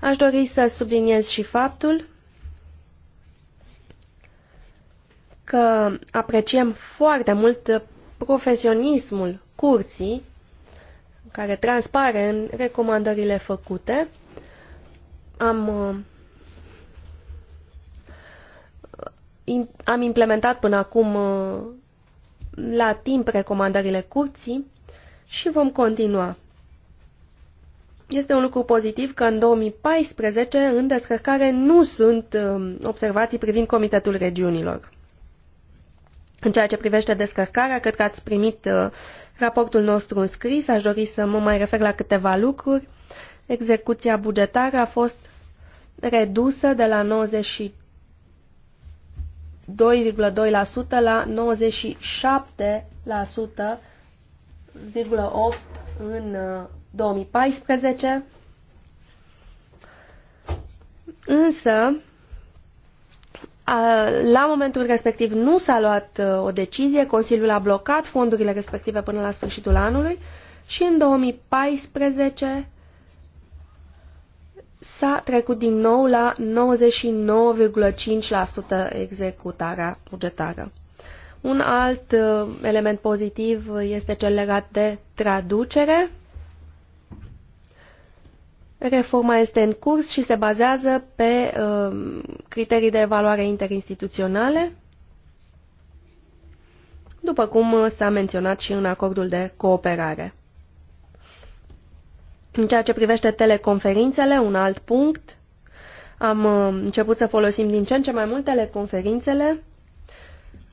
Aș dori să subliniez și faptul că apreciem foarte mult profesionismul curții care transpare în recomandările făcute. Am uh, am implementat până acum uh, la timp recomandările curții și vom continua. Este un lucru pozitiv că în 2014 în descărcare nu sunt um, observații privind Comitetul Regiunilor. În ceea ce privește descărcarea, cred că ați primit uh, raportul nostru în scris, aș dori să mă mai refer la câteva lucruri. Execuția bugetară a fost redusă de la 2,2% la 97,8% în 2014. Uh, Însă, la momentul respectiv nu s-a luat uh, o decizie, Consiliul a blocat fondurile respective până la sfârșitul anului și în 2014 s-a trecut din nou la 99,5% executarea bugetară. Un alt uh, element pozitiv este cel legat de traducere. Reforma este în curs și se bazează pe uh, criterii de evaluare interinstituționale, după cum s-a menționat și în acordul de cooperare. În ceea ce privește teleconferințele, un alt punct, am uh, început să folosim din ce în ce mai mult teleconferințele.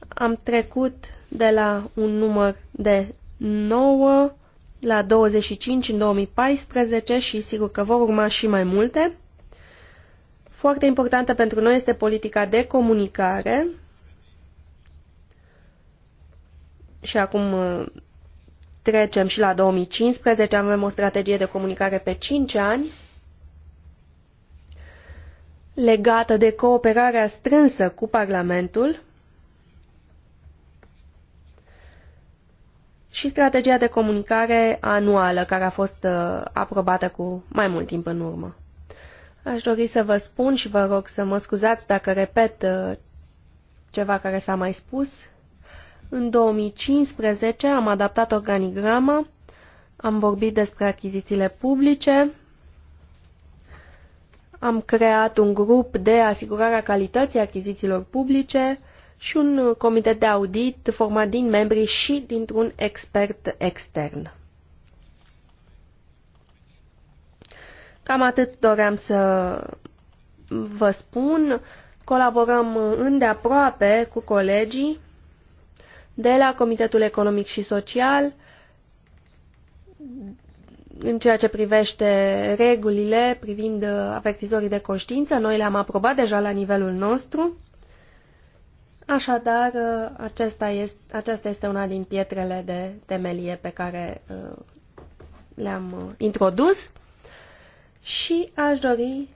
Am trecut de la un număr de 9 la 25 în 2014 și sigur că vor urma și mai multe. Foarte importantă pentru noi este politica de comunicare. Și acum uh, Trecem și la 2015, avem o strategie de comunicare pe 5 ani legată de cooperarea strânsă cu Parlamentul și strategia de comunicare anuală care a fost uh, aprobată cu mai mult timp în urmă. Aș dori să vă spun și vă rog să mă scuzați dacă repet uh, ceva care s-a mai spus. În 2015 am adaptat organigrama, am vorbit despre achizițiile publice, am creat un grup de asigurare a calității achizițiilor publice și un comitet de audit format din membri și dintr-un expert extern. Cam atât doream să vă spun. Colaborăm îndeaproape cu colegii de la Comitetul Economic și Social în ceea ce privește regulile privind uh, avertizorii de conștiință. Noi le-am aprobat deja la nivelul nostru. Așadar, uh, acesta este, aceasta este una din pietrele de temelie pe care uh, le-am introdus și aș dori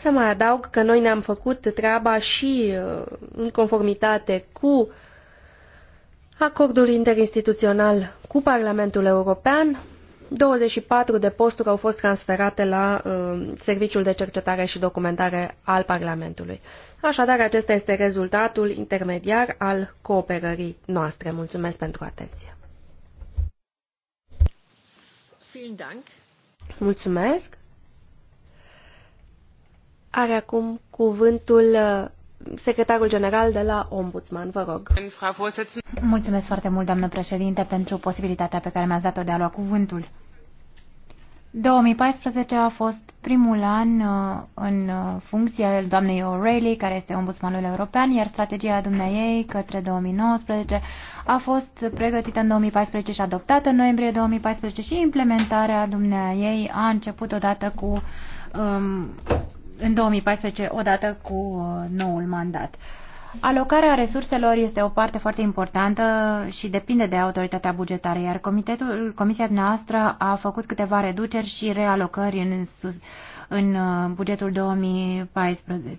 să mai adaug că noi ne-am făcut treaba și uh, în conformitate cu acordul interinstituțional cu Parlamentul European. 24 de posturi au fost transferate la uh, Serviciul de Cercetare și Documentare al Parlamentului. Așadar, acesta este rezultatul intermediar al cooperării noastre. Mulțumesc pentru atenție. Mulțumesc. Are acum cuvântul uh, secretarul general de la Ombudsman. Vă rog. Mulțumesc foarte mult, doamnă președinte, pentru posibilitatea pe care mi-ați dat-o de a lua cuvântul. 2014 a fost primul an uh, în uh, funcție al doamnei O'Reilly, care este ombudsmanul european, iar strategia ei, către 2019 a fost pregătită în 2014 și adoptată în noiembrie 2014 și implementarea ei a început odată cu um, în 2014 odată cu uh, noul mandat. Alocarea resurselor este o parte foarte importantă și depinde de autoritatea bugetară, iar comitetul, comisia noastră a făcut câteva reduceri și realocări în, sus, în uh, bugetul 2014.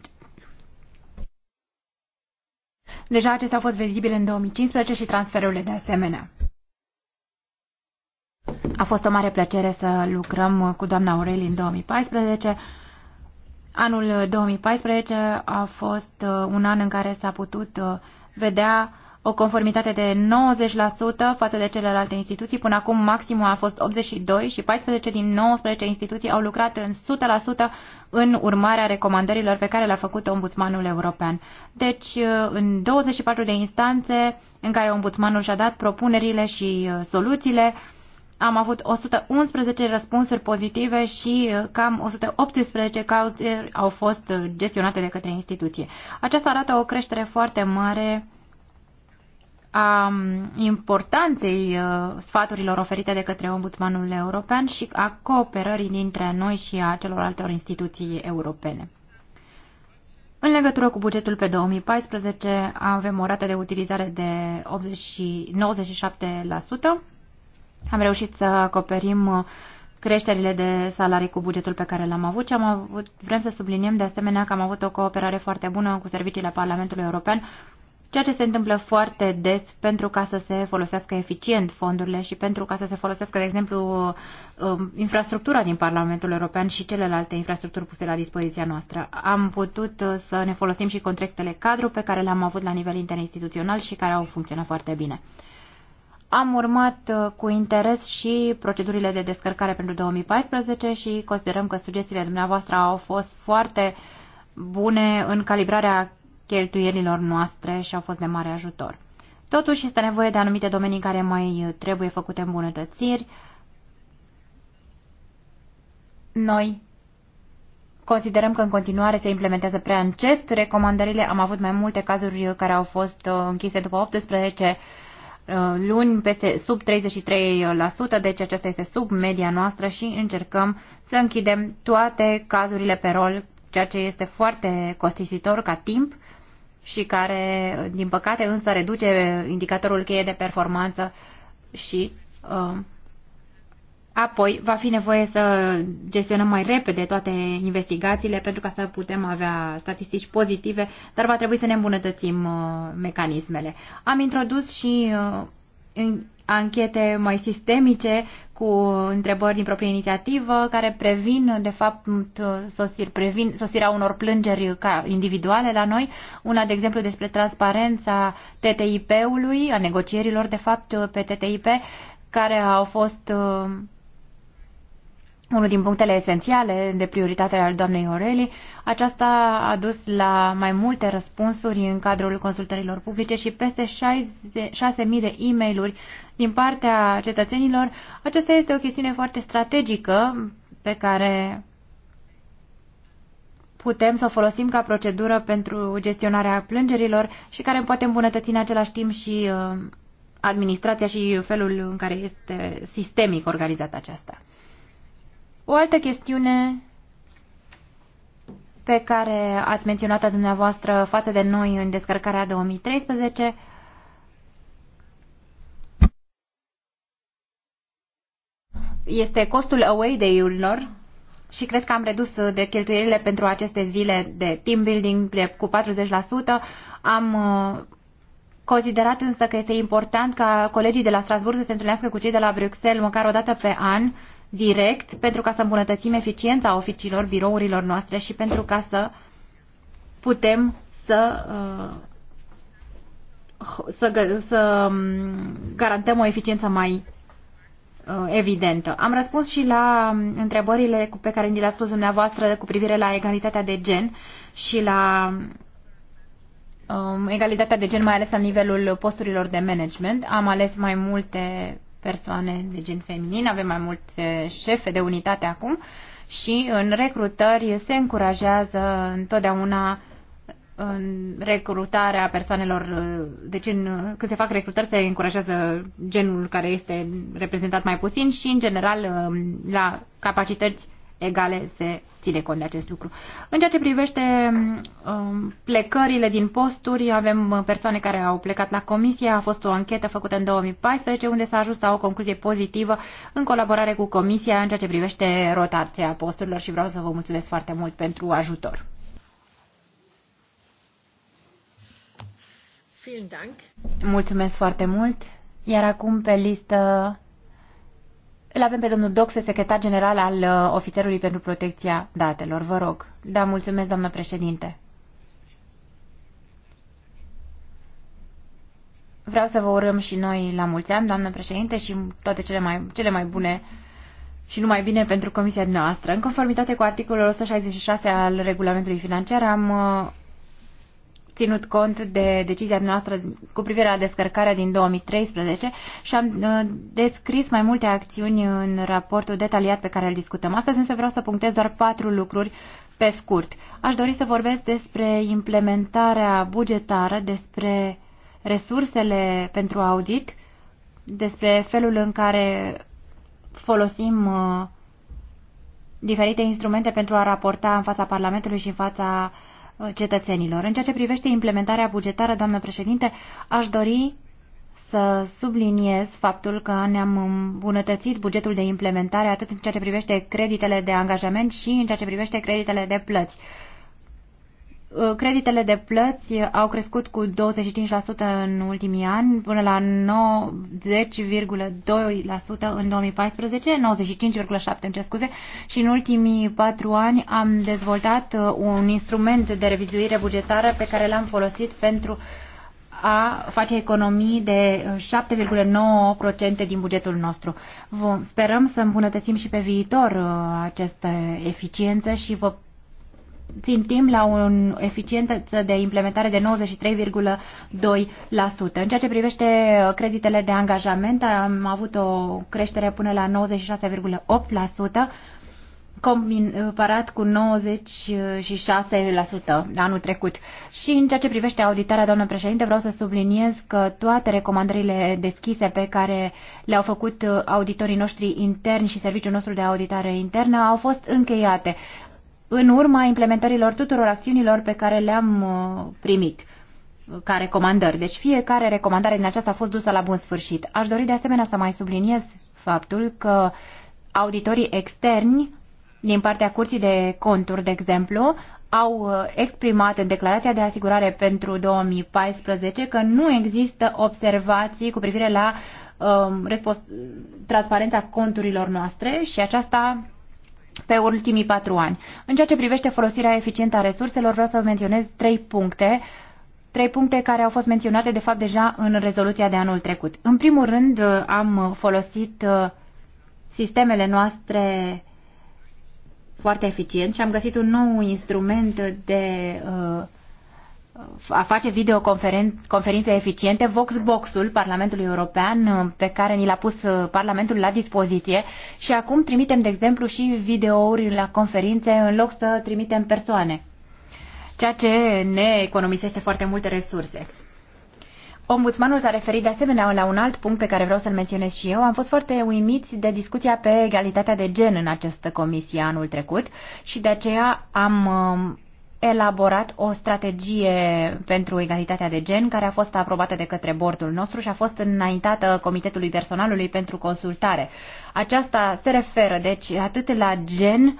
Deja acestea au fost vizibile în 2015 și transferurile de asemenea. A fost o mare plăcere să lucrăm cu doamna Aureli în 2014 Anul 2014 uh, a fost uh, un an în care s-a putut uh, vedea o conformitate de 90% față de celelalte instituții. Până acum maximul a fost 82 și 14 din 19 instituții au lucrat în 100% în urmarea recomandărilor pe care le-a făcut ombudsmanul european. Deci, în 24 de instanțe în care ombudsmanul și-a dat propunerile și soluțiile, am avut 111 răspunsuri pozitive și uh, cam 118 cauze au fost uh, gestionate de către instituție. Aceasta arată o creștere foarte mare a um, importanței uh, sfaturilor oferite de către Ombudsmanul European și a cooperării dintre noi și a celorlalte instituții europene. În legătură cu bugetul pe 2014 avem o rată de utilizare de 80, 97%, am reușit să acoperim uh, creșterile de salarii cu bugetul pe care l-am avut și am avut, vrem să subliniem de asemenea că am avut o cooperare foarte bună cu serviciile Parlamentului European, ceea ce se întâmplă foarte des pentru ca să se folosească eficient fondurile și pentru ca să se folosească, de exemplu, um, infrastructura din Parlamentul European și celelalte infrastructuri puse la dispoziția noastră. Am putut uh, să ne folosim și contractele cadru pe care le-am avut la nivel interinstituțional și care au funcționat foarte bine. Am urmat uh, cu interes și procedurile de descărcare pentru 2014 și considerăm că sugestiile dumneavoastră au fost foarte bune în calibrarea cheltuielilor noastre și au fost de mare ajutor. Totuși, este nevoie de anumite domenii care mai uh, trebuie făcute îmbunătățiri. Noi considerăm că în continuare se implementează prea încet recomandările. Am avut mai multe cazuri uh, care au fost închise după 18 Uh, luni peste sub 33%, deci aceasta este sub media noastră și încercăm să închidem toate cazurile pe rol, ceea ce este foarte costisitor ca timp și care, din păcate, însă reduce indicatorul cheie de performanță și uh, Apoi, va fi nevoie să gestionăm mai repede toate investigațiile pentru ca să putem avea statistici pozitive, dar va trebui să ne îmbunătățim uh, mecanismele. Am introdus și uh, anchete mai sistemice cu întrebări din proprie inițiativă care previn, de fapt, sosir, previn sosirea unor plângeri ca individuale la noi. Una, de exemplu, despre transparența TTIP-ului, a negocierilor, de fapt, pe TTIP, care au fost uh, unul din punctele esențiale de prioritate al doamnei Oreli. Aceasta a dus la mai multe răspunsuri în cadrul consultărilor publice și peste 6.000 de e mail din partea cetățenilor. Aceasta este o chestiune foarte strategică pe care putem să o folosim ca procedură pentru gestionarea plângerilor și care poate îmbunătăți în același timp și uh, administrația și felul în care este sistemic organizată aceasta. O altă chestiune pe care ați menționat-o dumneavoastră față de noi în descărcarea 2013 este costul away day-urilor și cred că am redus de cheltuielile pentru aceste zile de team building cu 40%. Am uh, considerat însă că este important ca colegii de la Strasburg să se întâlnească cu cei de la Bruxelles măcar o dată pe an direct pentru ca să îmbunătățim eficiența oficiilor, birourilor noastre și pentru ca să putem să uh, să, să um, garantăm o eficiență mai uh, evidentă. Am răspuns și la um, întrebările pe care ni le-a spus dumneavoastră cu privire la egalitatea de gen și la um, egalitatea de gen, mai ales la nivelul posturilor de management. Am ales mai multe persoane de gen feminin, avem mai multe șefe de unitate acum și în recrutări se încurajează întotdeauna în recrutarea persoanelor, deci în, când se fac recrutări se încurajează genul care este reprezentat mai puțin și în general la capacități egale se ține cont de acest lucru. În ceea ce privește um, plecările din posturi, avem persoane care au plecat la comisie, a fost o anchetă făcută în 2014 unde s-a ajuns la o concluzie pozitivă în colaborare cu comisia în ceea ce privește rotația posturilor și vreau să vă mulțumesc foarte mult pentru ajutor. Mulțumesc foarte mult. Iar acum pe listă îl avem pe domnul Doxe, secretar general al uh, Ofițerului pentru Protecția Datelor. Vă rog. Da, mulțumesc, doamnă președinte. Vreau să vă urăm și noi la mulți ani, doamnă președinte, și toate cele mai, cele mai bune și numai bine pentru comisia noastră. În conformitate cu articolul 166 al regulamentului financiar, am uh, ținut cont de decizia noastră cu privire la descărcarea din 2013 și am uh, descris mai multe acțiuni în raportul detaliat pe care îl discutăm astăzi, însă vreau să punctez doar patru lucruri pe scurt. Aș dori să vorbesc despre implementarea bugetară, despre resursele pentru audit, despre felul în care folosim uh, diferite instrumente pentru a raporta în fața Parlamentului și în fața cetățenilor. În ceea ce privește implementarea bugetară, doamnă președinte, aș dori să subliniez faptul că ne-am îmbunătățit bugetul de implementare atât în ceea ce privește creditele de angajament și în ceea ce privește creditele de plăți. Creditele de plăți au crescut cu 25% în ultimii ani, până la 90,2% în 2014, 95,7% în scuze, și în ultimii patru ani am dezvoltat uh, un instrument de revizuire bugetară pe care l-am folosit pentru a face economii de 7,9% uh, din bugetul nostru. Vom, sperăm să îmbunătățim și pe viitor uh, această eficiență și vă țintim la o eficiență de implementare de 93,2%. În ceea ce privește creditele de angajament, am avut o creștere până la 96,8% comparat cu 96% anul trecut. Și în ceea ce privește auditarea, doamnă președinte, vreau să subliniez că toate recomandările deschise pe care le-au făcut auditorii noștri interni și serviciul nostru de auditare internă au fost încheiate în urma implementărilor tuturor acțiunilor pe care le-am uh, primit uh, ca recomandări. Deci fiecare recomandare din aceasta a fost dusă la bun sfârșit. Aș dori de asemenea să mai subliniez faptul că auditorii externi din partea Curții de Conturi, de exemplu, au uh, exprimat în declarația de asigurare pentru 2014 că nu există observații cu privire la um, transparența conturilor noastre și aceasta pe ultimii patru ani. În ceea ce privește folosirea eficientă a resurselor, vreau să menționez trei puncte trei puncte care au fost menționate de fapt deja în rezoluția de anul trecut. În primul rând uh, am folosit uh, sistemele noastre foarte eficient și am găsit un nou instrument de uh, a face videoconferințe eficiente, Voxbox-ul Parlamentului European pe care ni l-a pus uh, Parlamentul la dispoziție și acum trimitem, de exemplu, și videouri la conferințe în loc să trimitem persoane, ceea ce ne economisește foarte multe resurse. Ombudsmanul s-a referit de asemenea la un alt punct pe care vreau să-l menționez și eu. Am fost foarte uimiți de discuția pe egalitatea de gen în această comisie anul trecut și de aceea am um, elaborat o strategie pentru egalitatea de gen care a fost aprobată de către bordul nostru și a fost înaintată Comitetului Personalului pentru consultare. Aceasta se referă deci atât la gen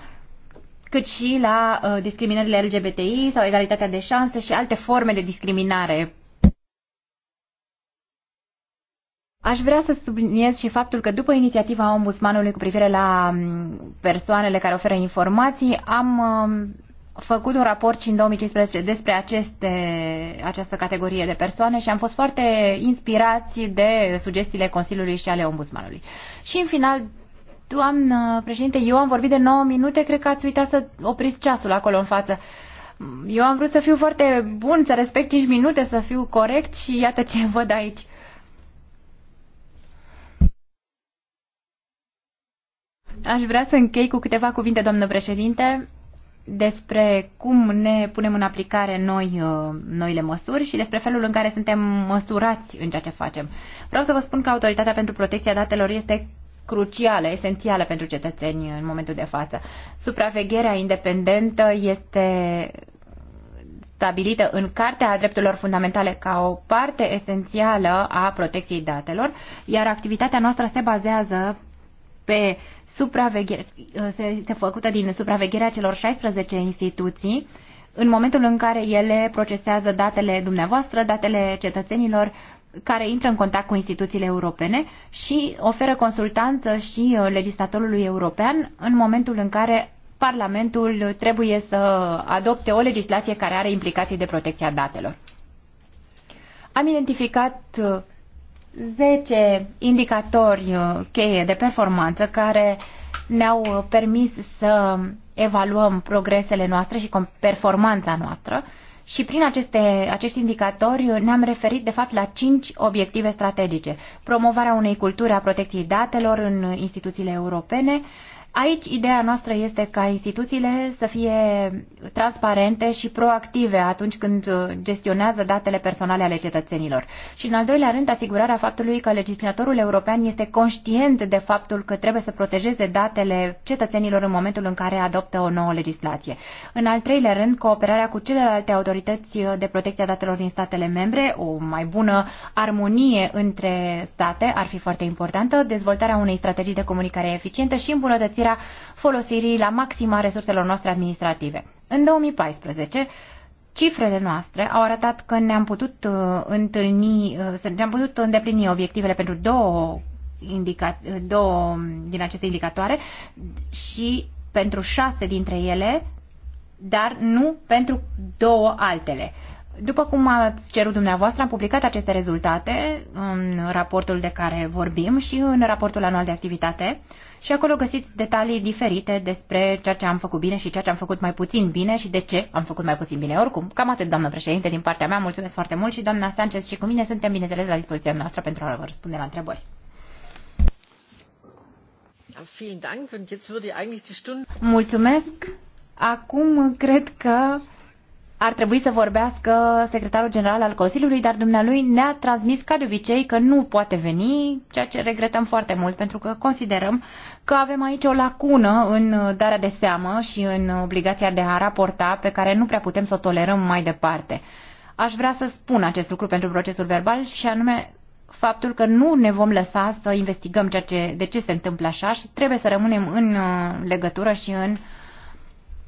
cât și la uh, discriminările LGBTI sau egalitatea de șanse și alte forme de discriminare. Aș vrea să subliniez și faptul că după inițiativa ombudsmanului cu privire la mm, persoanele care oferă informații, am uh, făcut un raport și în 2015 despre aceste, această categorie de persoane și am fost foarte inspirați de sugestiile Consiliului și ale Ombudsmanului. Și în final, doamnă președinte, eu am vorbit de 9 minute, cred că ați uitat să opriți ceasul acolo în față. Eu am vrut să fiu foarte bun, să respect 5 minute, să fiu corect și iată ce văd aici. Aș vrea să închei cu câteva cuvinte, doamnă președinte despre cum ne punem în aplicare noi uh, noile măsuri și despre felul în care suntem măsurați în ceea ce facem. Vreau să vă spun că Autoritatea pentru Protecția Datelor este crucială, esențială pentru cetățeni în momentul de față. Supravegherea independentă este stabilită în Cartea a Drepturilor Fundamentale ca o parte esențială a protecției datelor, iar activitatea noastră se bazează pe supraveghere, este făcută din supravegherea celor 16 instituții în momentul în care ele procesează datele dumneavoastră, datele cetățenilor care intră în contact cu instituțiile europene și oferă consultanță și uh, legislatorului european în momentul în care Parlamentul trebuie să adopte o legislație care are implicații de protecția datelor. Am identificat uh, 10 indicatori uh, cheie de performanță care ne-au permis să evaluăm progresele noastre și performanța noastră și prin aceste, acești indicatori uh, ne-am referit de fapt la cinci obiective strategice. Promovarea unei culturi a protecției datelor în instituțiile europene, Aici ideea noastră este ca instituțiile să fie transparente și proactive atunci când uh, gestionează datele personale ale cetățenilor. Și în al doilea rând, asigurarea faptului că legislatorul european este conștient de faptul că trebuie să protejeze datele cetățenilor în momentul în care adoptă o nouă legislație. În al treilea rând, cooperarea cu celelalte autorități uh, de protecție a datelor din statele membre, o mai bună armonie între state ar fi foarte importantă, dezvoltarea unei strategii de comunicare eficientă și îmbunătățirea îmbunătățirea folosirii la maxima resurselor noastre administrative. În 2014, cifrele noastre au arătat că ne-am putut uh, întâlni, uh, ne-am putut îndeplini obiectivele pentru două, indica, două din aceste indicatoare și pentru șase dintre ele, dar nu pentru două altele. După cum ați cerut dumneavoastră, am publicat aceste rezultate în raportul de care vorbim și în raportul anual de activitate. Uh, și acolo găsiți detalii diferite despre ceea ce am făcut bine și ceea ce am făcut mai puțin bine și de ce am făcut mai puțin bine. Oricum, cam atât, doamnă președinte, din partea mea. Mulțumesc foarte mult și doamna Sanchez și cu mine suntem, bineînțeles, la dispoziția noastră pentru a vă răspunde la întrebări. Mulțumesc. Acum cred că ar trebui să vorbească secretarul general al Consiliului, dar dumnealui ne-a transmis ca de obicei că nu poate veni, ceea ce regretăm foarte mult, pentru că considerăm că avem aici o lacună în uh, darea de seamă și în obligația de a raporta pe care nu prea putem să o tolerăm mai departe. Aș vrea să spun acest lucru pentru procesul verbal și anume faptul că nu ne vom lăsa să investigăm ceea ce, de ce se întâmplă așa și trebuie să rămânem în uh, legătură și în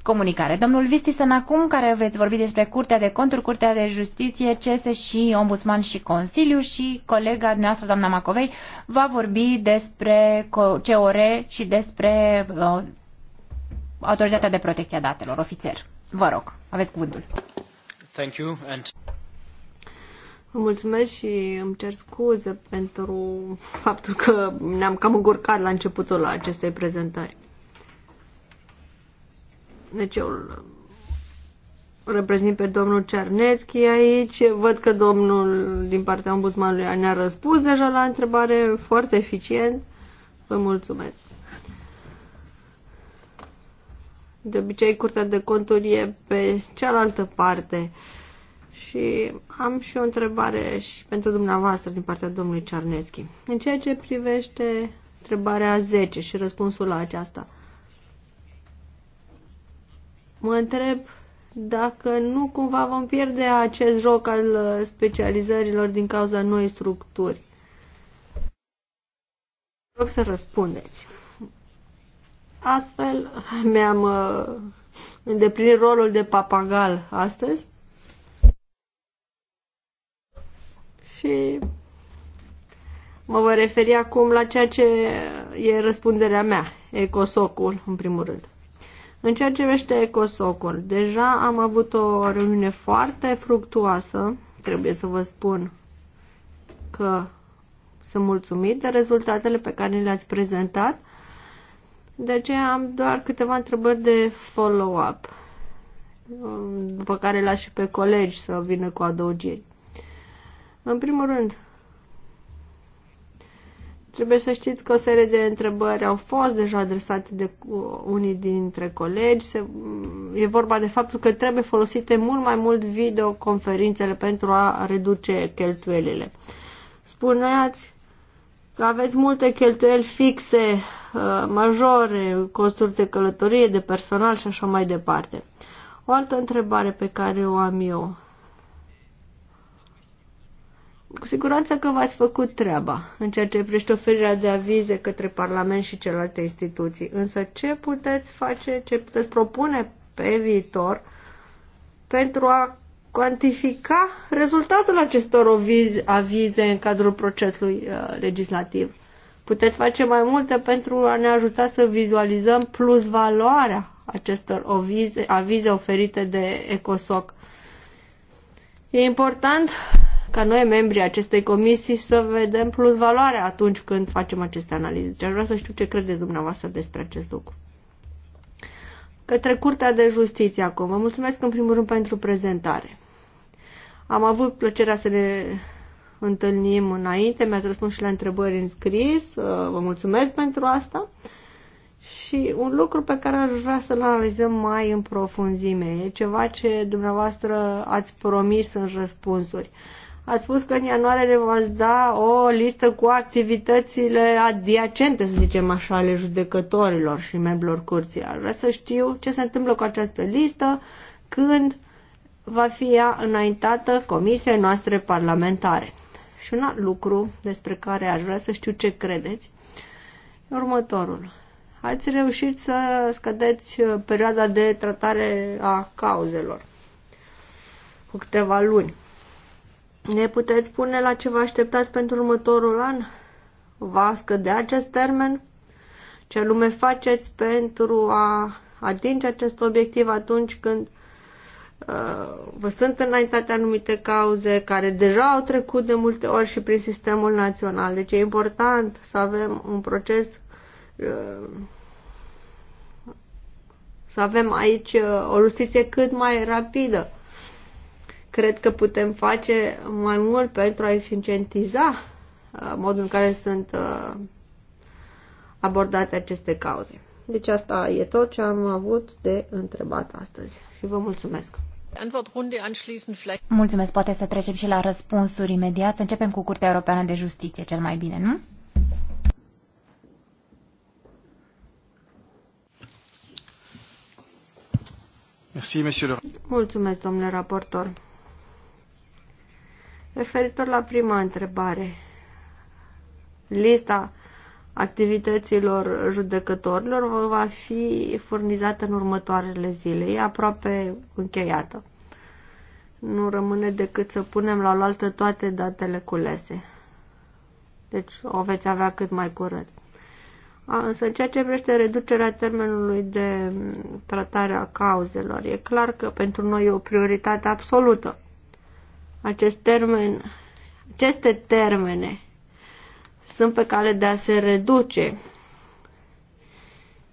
comunicare. Domnul Vistisen acum, care veți vorbi despre Curtea de Conturi, Curtea de Justiție, CESE și Ombudsman și Consiliu și colega noastră, doamna Macovei, va vorbi despre COR și despre uh, Autoritatea de Protecție a Datelor, ofițer. Vă rog, aveți cuvântul. Thank you and... Vă mulțumesc și îmi cer scuze pentru faptul că ne-am cam încurcat la începutul acestei prezentări. Deci eu reprezint pe domnul Cernețchi aici. Văd că domnul din partea ombudsmanului ne-a răspuns deja la întrebare foarte eficient. Vă mulțumesc. De obicei, curtea de conturi e pe cealaltă parte. Și am și o întrebare și pentru dumneavoastră din partea domnului Cernețchi. În ceea ce privește întrebarea 10 și răspunsul la aceasta – Mă întreb dacă nu cumva vom pierde acest joc al uh, specializărilor din cauza noi structuri. Vă rog să răspundeți. Astfel mi-am uh, îndeplinit rolul de papagal astăzi. Și mă voi referi acum la ceea ce e răspunderea mea, ecosocul, în primul rând. În ceea ce vește Ecosocol, deja am avut o reuniune foarte fructuoasă, trebuie să vă spun că sunt mulțumit de rezultatele pe care le-ați prezentat. De aceea am doar câteva întrebări de follow-up, după um, care las și pe colegi să vină cu adăugiri. În primul rând, Trebuie să știți că o serie de întrebări au fost deja adresate de unii dintre colegi. Se, mm, e vorba de faptul că trebuie folosite mult mai mult videoconferințele pentru a reduce cheltuielile. Spuneați că aveți multe cheltuieli fixe, uh, majore, costuri de călătorie, de personal și așa mai departe. O altă întrebare pe care o am eu cu siguranță că v-ați făcut treaba în ceea ce privește oferirea de avize către Parlament și celelalte instituții. Însă ce puteți face, ce puteți propune pe viitor pentru a cuantifica rezultatul acestor avize în cadrul procesului uh, legislativ? Puteți face mai multe pentru a ne ajuta să vizualizăm plus valoarea acestor avize, avize oferite de ECOSOC. E important ca noi, membrii acestei comisii, să vedem plus valoare atunci când facem aceste analize. Deci aș vrea să știu ce credeți dumneavoastră despre acest lucru. Către Curtea de Justiție acum. Vă mulțumesc în primul rând pentru prezentare. Am avut plăcerea să ne întâlnim înainte, mi-ați răspuns și la întrebări în scris, vă mulțumesc pentru asta. Și un lucru pe care aș vrea să-l analizăm mai în profunzime, e ceva ce dumneavoastră ați promis în răspunsuri. Uh, Ați spus că în ianuarie ne v-ați da o listă cu activitățile adiacente, să zicem așa, ale judecătorilor și membrilor curții. Aș vrea să știu ce se întâmplă cu această listă, când va fi ea înaintată comisiei noastre parlamentare. Și un alt lucru despre care aș vrea să știu ce credeți, următorul. Ați reușit să scădeți uh, perioada de tratare a cauzelor cu câteva luni. Ne puteți spune la ce vă așteptați pentru următorul an? Va scădea acest termen? Ce lume faceți pentru a atinge acest obiectiv atunci când uh, vă sunt înaintate anumite cauze care deja au trecut de multe ori și prin sistemul național. Deci e important să avem un proces uh, să avem aici uh, o justiție cât mai rapidă. Cred că putem face mai mult pentru a eficientiza uh, modul în care sunt uh, abordate aceste cauze. Deci asta e tot ce am avut de întrebat astăzi și vă mulțumesc. Mulțumesc, poate să trecem și la răspunsuri imediat. începem cu Curtea Europeană de Justiție, cel mai bine, nu? Mulțumesc, domnule raportor. Referitor la prima întrebare, lista activităților judecătorilor va fi furnizată în următoarele zile. E aproape încheiată. Nu rămâne decât să punem la oaltă toate datele culese. Deci o veți avea cât mai curând. Însă în ceea ce vrește reducerea termenului de tratare a cauzelor, e clar că pentru noi e o prioritate absolută. Acest termen, aceste termene sunt pe cale de a se reduce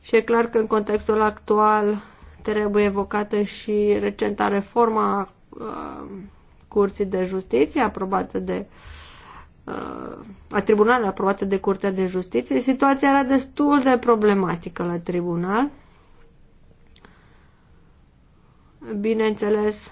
și e clar că în contextul actual trebuie evocată și recenta reforma uh, Curții de Justiție aprobată de uh, a tribunalului aprobată de Curtea de Justiție. Situația era destul de problematică la tribunal. Bineînțeles,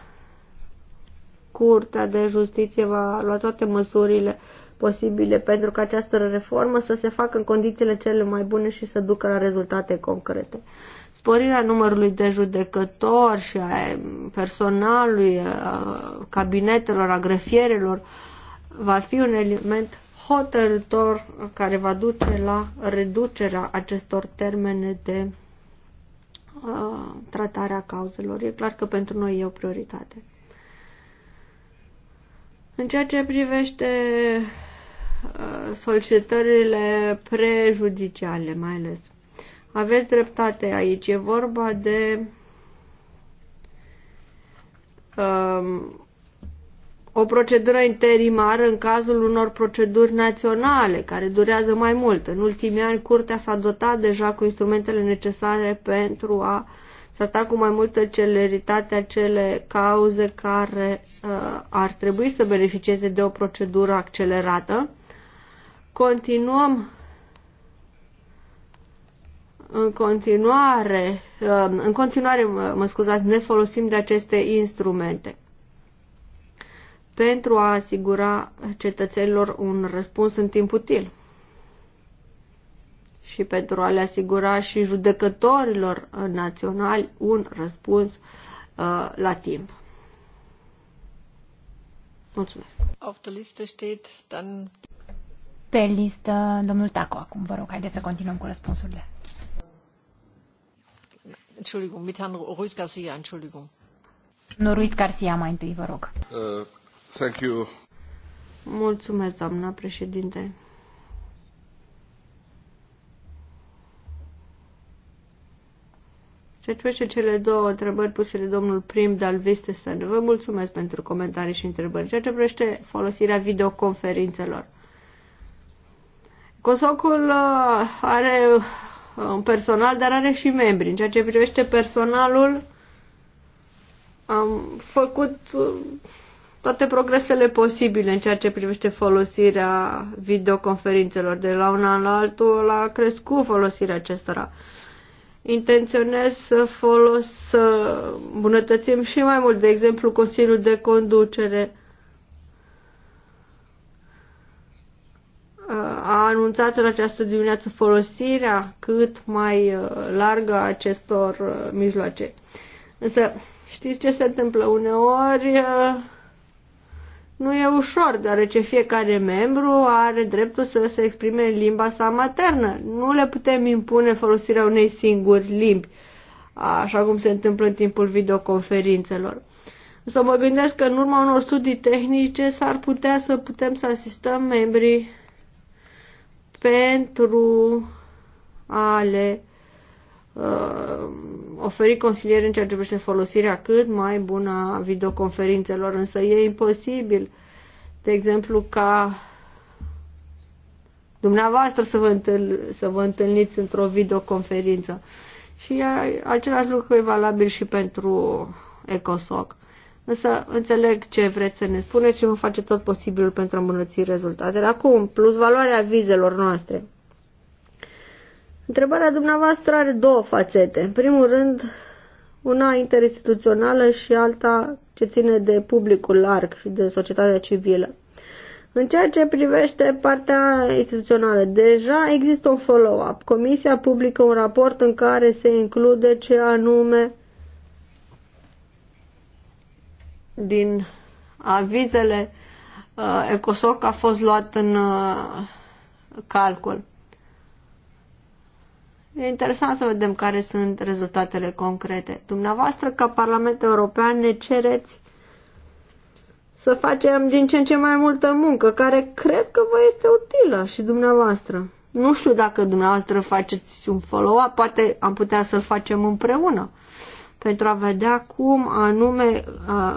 Curtea de Justiție va lua toate măsurile posibile pentru ca această reformă să se facă în condițiile cele mai bune și să ducă la rezultate concrete. Sporirea numărului de judecători și a personalului, a cabinetelor, a grefierilor va fi un element hotărător care va duce la reducerea acestor termene de tratare tratarea cauzelor. E clar că pentru noi e o prioritate. În ceea ce privește uh, solicitările prejudiciale, mai ales. Aveți dreptate aici. E vorba de um, o procedură interimară în cazul unor proceduri naționale, care durează mai mult. În ultimii ani, Curtea s-a dotat deja cu instrumentele necesare pentru a uh, trata cu mai multă celeritate acele cauze care uh, ar trebui să beneficieze de o procedură accelerată. Continuăm în continuare, uh, în continuare, mă, mă scuzați, ne folosim de aceste instrumente pentru a asigura cetățenilor un răspuns în timp util și pentru a le asigura și judecătorilor naționali un răspuns uh, la timp. Mulțumesc. Auf der Liste steht dann... Pe listă, domnul Taco, acum vă rog, haideți să continuăm cu răspunsurile. Entschuldigung, mit Herrn Ruiz Garcia, Entschuldigung. Nu Ruiz Garcia mai întâi, vă rog. Uh, thank you. Mulțumesc, doamna președinte. ce deci, privește cele două întrebări puse de domnul Prim Dalvistesen, vă mulțumesc pentru comentarii și întrebări. Ceea ce privește folosirea videoconferințelor. COSOC-ul uh, are uh, un personal, dar are și membri. În ceea ce privește personalul, am făcut uh, toate progresele posibile în ceea ce privește folosirea videoconferințelor. De la un an la altul a crescut folosirea acestora intenționez să folos, să îmbunătățim și mai mult, de exemplu, Consiliul de Conducere a anunțat în această dimineață folosirea cât mai uh, largă a acestor uh, mijloace. Însă, știți ce se întâmplă? Uneori uh, nu e ușor, deoarece fiecare membru are dreptul să se exprime în limba sa maternă. Nu le putem impune folosirea unei singuri limbi, așa cum se întâmplă în timpul videoconferințelor. Să mă gândesc că în urma unor studii tehnice s-ar putea să putem să asistăm membrii pentru a le uh, oferi consilieri în ceea ce privește folosirea cât mai bună a videoconferințelor, însă e imposibil, de exemplu, ca dumneavoastră să vă, întâl- să vă întâlniți într-o videoconferință. Și același lucru e valabil și pentru ECOSOC. Însă înțeleg ce vreți să ne spuneți și vom face tot posibilul pentru a îmbunătăți rezultatele. Acum, plus valoarea vizelor noastre. Întrebarea dumneavoastră are două fațete. În primul rând, una interinstituțională și alta ce ține de publicul larg și de societatea civilă. În ceea ce privește partea instituțională, deja există un follow-up. Comisia publică un raport în care se include ce anume din avizele uh, ECOSOC a fost luat în uh, calcul. E interesant să vedem care sunt rezultatele concrete. Dumneavoastră, ca Parlament European, ne cereți să facem din ce în ce mai multă muncă, care cred că vă este utilă și dumneavoastră. Nu știu dacă dumneavoastră faceți un follow-up, poate am putea să-l facem împreună pentru a vedea cum anume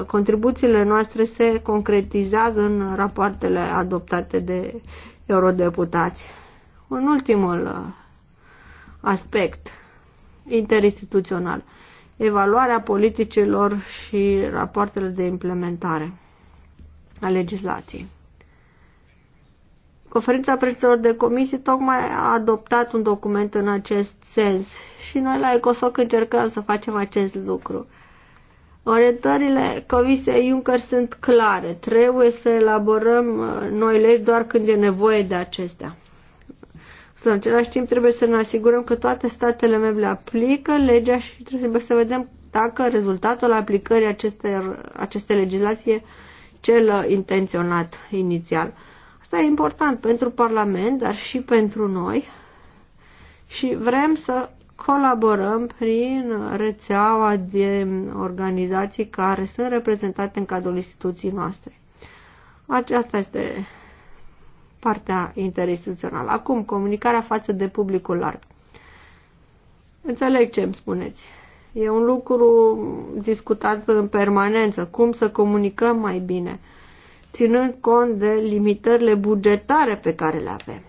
contribuțiile noastre se concretizează în rapoartele adoptate de eurodeputați. Un ultimul aspect interinstituțional. Evaluarea politicilor și rapoartele de implementare a legislației. Conferința președintelor de comisie tocmai a adoptat un document în acest sens și noi la ECOSOC încercăm să facem acest lucru. Orientările Comisiei Juncker sunt clare. Trebuie să elaborăm uh, noi legi doar când e nevoie de acestea. Să în același timp trebuie să ne asigurăm că toate statele membre aplică legea și trebuie să vedem dacă rezultatul aplicării acestei, aceste legislații cel uh, intenționat inițial. Asta e important pentru Parlament, dar și pentru noi și vrem să colaborăm prin rețeaua de organizații care sunt reprezentate în cadrul instituției noastre. Aceasta este partea interinstituțională. Acum, comunicarea față de publicul larg. Înțeleg ce îmi spuneți. E un lucru discutat în permanență, cum să comunicăm mai bine, ținând cont de limitările bugetare pe care le avem.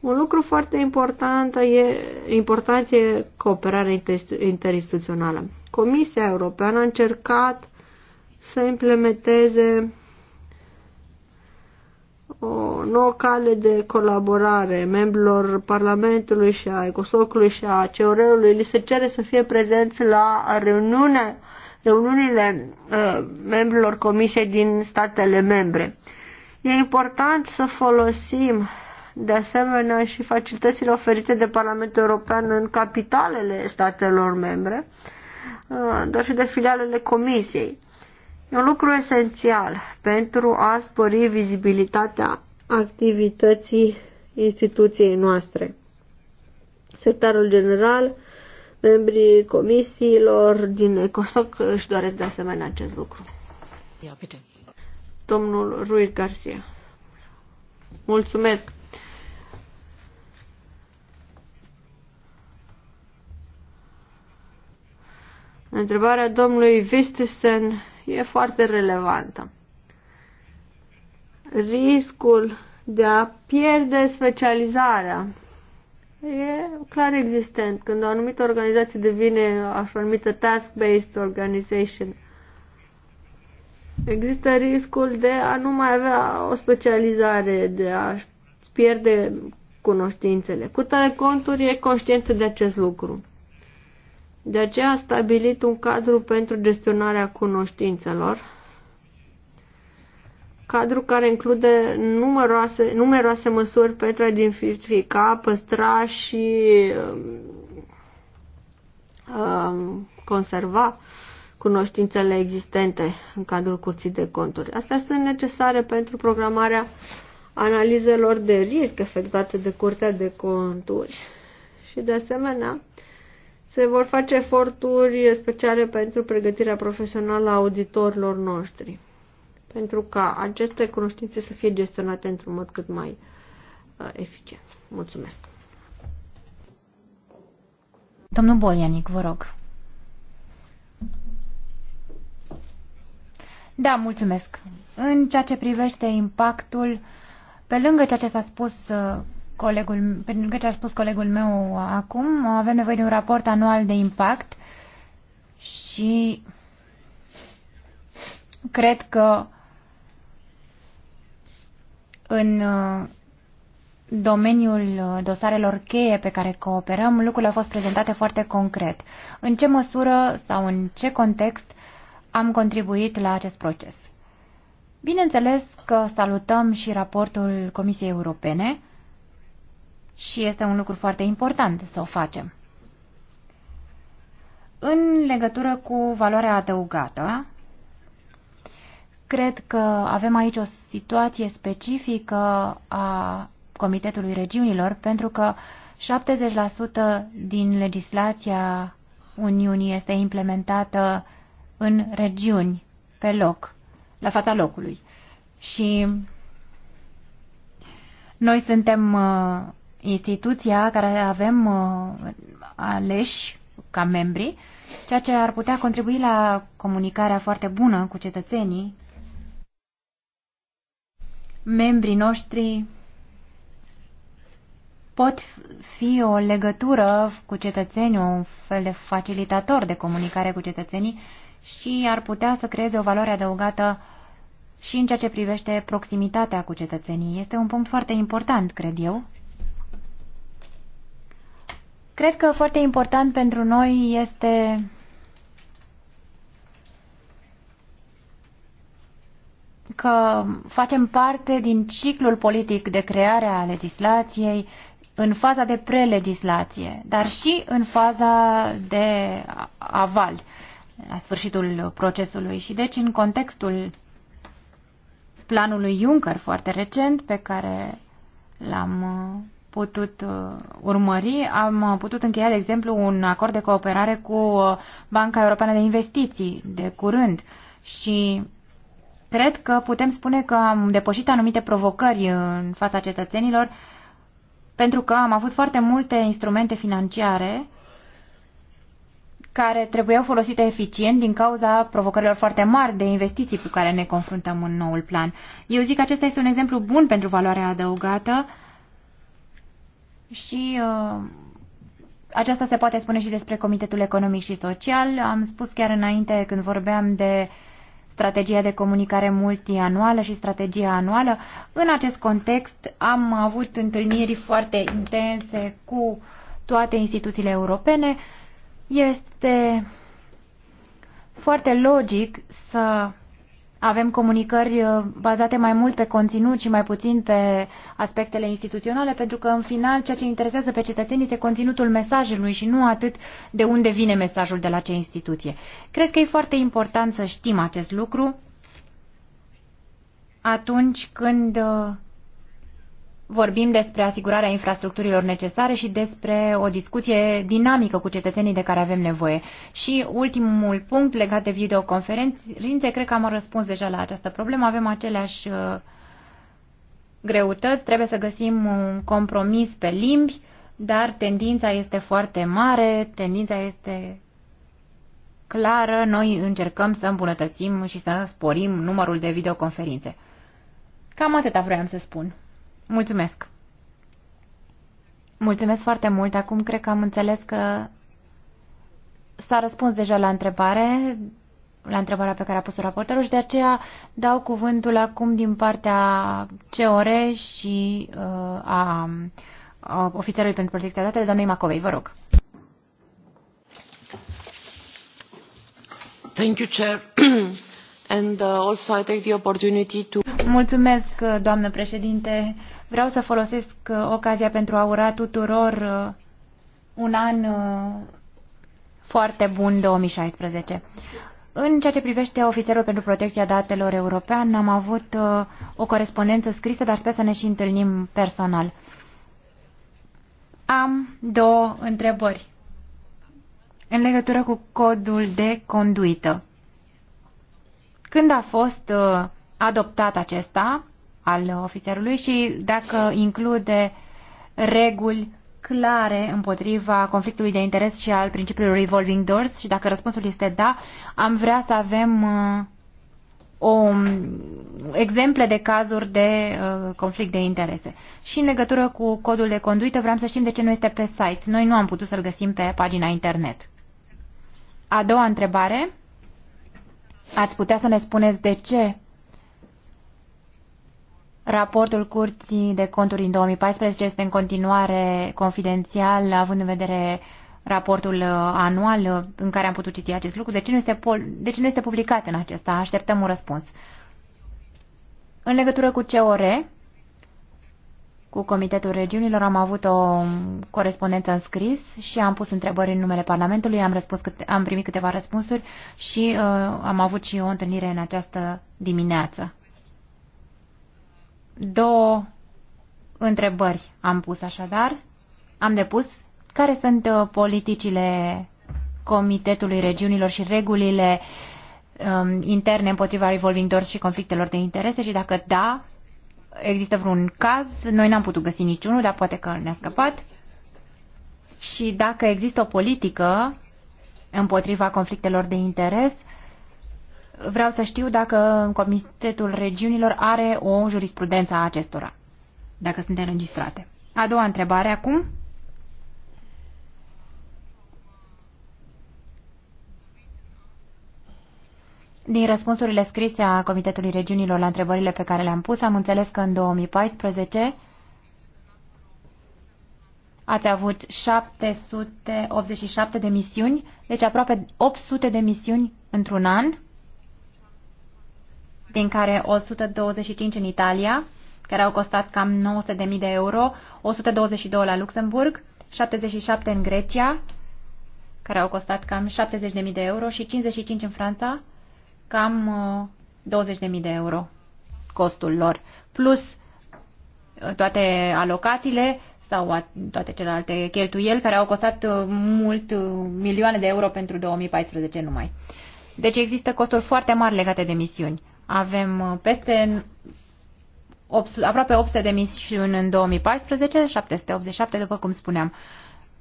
Un lucru foarte important e, important e cooperarea interinstituțională. Comisia Europeană a încercat să implementeze o nouă cale de colaborare membrilor Parlamentului și a Ecosocului și a CEOR-ului. Li se cere să fie prezenți la reuniune, reuniunile uh, membrilor comisiei din statele membre. E important să folosim de asemenea și facilitățile oferite de Parlamentul European în capitalele statelor membre, uh, dar și de filialele comisiei un lucru esențial pentru a spori vizibilitatea activității instituției noastre. Sectarul general, membrii comisiilor din ECOSOC își doresc de asemenea acest lucru. Ia, bine. Domnul Ruiz Garcia. Mulțumesc! Întrebarea domnului Vistisen e foarte relevantă. Riscul de a pierde specializarea e clar existent. Când o anumită organizație devine așa numită task-based organization, există riscul de a nu mai avea o specializare, de a pierde cunoștințele. Curtea de conturi e conștientă de acest lucru. De aceea a stabilit un cadru pentru gestionarea cunoștințelor, cadru care include numeroase, numeroase măsuri pentru a identifica, păstra și um, um, conserva cunoștințele existente în cadrul curții de conturi. Astea sunt necesare pentru programarea analizelor de risc efectuate de curtea de conturi și de asemenea se vor face eforturi speciale pentru pregătirea profesională a auditorilor noștri, pentru ca aceste cunoștințe să fie gestionate într-un mod cât mai uh, eficient. Mulțumesc! Domnul Bolianic, vă rog. Da, mulțumesc. În ceea ce privește impactul, pe lângă ceea ce s-a spus uh, colegul, pentru ce a spus colegul meu acum, avem nevoie de un raport anual de impact și cred că în uh, domeniul uh, dosarelor cheie pe care cooperăm, lucrurile au fost prezentate foarte concret. În ce măsură sau în ce context am contribuit la acest proces? Bineînțeles că salutăm și raportul Comisiei Europene, și este un lucru foarte important să o facem. În legătură cu valoarea adăugată, cred că avem aici o situație specifică a Comitetului Regiunilor, pentru că 70% din legislația Uniunii este implementată în regiuni, pe loc, la fața locului. Și noi suntem uh, instituția care avem uh, aleși ca membri, ceea ce ar putea contribui la comunicarea foarte bună cu cetățenii. Membrii noștri pot fi o legătură cu cetățenii, un fel de facilitator de comunicare cu cetățenii și ar putea să creeze o valoare adăugată și în ceea ce privește proximitatea cu cetățenii. Este un punct foarte important, cred eu, Cred că foarte important pentru noi este că facem parte din ciclul politic de creare a legislației în faza de prelegislație, dar și în faza de aval, la sfârșitul procesului. Și deci în contextul planului Juncker foarte recent pe care l-am uh, putut uh, urmări. Am uh, putut încheia, de exemplu, un acord de cooperare cu uh, Banca Europeană de Investiții de curând și cred că putem spune că am depășit anumite provocări în fața cetățenilor pentru că am avut foarte multe instrumente financiare care trebuiau folosite eficient din cauza provocărilor foarte mari de investiții cu care ne confruntăm în noul plan. Eu zic că acesta este un exemplu bun pentru valoarea adăugată și uh, aceasta se poate spune și despre Comitetul Economic și Social. Am spus chiar înainte când vorbeam de strategia de comunicare multianuală și strategia anuală. În acest context am avut întâlniri foarte intense cu toate instituțiile europene. Este foarte logic să avem comunicări uh, bazate mai mult pe conținut și mai puțin pe aspectele instituționale, pentru că, în final, ceea ce interesează pe cetățenii este conținutul mesajului și nu atât de unde vine mesajul de la ce instituție. Cred că e foarte important să știm acest lucru atunci când uh, vorbim despre asigurarea infrastructurilor necesare și despre o discuție dinamică cu cetățenii de care avem nevoie. Și ultimul punct legat de videoconferințe, cred că am răspuns deja la această problemă, avem aceleași uh, greutăți, trebuie să găsim un compromis pe limbi, dar tendința este foarte mare, tendința este clară, noi încercăm să îmbunătățim și să sporim numărul de videoconferințe. Cam atâta vroiam să spun. Mulțumesc! Mulțumesc foarte mult. Acum cred că am înțeles că s-a răspuns deja la întrebare, la întrebarea pe care a pus-o raportorul și de aceea dau cuvântul acum din partea COR și uh, a, a ofițerului pentru protecția datelor, doamnei Macovei. Vă rog. Thank you, Chair. And uh, also I take the opportunity to... Mulțumesc, doamnă președinte. Uh, Vreau să folosesc uh, ocazia pentru a ura tuturor uh, un an uh, foarte bun 2016. În ceea ce privește ofițerul pentru protecția datelor european, am avut o corespondență scrisă, dar sper să ne și întâlnim personal. Am două întrebări în legătură cu codul de conduită. Când a fost adoptat acesta, al ofițerului și dacă include reguli clare împotriva conflictului de interes și al principiului revolving doors și dacă răspunsul este da, am vrea să avem uh, o, um, exemple de cazuri de uh, conflict de interese. Și în legătură cu codul de conduită, vreau să știm de ce nu este pe site. Noi nu am putut să-l găsim pe pagina internet. A doua întrebare. Ați putea să ne spuneți de ce Raportul Curții de Conturi din 2014 este în continuare confidențial, având în vedere raportul uh, anual uh, în care am putut citi acest lucru. De deci ce nu este, de deci ce nu este publicat în acesta? Așteptăm un răspuns. În legătură cu COR, cu Comitetul Regiunilor, am avut o corespondență în scris și am pus întrebări în numele Parlamentului, am, răspuns câte, am primit câteva răspunsuri și uh, am avut și o întâlnire în această dimineață. Două întrebări am pus așadar. Am depus care sunt uh, politicile Comitetului Regiunilor și regulile um, interne împotriva revolving doors și conflictelor de interese și dacă da, există vreun caz, noi n-am putut găsi niciunul, dar poate că ne-a scăpat. Și dacă există o politică împotriva conflictelor de interes Vreau să știu dacă Comitetul Regiunilor are o jurisprudență a acestora, dacă sunt înregistrate. A doua întrebare acum. Din răspunsurile scrise a Comitetului Regiunilor la întrebările pe care le-am pus, am înțeles că în 2014 ați avut 787 de misiuni, deci aproape 800 de misiuni într-un an din care 125 în Italia, care au costat cam 900.000 de euro, 122 la Luxemburg, 77 în Grecia, care au costat cam 70.000 de euro și 55 în Franța, cam 20.000 uh, de euro costul lor, plus uh, toate alocațiile sau toate celelalte cheltuieli care au costat uh, mult milioane de euro pentru 2014 numai. Deci există costuri foarte mari legate de misiuni. Avem uh, peste 800, aproape 800 de misiuni în 2014, 787 după cum spuneam.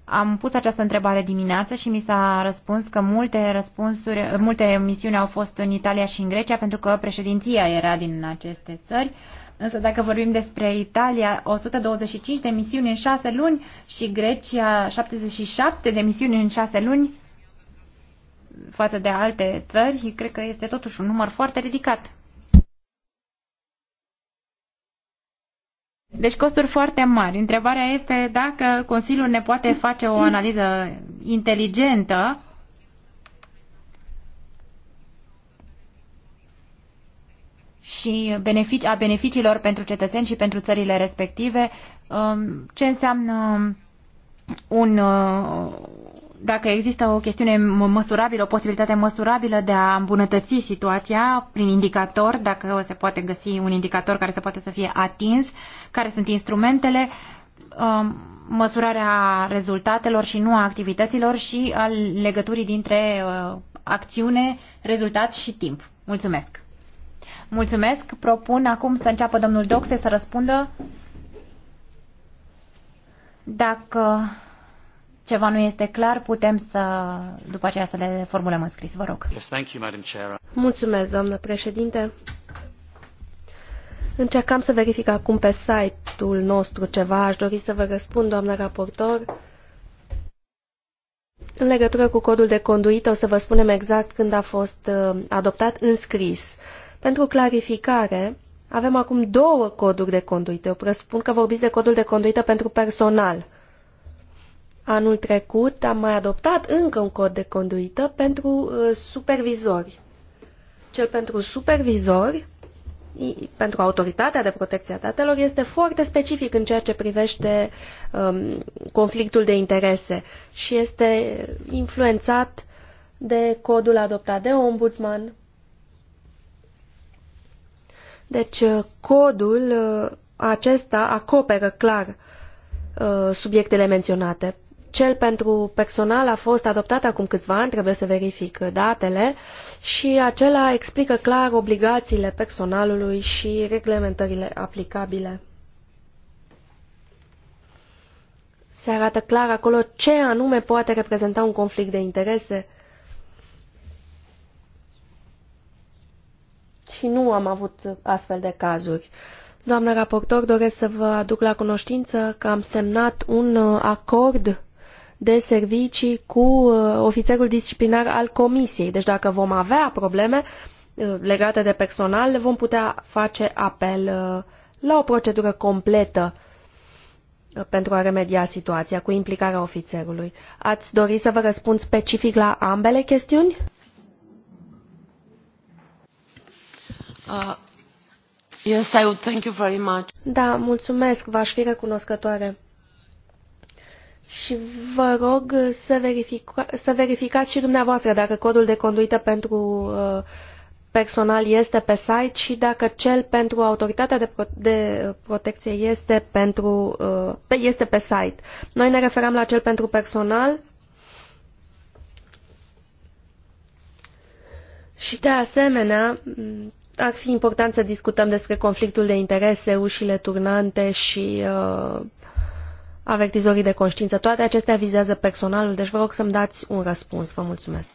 Am pus această întrebare dimineață și mi s-a răspuns că multe, răspunsuri, multe misiuni au fost în Italia și în Grecia pentru că președinția era din aceste țări. Însă dacă vorbim despre Italia, 125 de misiuni în 6 luni și Grecia 77 de misiuni în 6 luni, față de alte țări, cred că este totuși un număr foarte ridicat. Deci costuri foarte mari. Întrebarea este dacă Consiliul ne poate face o analiză inteligentă și benefici, a beneficiilor pentru cetățeni și pentru țările respective, um, ce înseamnă un, uh, dacă există o chestiune măsurabilă, o posibilitate măsurabilă de a îmbunătăți situația prin indicator, dacă se poate găsi un indicator care să poate să fie atins, care sunt instrumentele, um, măsurarea rezultatelor și nu a activităților și a legăturii dintre uh, acțiune, rezultat și timp. Mulțumesc! Mulțumesc! Propun acum să înceapă domnul Doxe să răspundă dacă ceva nu este clar, putem să, după aceea, să le formulăm în scris. Vă rog. Yes, thank you, Madam Chair. Mulțumesc, doamnă președinte. Încercam să verific acum pe site-ul nostru ceva. Aș dori să vă răspund, doamnă raportor. În legătură cu codul de conduită, o să vă spunem exact când a fost uh, adoptat în scris. Pentru clarificare, avem acum două coduri de conduită. Eu presupun că vorbiți de codul de conduită pentru personal. Anul trecut am mai adoptat încă un cod de conduită pentru uh, supervizori. Cel pentru supervizori, pentru autoritatea de protecție a datelor, este foarte specific în ceea ce privește um, conflictul de interese și este influențat de codul adoptat de ombudsman. Deci, uh, codul uh, acesta acoperă clar uh, subiectele menționate. Cel pentru personal a fost adoptat acum câțiva ani, trebuie să verific datele, și acela explică clar obligațiile personalului și reglementările aplicabile. Se arată clar acolo ce anume poate reprezenta un conflict de interese. Și nu am avut astfel de cazuri. Doamnă raportor, doresc să vă aduc la cunoștință că am semnat un acord de servicii cu uh, ofițerul disciplinar al comisiei. Deci dacă vom avea probleme uh, legate de personal, vom putea face apel uh, la o procedură completă pentru a remedia situația cu implicarea ofițerului. Ați dori să vă răspund specific la ambele chestiuni? Uh, yes, I would thank you very much. Da, mulțumesc, v-aș fi recunoscătoare. Și vă rog să, verifica, să verificați și dumneavoastră dacă codul de conduită pentru uh, personal este pe site și dacă cel pentru autoritatea de, pro de protecție este, pentru, uh, este pe site. Noi ne referam la cel pentru personal și de asemenea ar fi important să discutăm despre conflictul de interese, ușile turnante și uh, avertizorii de conștiință. Toate acestea vizează personalul, deci vă rog să-mi dați un răspuns. Vă mulțumesc.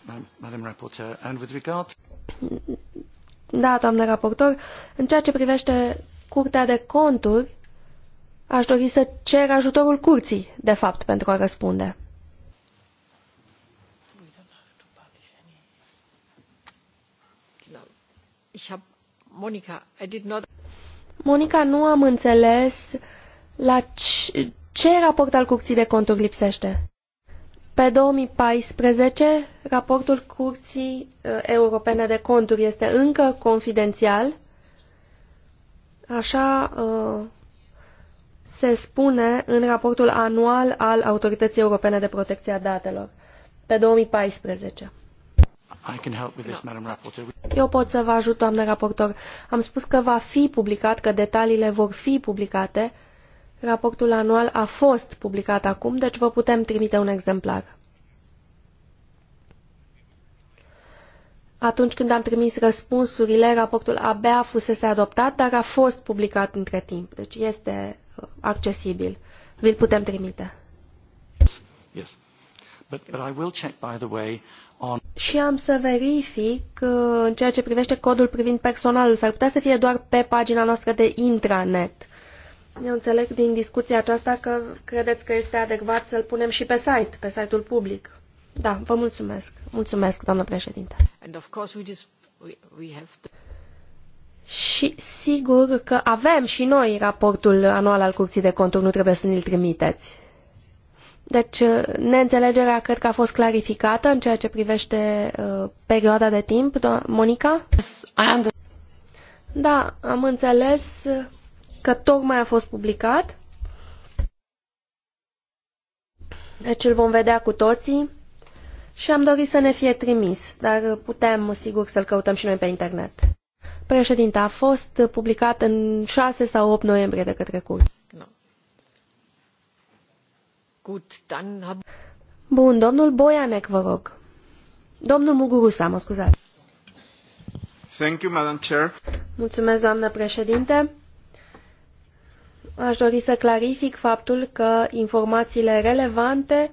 Da, doamnă raportor, în ceea ce privește Curtea de Conturi, aș dori să cer ajutorul Curții, de fapt, pentru a răspunde. Monica, I did not... Monica, nu am înțeles la ce, ce raport al Curții de Conturi lipsește? Pe 2014, raportul Curții eh, Europene de Conturi este încă confidențial. Așa eh, se spune în raportul anual al Autorității Europene de Protecție a Datelor, pe 2014. I can help with this, Madam Eu pot să vă ajut, doamnă raportor. Am spus că va fi publicat, că detaliile vor fi publicate, Raportul anual a fost publicat acum, deci vă putem trimite un exemplar. Atunci când am trimis răspunsurile, raportul abia fusese adoptat, dar a fost publicat între timp, deci este uh, accesibil. Vi-l putem trimite. Yes. But, but I will check, by the way, on... Și am să verific uh, în ceea ce privește codul privind personalul. S-ar putea să fie doar pe pagina noastră de intranet. Eu înțeleg din discuția aceasta că credeți că este adecvat să-l punem și pe site, pe site-ul public. Da, vă mulțumesc. Mulțumesc, doamnă președinte. And of course we just, we, we have to... Și sigur că avem și noi raportul anual al Curții de Conturi, nu trebuie să ne-l trimiteți. Deci, neînțelegerea cred că a fost clarificată în ceea ce privește uh, perioada de timp. Do Monica? Da, am înțeles că tocmai a fost publicat. Deci îl vom vedea cu toții și am dorit să ne fie trimis, dar putem, sigur, să-l căutăm și noi pe internet. Președinte, a fost publicat în 6 sau 8 noiembrie de către curte. Bun, domnul Boianec, vă rog. Domnul Mugurusa, mă scuzați. Thank you, Madam Chair. Mulțumesc, doamnă președinte. Aș dori să clarific faptul că informațiile relevante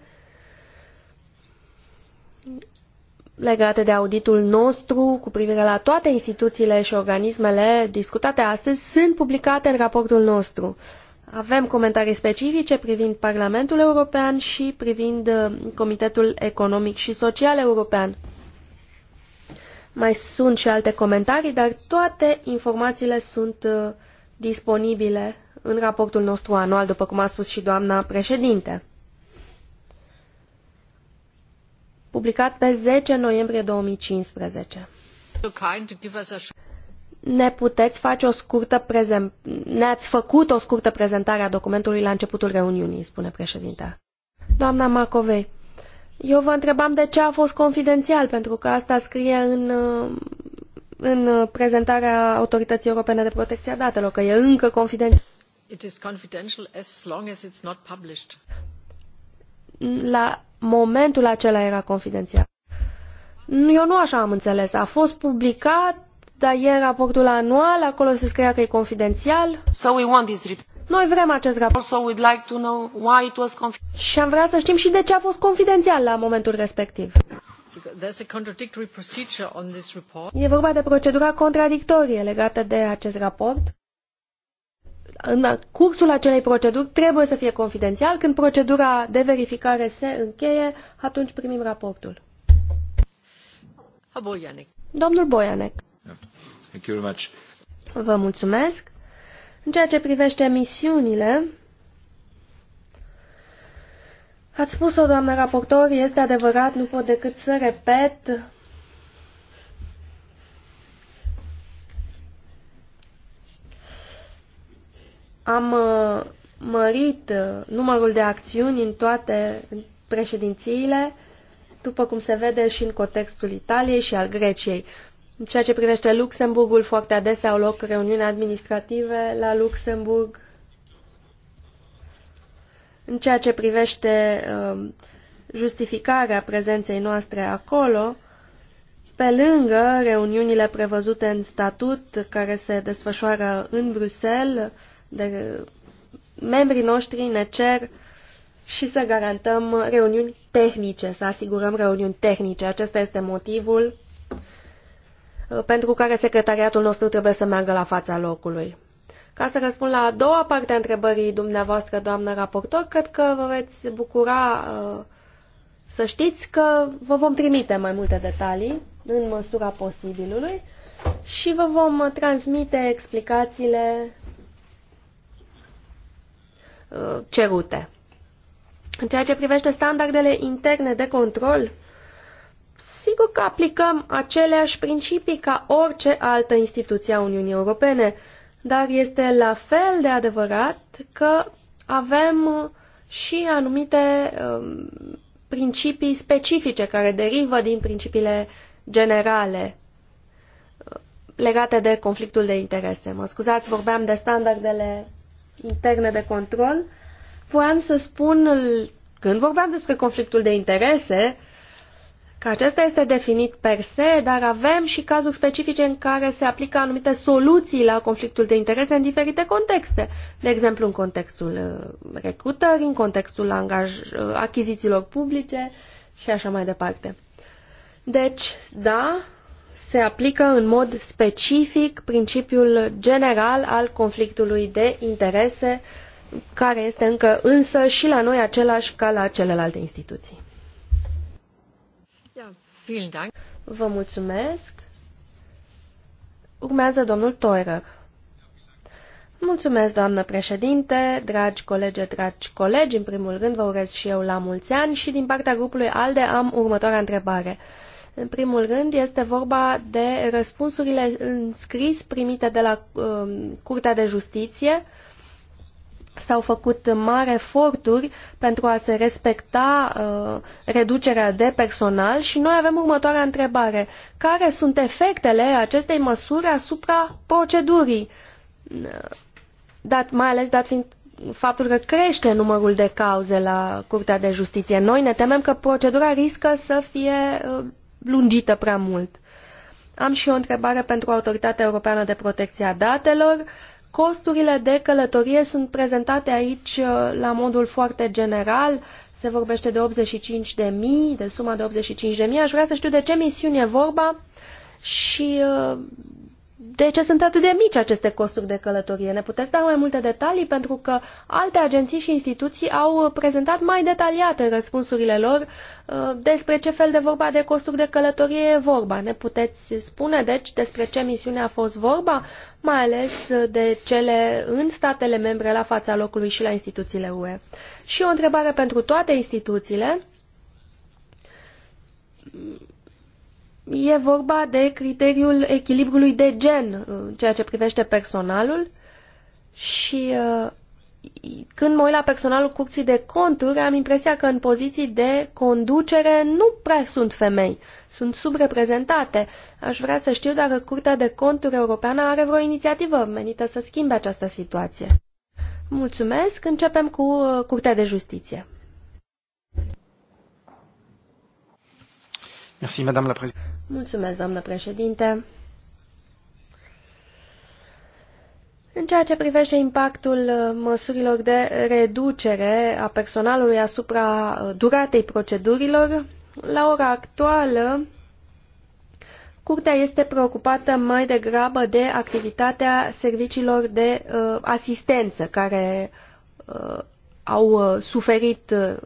legate de auditul nostru cu privire la toate instituțiile și organismele discutate astăzi sunt publicate în raportul nostru. Avem comentarii specifice privind Parlamentul European și privind uh, Comitetul Economic și Social European. Mai sunt și alte comentarii, dar toate informațiile sunt uh, disponibile în raportul nostru anual, după cum a spus și doamna președinte. Publicat pe 10 noiembrie 2015. Ne puteți face o scurtă prezent... Ne-ați făcut o scurtă prezentare a documentului la începutul reuniunii, spune președinte. Doamna Macovei, eu vă întrebam de ce a fost confidențial, pentru că asta scrie în, în prezentarea Autorității Europene de Protecție a Datelor, că e încă confidențial. La momentul acela era confidențial. Eu nu așa am înțeles. A fost publicat, dar e raportul anual, acolo se scria că e confidențial. So we want this report. Noi vrem acest raport. Also we'd like to know why it was și am vrea să știm și de ce a fost confidențial la momentul respectiv. There's a contradictory procedure on this report. E vorba de procedura contradictorie legată de acest raport în cursul acelei proceduri trebuie să fie confidențial. Când procedura de verificare se încheie, atunci primim raportul. Bojanek. Domnul Boianec. Da. Thank you very much. Vă mulțumesc. În ceea ce privește misiunile, ați spus-o, doamnă raportor, este adevărat, nu pot decât să repet Am uh, mărit uh, numărul de acțiuni în toate președințiile, după cum se vede și în contextul Italiei și al Greciei. În ceea ce privește Luxemburgul, foarte adesea au loc reuniuni administrative la Luxemburg. În ceea ce privește um, justificarea prezenței noastre acolo, pe lângă reuniunile prevăzute în statut care se desfășoară în Bruxelles, de membrii noștri ne cer și să garantăm reuniuni tehnice, să asigurăm reuniuni tehnice. Acesta este motivul uh, pentru care secretariatul nostru trebuie să meargă la fața locului. Ca să răspund la a doua parte a întrebării dumneavoastră, doamnă raportor, cred că vă veți bucura uh, să știți că vă vom trimite mai multe detalii în măsura posibilului și vă vom transmite explicațiile Uh, cerute. În ceea ce privește standardele interne de control, sigur că aplicăm aceleași principii ca orice altă instituție a Uniunii Europene, dar este la fel de adevărat că avem și anumite um, principii specifice care derivă din principiile generale uh, legate de conflictul de interese. Mă scuzați, vorbeam de standardele interne de control, voiam să spun, când vorbeam despre conflictul de interese, că acesta este definit per se, dar avem și cazuri specifice în care se aplică anumite soluții la conflictul de interese în diferite contexte. De exemplu, în contextul uh, recrutării, în contextul angaj, uh, achizițiilor publice și așa mai departe. Deci, da, se aplică în mod specific principiul general al conflictului de interese, care este încă însă și la noi același ca la celelalte instituții. Vă mulțumesc. Urmează domnul Teurer. Mulțumesc, doamnă președinte, dragi colegi, dragi colegi. În primul rând, vă urez și eu la mulți ani și din partea grupului ALDE am următoarea întrebare. În primul rând, este vorba de răspunsurile în scris primite de la um, Curtea de Justiție. S-au făcut mari eforturi pentru a se respecta uh, reducerea de personal și noi avem următoarea întrebare. Care sunt efectele acestei măsuri asupra procedurii? Dat, mai ales dat fiind faptul că crește numărul de cauze la Curtea de Justiție. Noi ne temem că procedura riscă să fie uh, lungită prea mult. Am și o întrebare pentru Autoritatea Europeană de Protecție a Datelor. Costurile de călătorie sunt prezentate aici uh, la modul foarte general. Se vorbește de 85 de mii, de suma de 85 de mii. Aș vrea să știu de ce misiune e vorba și uh, de ce sunt atât de mici aceste costuri de călătorie? Ne puteți da mai multe detalii? Pentru că alte agenții și instituții au prezentat mai detaliate răspunsurile lor uh, despre ce fel de vorba de costuri de călătorie e vorba. Ne puteți spune, deci, despre ce misiune a fost vorba, mai ales de cele în statele membre la fața locului și la instituțiile UE? Și o întrebare pentru toate instituțiile E vorba de criteriul echilibrului de gen uh, în ceea ce privește personalul și uh, când mă uit la personalul curții de conturi, am impresia că în poziții de conducere nu prea sunt femei, sunt subreprezentate. Aș vrea să știu dacă Curtea de Conturi Europeană are vreo inițiativă menită să schimbe această situație. Mulțumesc, începem cu uh, Curtea de Justiție. Merci, Madame la Présidente. Mulțumesc, doamnă președinte. În ceea ce privește impactul uh, măsurilor de reducere a personalului asupra uh, duratei procedurilor, la ora actuală, Curtea este preocupată mai degrabă de activitatea serviciilor de uh, asistență care uh, au uh, suferit uh,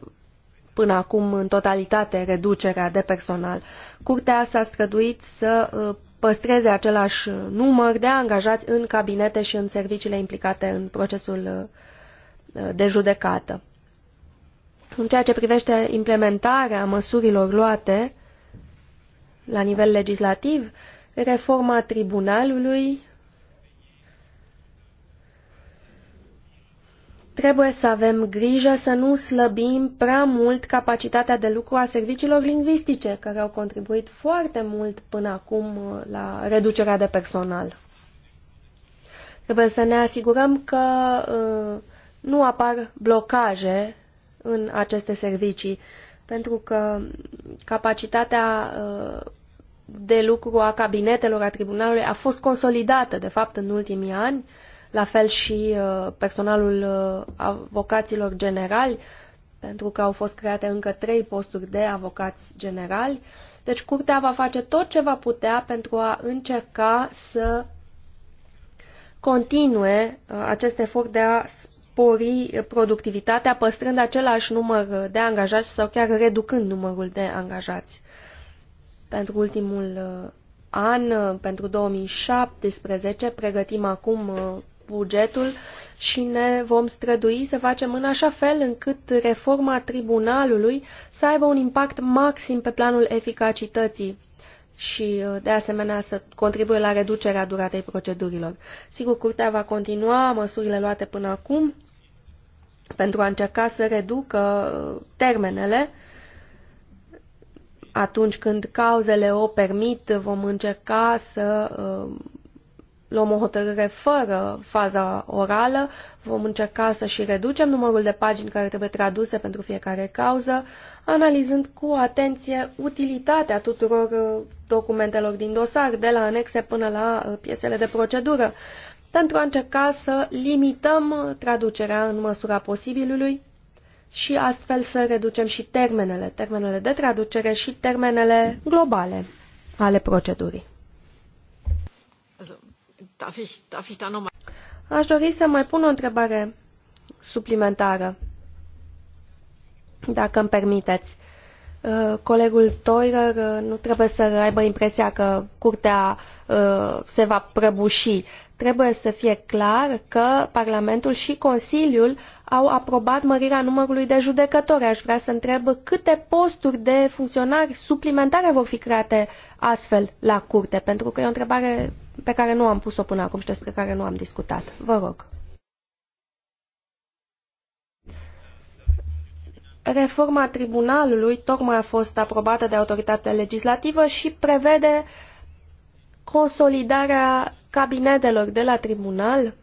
până acum în totalitate reducerea de personal. Curtea s-a străduit să uh, păstreze același număr de angajați în cabinete și în serviciile implicate în procesul uh, de judecată. În ceea ce privește implementarea măsurilor luate la nivel legislativ, reforma tribunalului Trebuie să avem grijă să nu slăbim prea mult capacitatea de lucru a serviciilor lingvistice, care au contribuit foarte mult până acum uh, la reducerea de personal. Trebuie să ne asigurăm că uh, nu apar blocaje în aceste servicii, pentru că capacitatea uh, de lucru a cabinetelor, a tribunalului, a fost consolidată, de fapt, în ultimii ani la fel și uh, personalul uh, avocaților generali, pentru că au fost create încă trei posturi de avocați generali. Deci curtea va face tot ce va putea pentru a încerca să continue uh, acest efort de a spori productivitatea, păstrând același număr de angajați sau chiar reducând numărul de angajați. Pentru ultimul an, pentru 2017, pregătim acum bugetul și ne vom strădui să facem în așa fel încât reforma tribunalului să aibă un impact maxim pe planul eficacității și, uh, de asemenea, să contribuie la reducerea duratei procedurilor. Sigur, Curtea va continua măsurile luate până acum pentru a încerca să reducă uh, termenele. Atunci când cauzele o permit, vom încerca să uh, luăm o hotărâre fără faza orală, vom încerca să și reducem numărul de pagini care trebuie traduse pentru fiecare cauză, analizând cu atenție utilitatea tuturor uh, documentelor din dosar, de la anexe până la uh, piesele de procedură, pentru a încerca să limităm uh, traducerea în măsura posibilului și astfel să reducem și termenele, termenele de traducere și termenele globale ale procedurii. Da Aș dori să mai pun o întrebare suplimentară, dacă îmi permiteți. Uh, colegul Toirer uh, nu trebuie să aibă impresia că curtea uh, se va prăbuși. Trebuie să fie clar că Parlamentul și Consiliul au aprobat mărirea numărului de judecători. Aș vrea să întreb câte posturi de funcționari suplimentare vor fi create astfel la curte, pentru că e o întrebare pe care nu am pus-o până acum și despre care nu am discutat. Vă rog. Reforma tribunalului tocmai a fost aprobată de autoritatea legislativă și prevede consolidarea cabinetelor de la tribunal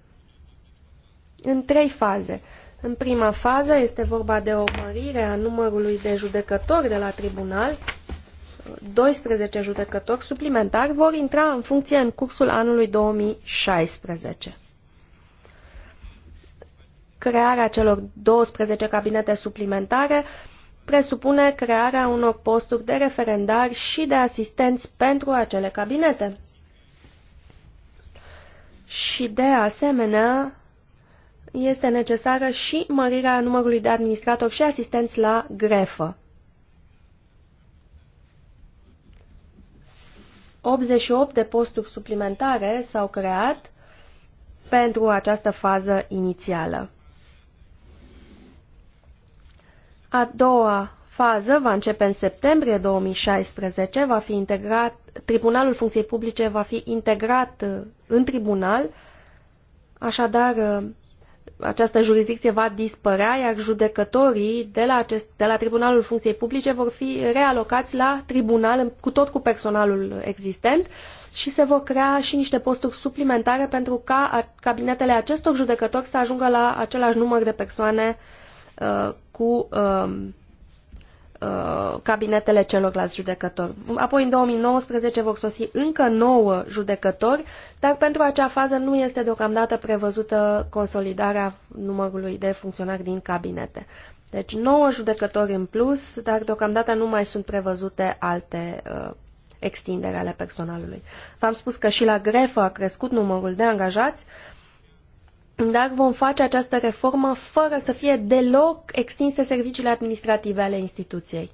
în trei faze. În prima fază este vorba de o mărire a numărului de judecători de la tribunal 12 judecători suplimentari vor intra în funcție în cursul anului 2016. Crearea celor 12 cabinete suplimentare presupune crearea unor posturi de referendari și de asistenți pentru acele cabinete. Și de asemenea, este necesară și mărirea numărului de administratori și asistenți la grefă. 88 de posturi suplimentare s-au creat pentru această fază inițială. A doua fază va începe în septembrie 2016, va fi integrat, Tribunalul Funcției Publice va fi integrat uh, în tribunal, așadar uh, această jurisdicție va dispărea, iar judecătorii de la, acest, de la Tribunalul Funcției Publice vor fi realocați la tribunal, cu tot cu personalul existent, și se vor crea și niște posturi suplimentare pentru ca cabinetele acestor judecători să ajungă la același număr de persoane uh, cu uh, Uh, cabinetele celorlalți judecători. Apoi, în 2019 vor sosi încă 9 judecători, dar pentru acea fază nu este deocamdată prevăzută consolidarea numărului de funcționari din cabinete. Deci 9 judecători în plus, dar deocamdată nu mai sunt prevăzute alte uh, extindere ale personalului. V-am spus că și la grefă a crescut numărul de angajați, uh, dar vom face această reformă fără să fie deloc extinse serviciile administrative ale instituției,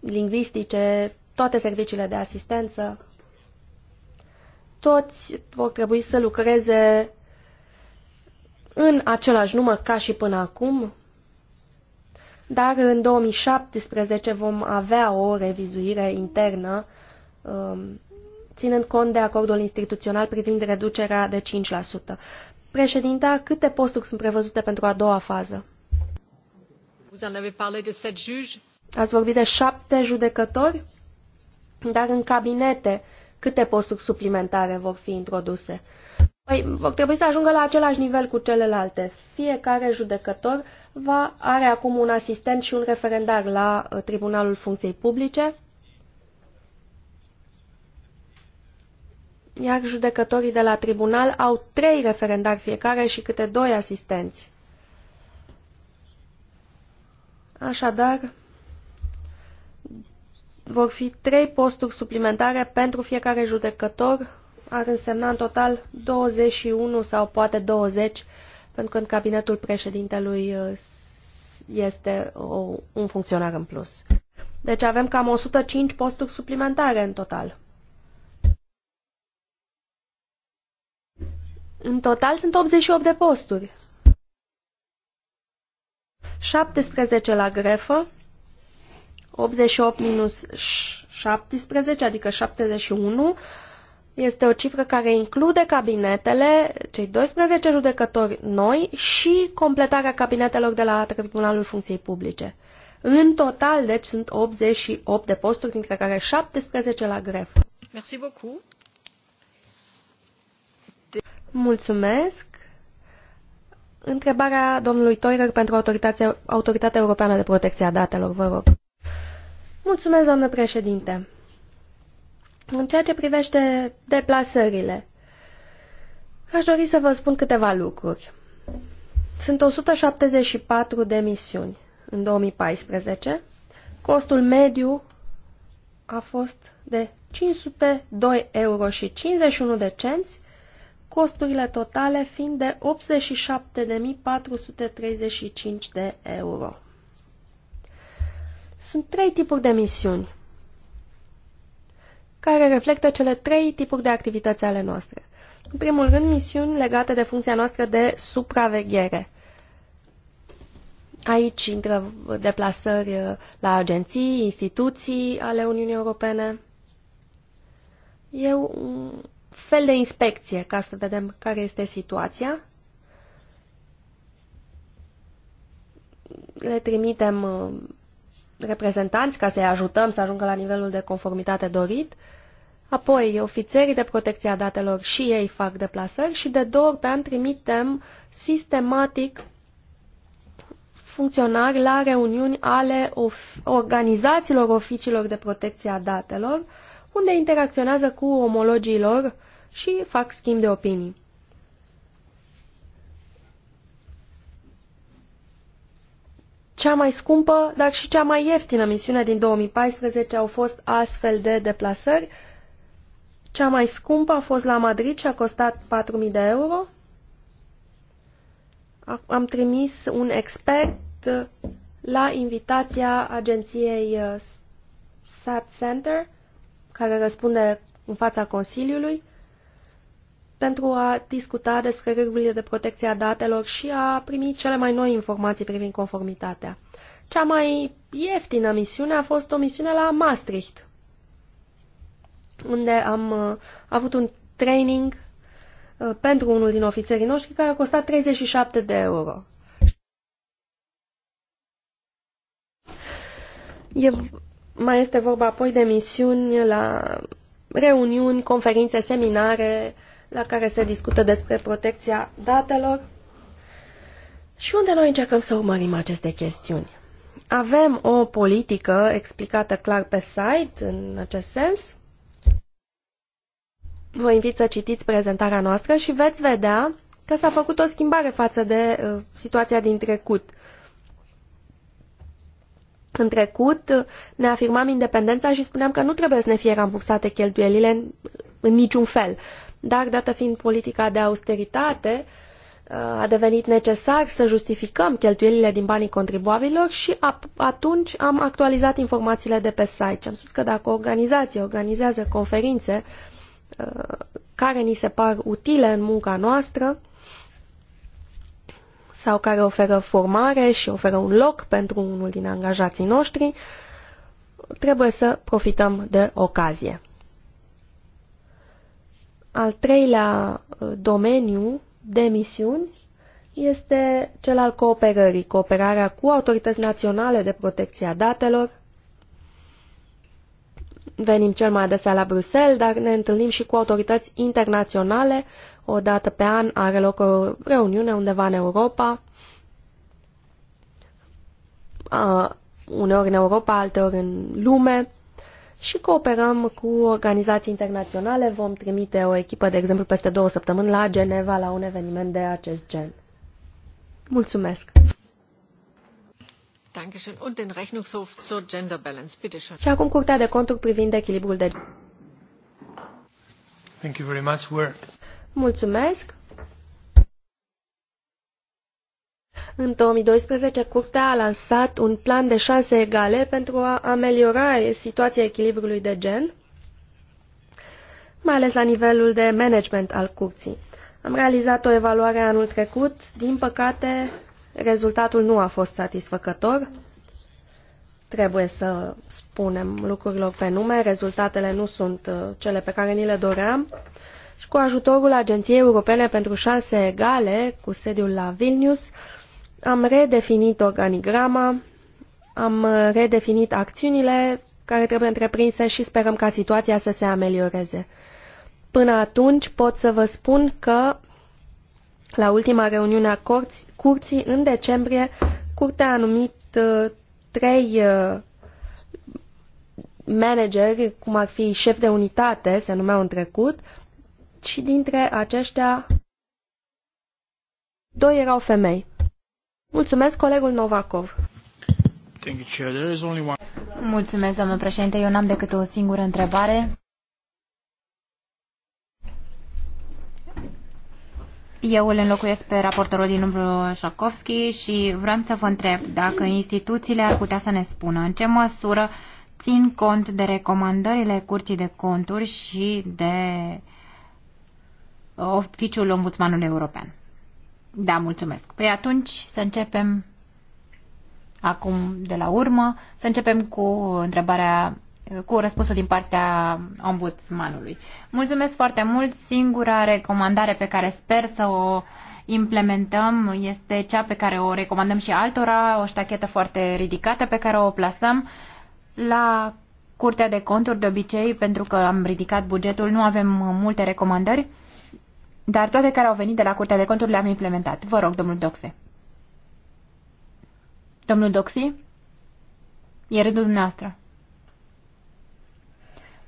lingvistice, toate serviciile de asistență. Toți vor trebui să lucreze în același număr ca și până acum, dar în 2017 vom avea o revizuire internă um, ținând cont de acordul instituțional privind reducerea de 5%. Președinta, câte posturi sunt prevăzute pentru a doua fază? Ați vorbit de șapte judecători, dar în cabinete câte posturi suplimentare vor fi introduse? Păi, vor trebui să ajungă la același nivel cu celelalte. Fiecare judecător va, are acum un asistent și un referendar la uh, Tribunalul Funcției Publice iar judecătorii de la tribunal au trei referendari fiecare și câte doi asistenți. Așadar, vor fi trei posturi suplimentare pentru fiecare judecător, ar însemna în total 21 sau poate 20, pentru că în cabinetul președintelui uh, este o, un funcționar în plus. Deci avem cam 105 posturi suplimentare în total. În total sunt 88 de posturi. 17 la grefă, 88 minus 17, adică 71, este o cifră care include cabinetele, cei 12 judecători noi și completarea cabinetelor de la Tribunalul Funcției Publice. În total, deci, sunt 88 de posturi, dintre care 17 la grefă. Merci beaucoup. Mulțumesc. Întrebarea domnului Toirer pentru Autoritatea, Autoritatea Europeană de Protecție a Datelor, vă rog. Mulțumesc, doamnă președinte. În ceea ce privește deplasările, aș dori să vă spun câteva lucruri. Sunt 174 de misiuni în 2014. Costul mediu a fost de 502 euro și 51 de cenți costurile totale fiind de 87.435 de euro. Sunt trei tipuri de misiuni care reflectă cele trei tipuri de activități ale noastre. În primul rând, misiuni legate de funcția noastră de supraveghere. Aici intră deplasări la agenții, instituții ale Uniunii Europene. Eu fel de inspecție ca să vedem care este situația. Le trimitem uh, reprezentanți ca să-i ajutăm să ajungă la nivelul de conformitate dorit. Apoi, ofițerii de protecție a datelor și ei fac deplasări și de două ori pe an trimitem sistematic funcționari la reuniuni ale of organizațiilor oficiilor de protecție a datelor, unde interacționează cu omologii lor și fac schimb de opinii. Cea mai scumpă, dar și cea mai ieftină misiune din 2014 au fost astfel de deplasări. Cea mai scumpă a fost la Madrid și a costat 4.000 de euro. Am trimis un expert la invitația agenției uh, SAT Center, care răspunde în fața Consiliului pentru a discuta despre regulile de protecție a datelor și a primi cele mai noi informații privind conformitatea. Cea mai ieftină misiune a fost o misiune la Maastricht, unde am uh, avut un training uh, pentru unul din ofițerii noștri care a costat 37 de euro. E, mai este vorba apoi de misiuni la reuniuni, conferințe, seminare, uh, la care se discută despre protecția datelor și unde noi încercăm să urmărim aceste chestiuni. Avem o politică explicată clar pe site în acest sens. Vă invit să citiți prezentarea noastră și veți vedea că s-a făcut o schimbare față de uh, situația din trecut. În trecut ne afirmam independența și spuneam că nu trebuie să ne fie rambursate cheltuielile în, în niciun fel dar dată fiind politica de austeritate, a devenit necesar să justificăm cheltuielile din banii contribuabilor și atunci am actualizat informațiile de pe site. Am spus că dacă o organizație organizează conferințe uh, care ni se par utile în munca noastră sau care oferă formare și oferă un loc pentru unul din angajații noștri, trebuie să profităm de ocazie al treilea uh, domeniu de misiuni este cel al cooperării, cooperarea cu autorități naționale de protecție a datelor. Venim cel mai adesea la Bruxelles, dar ne întâlnim și cu autorități internaționale. O dată pe an are loc o reuniune undeva în Europa, uneori în Europa, alteori în lume și cooperăm cu organizații internaționale. Vom trimite o echipă, de exemplu, peste două săptămâni la Geneva la un eveniment de acest gen. Mulțumesc! Și acum Curtea de Conturi privind echilibrul de Thank you very much. We're... Mulțumesc! În 2012, Curtea a lansat un plan de șanse egale pentru a ameliora situația echilibrului de gen, mai ales la nivelul de management al curții. Am realizat o evaluare anul trecut, din păcate rezultatul nu a fost satisfăcător. Trebuie să spunem lucrurilor pe nume, rezultatele nu sunt uh, cele pe care ni le doream și cu ajutorul Agenției Europene pentru Șanse Egale, cu sediul la Vilnius, am redefinit organigrama, am redefinit acțiunile care trebuie întreprinse și sperăm ca situația să se amelioreze. Până atunci pot să vă spun că la ultima reuniune a curții, curții în decembrie, curtea a numit uh, trei uh, manageri, cum ar fi șef de unitate, se numeau în trecut, și dintre aceștia doi erau femei. Mulțumesc, colegul Novakov. Mulțumesc, doamnă președinte. Eu n-am decât o singură întrebare. Eu îl înlocuiesc pe raportorul din numărul Șakovski și vreau să vă întreb dacă instituțiile ar putea să ne spună în ce măsură țin cont de recomandările Curții de Conturi și de Oficiul Ombudsmanului European. Da, mulțumesc. Păi atunci să începem acum de la urmă, să începem cu întrebarea cu răspunsul din partea ombudsmanului. Mulțumesc foarte mult. Singura recomandare pe care sper să o implementăm este cea pe care o recomandăm și altora, o ștachetă foarte ridicată pe care o plasăm la Curtea de Conturi de obicei, pentru că am ridicat bugetul, nu avem multe recomandări dar toate care au venit de la Curtea de Conturi le-am implementat. Vă rog, domnul Doxe. Domnul Doxi? E rândul dumneavoastră.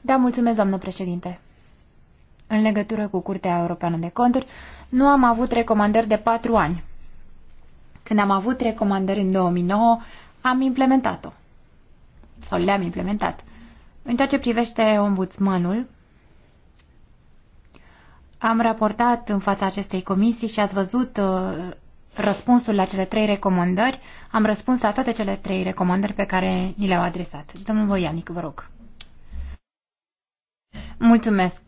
Da, mulțumesc, doamnă președinte. În legătură cu Curtea Europeană de Conturi, nu am avut recomandări de patru ani. Când am avut recomandări în 2009, am implementat-o. Sau le-am implementat. În ceea ce privește ombudsmanul, am raportat în fața acestei comisii și ați văzut uh, răspunsul la cele trei recomandări. Am răspuns la toate cele trei recomandări pe care ni le-au adresat. Domnul Voianic, vă rog. Mulțumesc.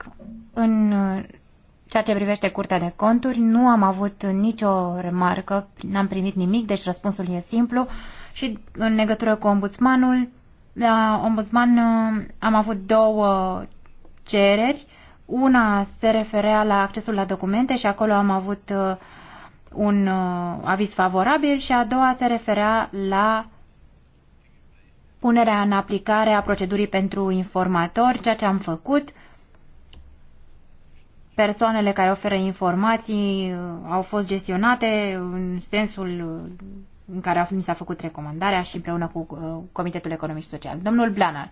În uh, ceea ce privește Curtea de Conturi, nu am avut nicio remarcă, n-am primit nimic, deci răspunsul e simplu. Și în legătură cu ombudsmanul, la da, ombudsman uh, am avut două cereri una se referea la accesul la documente și acolo am avut uh, un uh, aviz favorabil și a doua se referea la punerea în aplicare a procedurii pentru informatori, ceea ce am făcut. Persoanele care oferă informații uh, au fost gestionate în sensul în care mi s-a făcut recomandarea și împreună cu Comitetul Economic și Social. Domnul Blanar.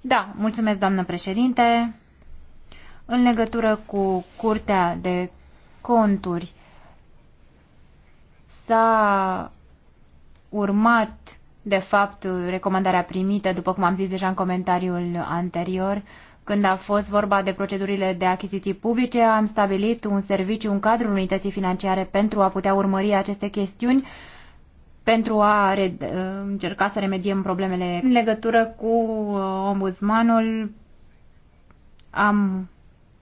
Da, mulțumesc, doamnă președinte în legătură cu Curtea de Conturi s-a urmat, de fapt, recomandarea primită, după cum am zis deja în comentariul anterior, când a fost vorba de procedurile de achiziții publice, am stabilit un serviciu, un cadru unității financiare pentru a putea urmări aceste chestiuni, pentru a încerca să remediem problemele. În legătură cu uh, ombudsmanul, am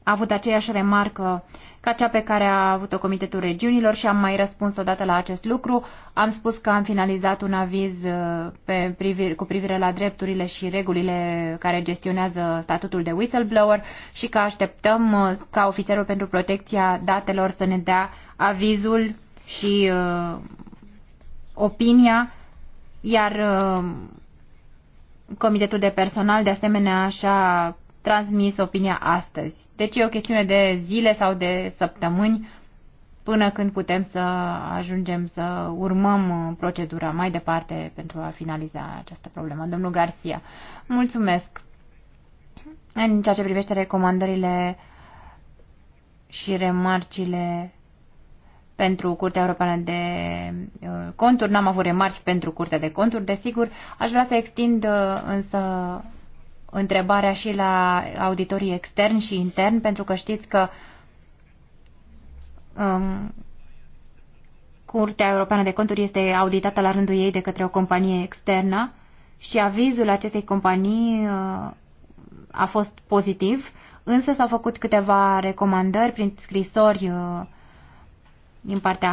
a avut aceeași remarcă ca cea pe care a avut-o Comitetul Regiunilor și am mai răspuns odată la acest lucru. Am spus că am finalizat un aviz uh, pe cu privire la drepturile și regulile care gestionează statutul de whistleblower și că așteptăm uh, ca ofițerul pentru protecția datelor să ne dea avizul și uh, opinia, iar uh, Comitetul de Personal de asemenea așa transmis opinia astăzi. Deci e o chestiune de zile sau de săptămâni până când putem să ajungem să urmăm uh, procedura mai departe pentru a finaliza această problemă. Domnul Garcia, mulțumesc. În ceea ce privește recomandările și remarcile pentru Curtea Europeană de uh, Conturi, n-am avut remarci pentru Curtea de Conturi, desigur, aș vrea să extind uh, însă întrebarea și la auditorii externi și interni, pentru că știți că um, Curtea Europeană de Conturi este auditată la rândul ei de către o companie externă și avizul acestei companii uh, a fost pozitiv, însă s-au făcut câteva recomandări prin scrisori uh, din partea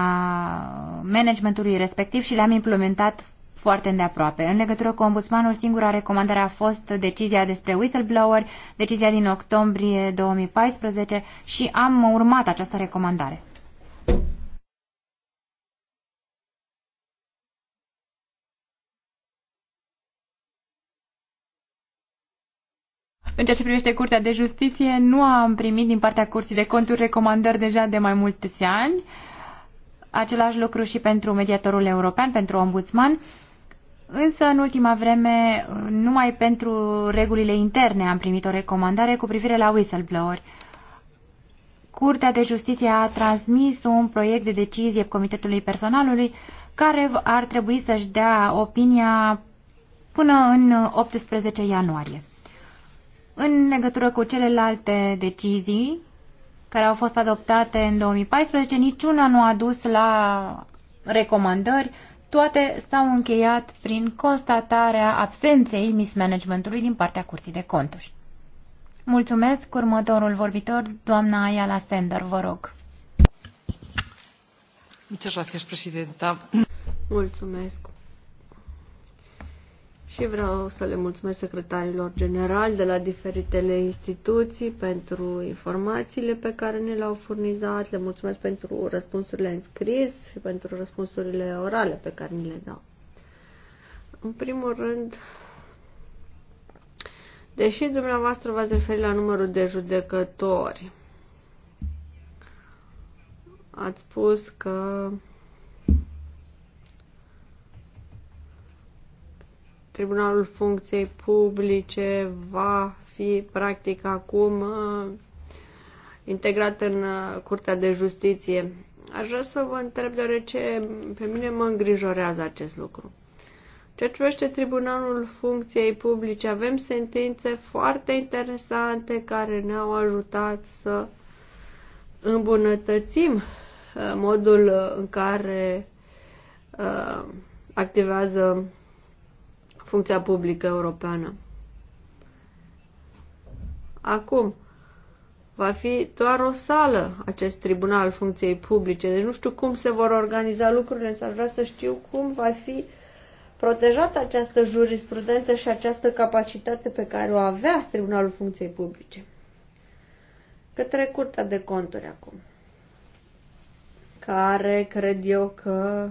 managementului respectiv și le-am implementat foarte îndeaproape. În legătură cu ombudsmanul, singura recomandare a fost decizia despre whistleblower, decizia din octombrie 2014 și am urmat această recomandare. În ceea ce privește Curtea de Justiție, nu am primit din partea Curții de Conturi recomandări deja de mai mulți ani. Același lucru și pentru mediatorul european, pentru ombudsman. Însă, în ultima vreme, numai pentru regulile interne am primit o recomandare cu privire la whistleblower. Curtea de Justiție a transmis un proiect de decizie Comitetului Personalului care ar trebui să-și dea opinia până în 18 ianuarie. În legătură cu celelalte decizii care au fost adoptate în 2014, niciuna nu a dus la recomandări toate s-au încheiat prin constatarea absenței mismanagementului din partea Curții de Conturi. Mulțumesc. Următorul vorbitor, doamna Ayala Sender, vă rog. Muchas gracias, presidenta. Mulțumesc. Și vreau să le mulțumesc secretarilor generali de la diferitele instituții pentru informațiile pe care ne le-au furnizat. Le mulțumesc pentru răspunsurile în scris și pentru răspunsurile orale pe care ni le dau. În primul rând, deși dumneavoastră v-ați referit la numărul de judecători, ați spus că Tribunalul Funcției Publice va fi practic acum uh, integrat în uh, Curtea de Justiție. Aș vrea să vă întreb deoarece pe mine mă îngrijorează acest lucru. Ceea ce privește Tribunalul Funcției Publice, avem sentințe foarte interesante care ne-au ajutat să îmbunătățim uh, modul în care activează funcția publică europeană. Acum, va fi doar o sală acest tribunal funcției publice, deci nu știu cum se vor organiza lucrurile, însă aș vrea să știu cum va fi protejată această jurisprudență și această capacitate pe care o avea Tribunalul Funcției Publice. Către Curtea de Conturi acum, care cred eu că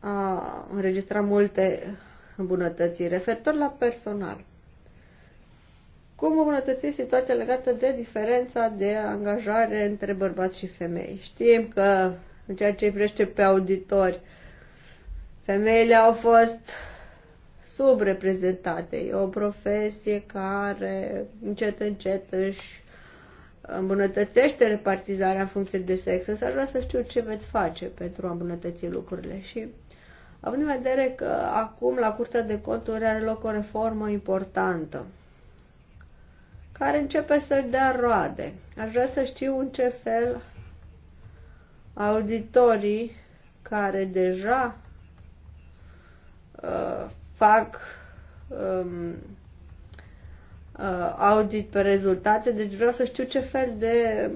a înregistrat multe îmbunătății, referitor la personal. Cum îmbunătăți situația legată de diferența de angajare între bărbați și femei? Știm că în ceea ce privește pe auditori, femeile au fost subreprezentate. E o profesie care încet, încet își îmbunătățește repartizarea în funcție de sex, însă aș vrea să știu ce veți face pentru a îmbunătăți lucrurile. Și Având în vedere că acum la Curtea de Conturi are loc o reformă importantă care începe să dea roade. Aș vrea să știu în ce fel auditorii care deja uh, fac um, uh, audit pe rezultate, deci vreau să știu ce fel de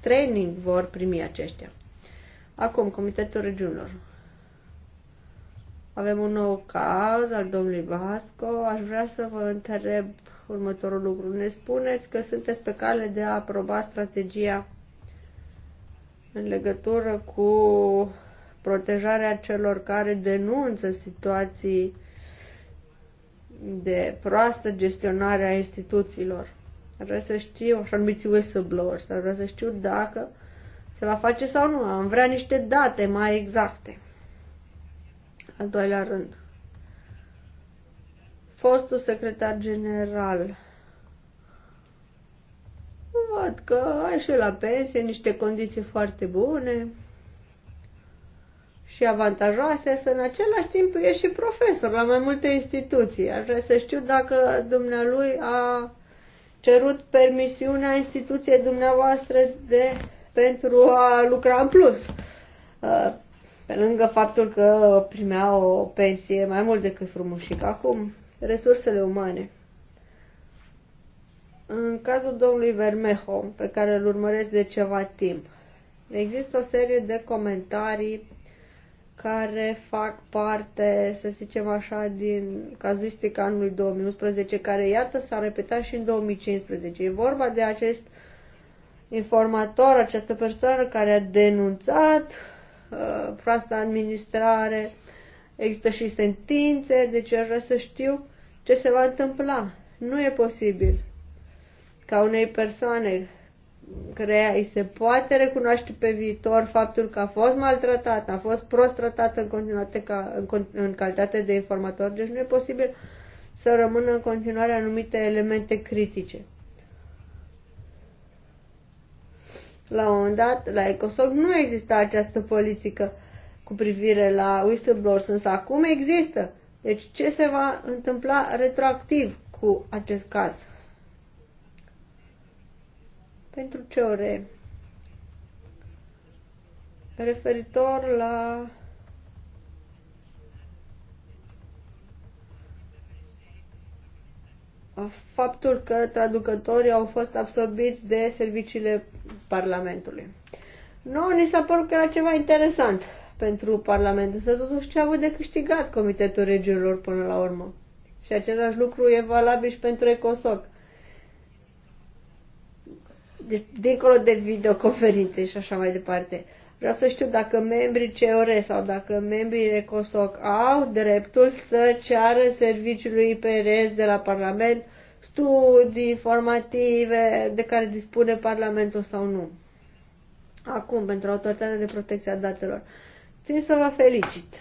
training vor primi aceștia. Acum, Comitetul Regiunilor. Avem un nou caz al domnului Vasco. Aș vrea să vă întreb următorul lucru. Ne spuneți că sunteți pe cale de a aproba strategia în legătură cu protejarea celor care denunță situații de proastă gestionare a instituțiilor. Ar vrea să știu, așa numiți whistleblowers, ar vrea să știu dacă se va face sau nu. Am vrea niște date mai exacte al doilea rând. Fostul secretar general. Văd că ai și la pensie niște condiții foarte bune și avantajoase, să în același timp e și profesor la mai multe instituții. Aș vrea să știu dacă dumnealui a cerut permisiunea instituției dumneavoastră de, pentru a lucra în plus. Uh, pe lângă faptul că primea o pensie mai mult decât frumușică. Acum, resursele umane. În cazul domnului Vermejo, pe care îl urmăresc de ceva timp, există o serie de comentarii care fac parte, să zicem așa, din cazuistica anului 2011, care, iată, s-a repetat și în 2015. E vorba de acest informator, această persoană care a denunțat Uh, proastă administrare, există și sentințe, deci aș vrea să știu ce se va întâmpla. Nu e posibil ca unei persoane care îi se poate recunoaște pe viitor faptul că a fost maltratat a fost prost tratat în, continuate ca, în, în calitate de informator, deci nu e posibil să rămână în continuare anumite elemente critice. la un moment dat, la ECOSOC nu exista această politică cu privire la whistleblowers, însă acum există. Deci ce se va întâmpla retroactiv cu acest caz? Pentru ce ore? Referitor la faptul că traducătorii au fost absorbiți de serviciile Parlamentului. Noi ni s-a părut că era ceva interesant pentru Parlament, însă totuși ce a avut de câștigat Comitetul Regiunilor până la urmă. Și același lucru e valabil și pentru ECOSOC. Deci, dincolo de videoconferințe și așa mai departe. Uh, Vreau să știu dacă membrii CEOR sau dacă membrii RECOSOC au dreptul să ceară serviciului IPRS de la Parlament studii informative de care dispune Parlamentul sau nu. Acum, pentru Autoritatea de Protecție a Datelor. Țin să vă felicit.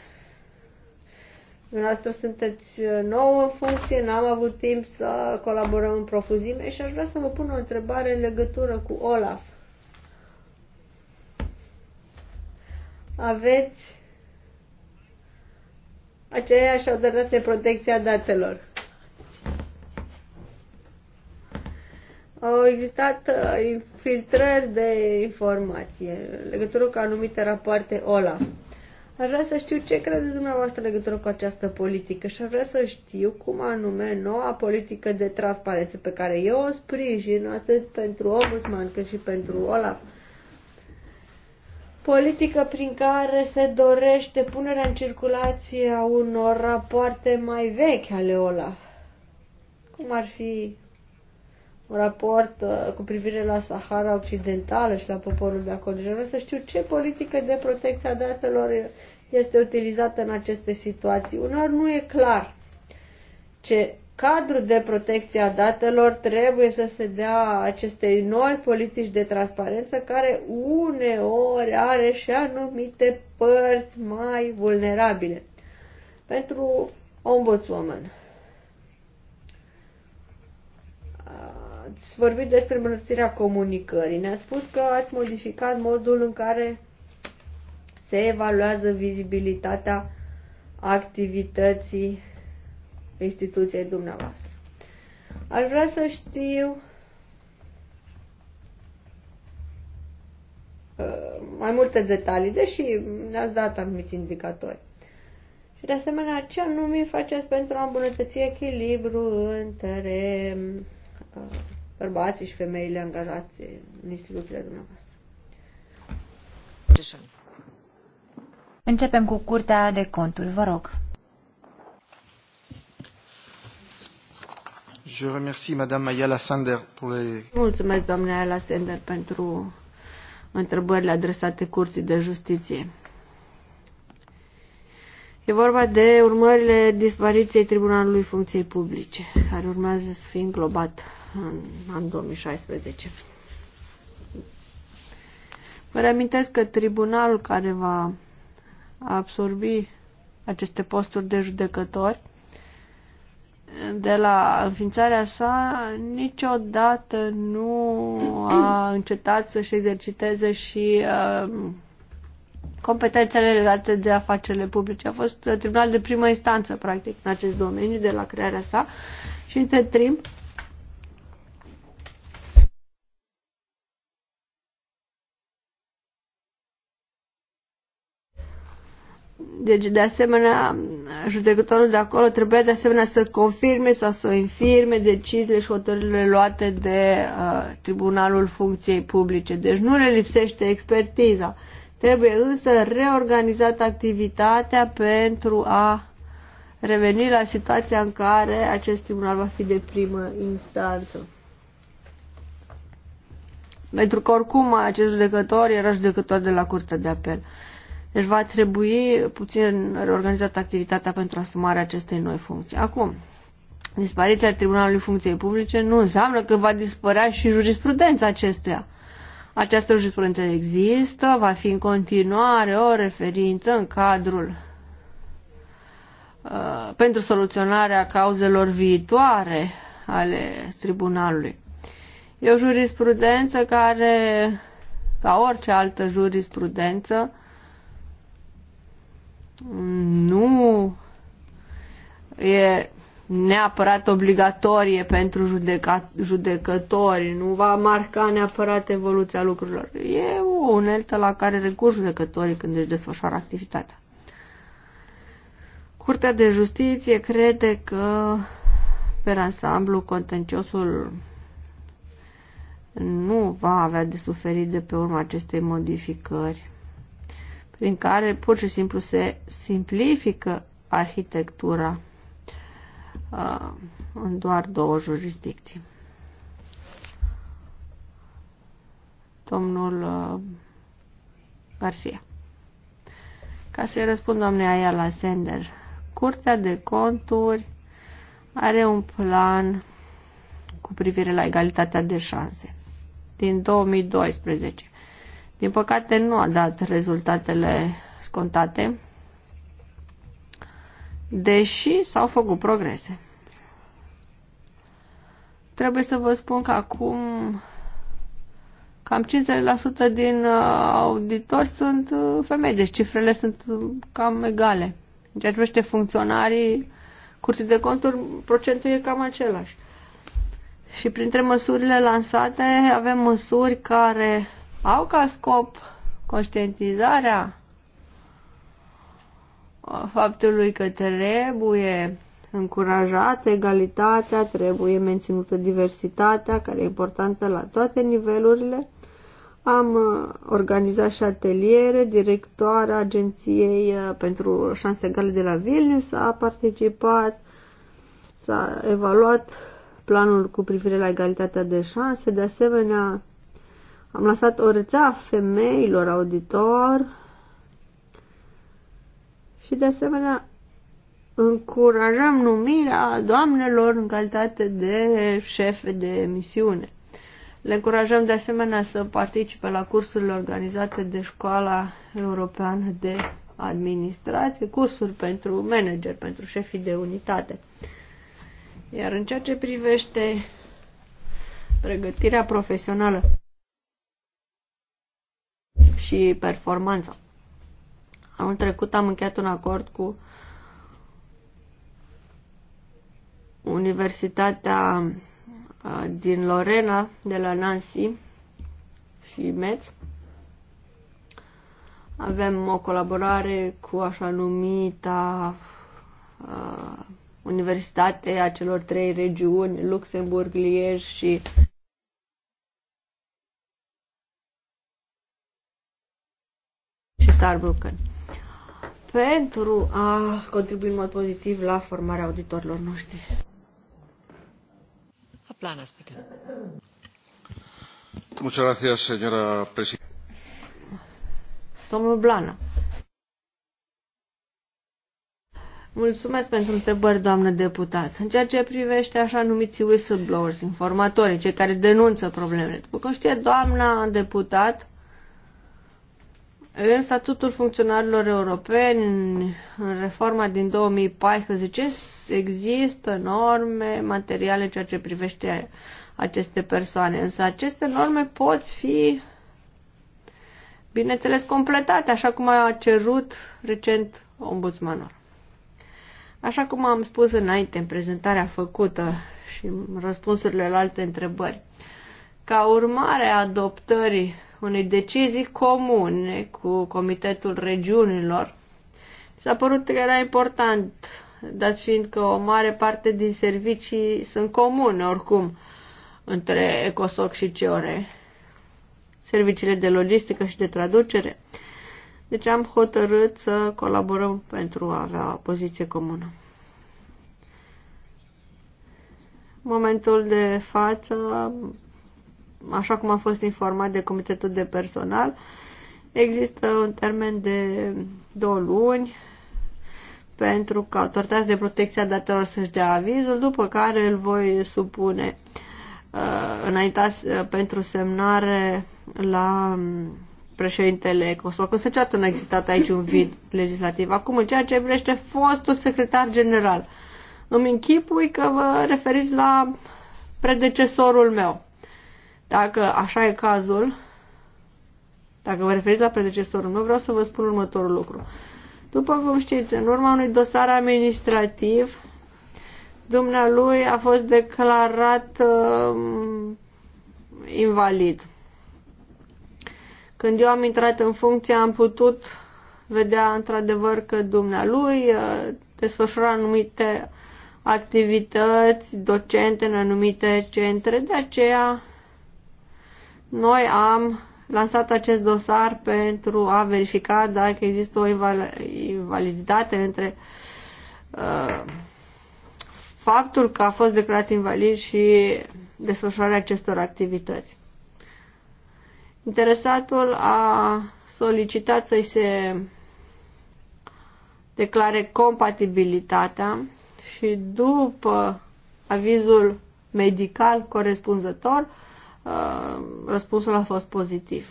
Dumneavoastră sunteți uh, nou în funcție, n-am avut timp să colaborăm în profuzime și aș vrea să vă pun o întrebare în legătură cu Olaf. aveți aceeași autoritate de protecție a datelor. Au existat uh, filtrări de informație în legătură cu anumite rapoarte OLAF. Aș vrea să știu ce credeți dumneavoastră în legătură cu această politică și aș vrea să știu cum anume noua politică de transparență pe care eu o sprijin atât pentru ombudsman cât și pentru Olaf politică prin care se dorește punerea în circulație a unor rapoarte mai vechi ale OLAF, cum ar fi un raport uh, cu privire la Sahara Occidentală și la poporul de acolo. Deci vreau să știu ce politică de protecție a datelor este utilizată în aceste situații. Unor nu e clar ce cadru de protecție a datelor trebuie să se dea acestei noi politici de transparență care uneori are și anumite părți mai vulnerabile. Pentru ombudswoman. Ați vorbit despre îmbunătățirea comunicării. Ne-ați spus că ați modificat modul în care se evaluează vizibilitatea activității instituției dumneavoastră. Aș vrea să știu uh, mai multe detalii, deși ne-ați dat anumiți indicatori. Și de asemenea, ce anume faceți pentru a îmbunătăți echilibru între uh, bărbații și femeile angajați în instituțiile dumneavoastră? Începem cu curtea de conturi, vă rog. Mulțumesc, doamne Ayala sender pentru întrebările adresate Curții de Justiție. E vorba de urmările dispariției Tribunalului Funcției Publice, care urmează să fie înglobat în an 2016. Vă reamintesc că tribunalul care va absorbi aceste posturi de judecători de la înființarea sa niciodată nu a încetat să-și exerciteze și uh, competențele legate de afacerile publice. A fost tribunal de primă instanță, practic, în acest domeniu de la crearea sa și între timp Deci, de asemenea, judecătorul de acolo trebuia de asemenea să confirme sau să infirme deciziile și hotărârile luate de uh, Tribunalul Funcției Publice. Deci nu le lipsește expertiza. Trebuie însă reorganizată activitatea pentru a reveni la situația în care acest tribunal va fi de primă instanță. Pentru că oricum acest judecător era judecător de la Curtea de Apel. Uh, deci va trebui puțin reorganizată activitatea pentru asumarea acestei noi funcții. Acum, dispariția Tribunalului Funcției Publice nu înseamnă că va dispărea și jurisprudența acestuia. Această jurisprudență există, va fi în continuare o referință în cadrul uh, pentru soluționarea cauzelor viitoare ale tribunalului. E o jurisprudență care, ca orice altă jurisprudență, nu e neapărat obligatorie pentru judeca- judecători, nu va marca neapărat evoluția lucrurilor. E o uneltă la care recurs judecătorii când își desfășoară activitatea. Curtea de Justiție crede că, pe ansamblu, contenciosul nu va avea de suferit de pe urma acestei modificări prin care pur și simplu se simplifică arhitectura uh, în doar două jurisdicții. Domnul uh, Garcia. Ca să-i răspund doamnei aia la sender, Curtea de Conturi are un plan cu privire la egalitatea de șanse din 2012. Din păcate nu a dat rezultatele scontate, deși s-au făcut progrese. Trebuie să vă spun că acum cam 50% din uh, auditori sunt uh, femei, deci cifrele sunt uh, cam egale. În ceea ce privește funcționarii, curții de conturi, procentul e cam același. Și printre măsurile lansate avem măsuri care au ca scop conștientizarea faptului că trebuie încurajată egalitatea, trebuie menținută diversitatea, care e importantă la toate nivelurile. Am uh, organizat și ateliere, directoarea Agenției uh, pentru Șanse Egale de la Vilnius a participat, s-a evaluat planul cu privire la egalitatea de șanse, de asemenea am lăsat o rețea femeilor auditor și de asemenea încurajăm numirea doamnelor în calitate de șefe de misiune. Le încurajăm de asemenea să participe la cursurile organizate de Școala Europeană de Administrație, cursuri pentru manager, pentru șefii de unitate. Iar în ceea ce privește pregătirea profesională, și performanța. Anul trecut am încheiat un acord cu Universitatea din Lorena, de la Nancy și Metz. Avem o colaborare cu așa numita Universitate a celor trei regiuni, Luxemburg, Liege și uh, și Starbucken pentru a contribui în mod pozitiv la formarea auditorilor noștri. Planas, bitte. Muchas gracias, Domnul Blana. Mulțumesc pentru întrebări, doamnă deputat. În ceea ce privește așa numiți whistleblowers, informatorii, cei care denunță problemele, după cum știe doamna deputat, în statutul funcționarilor europeni, în reforma din 2014, există norme materiale ceea ce privește aceste persoane, însă aceste norme pot fi, bineînțeles, completate, așa cum a cerut recent ombudsmanul. Așa cum am spus înainte în prezentarea făcută și în răspunsurile la alte întrebări, ca urmare a adoptării unei decizii comune cu Comitetul Regiunilor. S-a părut că era important, dat fiind că o mare parte din servicii sunt comune oricum între ECOSOC și CEORE, serviciile de logistică și de traducere. Deci am hotărât să colaborăm pentru a avea o poziție comună. Momentul de față așa cum a fost informat de comitetul de personal, există un termen de două luni pentru că autoritatea de protecție a datelor să-și dea avizul, după care îl voi supune uh, înaintea uh, pentru semnare la um, președintele Kosovo. Consecrat nu a existat aici un vid legislativ. Acum, în ceea ce privește fostul secretar general, îmi închipui că vă referiți la predecesorul meu. Dacă așa e cazul, dacă vă referiți la predecesorul meu, vreau să vă spun următorul lucru. După cum știți, în urma unui dosar administrativ, dumnealui a fost declarat uh, invalid. Când eu am intrat în funcție, am putut vedea într-adevăr că dumnealui uh, desfășura anumite activități docente în anumite centre, de aceea noi am lansat acest dosar pentru a verifica dacă există o invaliditate între uh, faptul că a fost declarat invalid și desfășurarea acestor activități. Interesatul a solicitat să-i se declare compatibilitatea și după avizul medical corespunzător, Uh, răspunsul a fost pozitiv.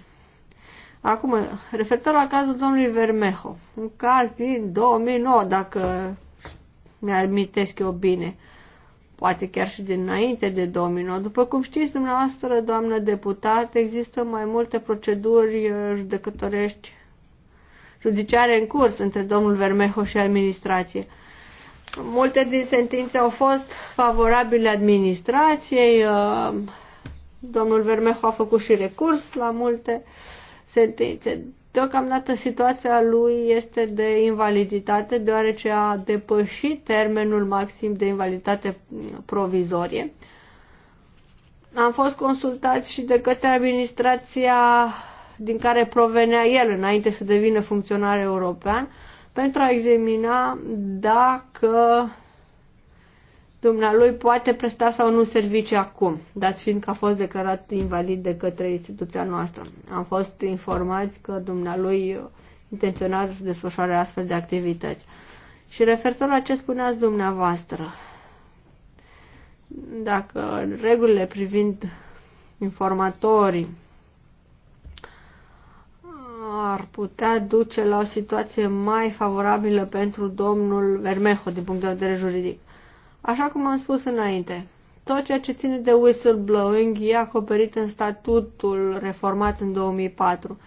Acum, referitor la cazul domnului Vermejo, un caz din 2009, dacă mi-admitesc eu bine, poate chiar și dinainte de 2009. După cum știți dumneavoastră, doamnă deputat, există mai multe proceduri uh, judecătorești judiciare în curs între domnul Vermejo și administrație. Multe din sentințe au fost favorabile administrației, uh, Domnul Vermeho a făcut și recurs la multe sentințe. Deocamdată situația lui este de invaliditate, deoarece a depășit termenul maxim de invaliditate provizorie. Am fost consultați și de către administrația din care provenea el înainte să devină funcționar european pentru a examina dacă dumnealui poate presta sau nu servicii acum, dat fiind că a fost declarat invalid de către instituția noastră. Am fost informați că dumnealui intenționează să desfășoare astfel de activități. Și referitor la ce spuneați dumneavoastră, dacă regulile privind informatorii ar putea duce la o situație mai favorabilă pentru domnul Vermejo din punct de vedere juridic. Așa cum am spus înainte, tot ceea ce ține de whistleblowing e acoperit în statutul reformat în 2004.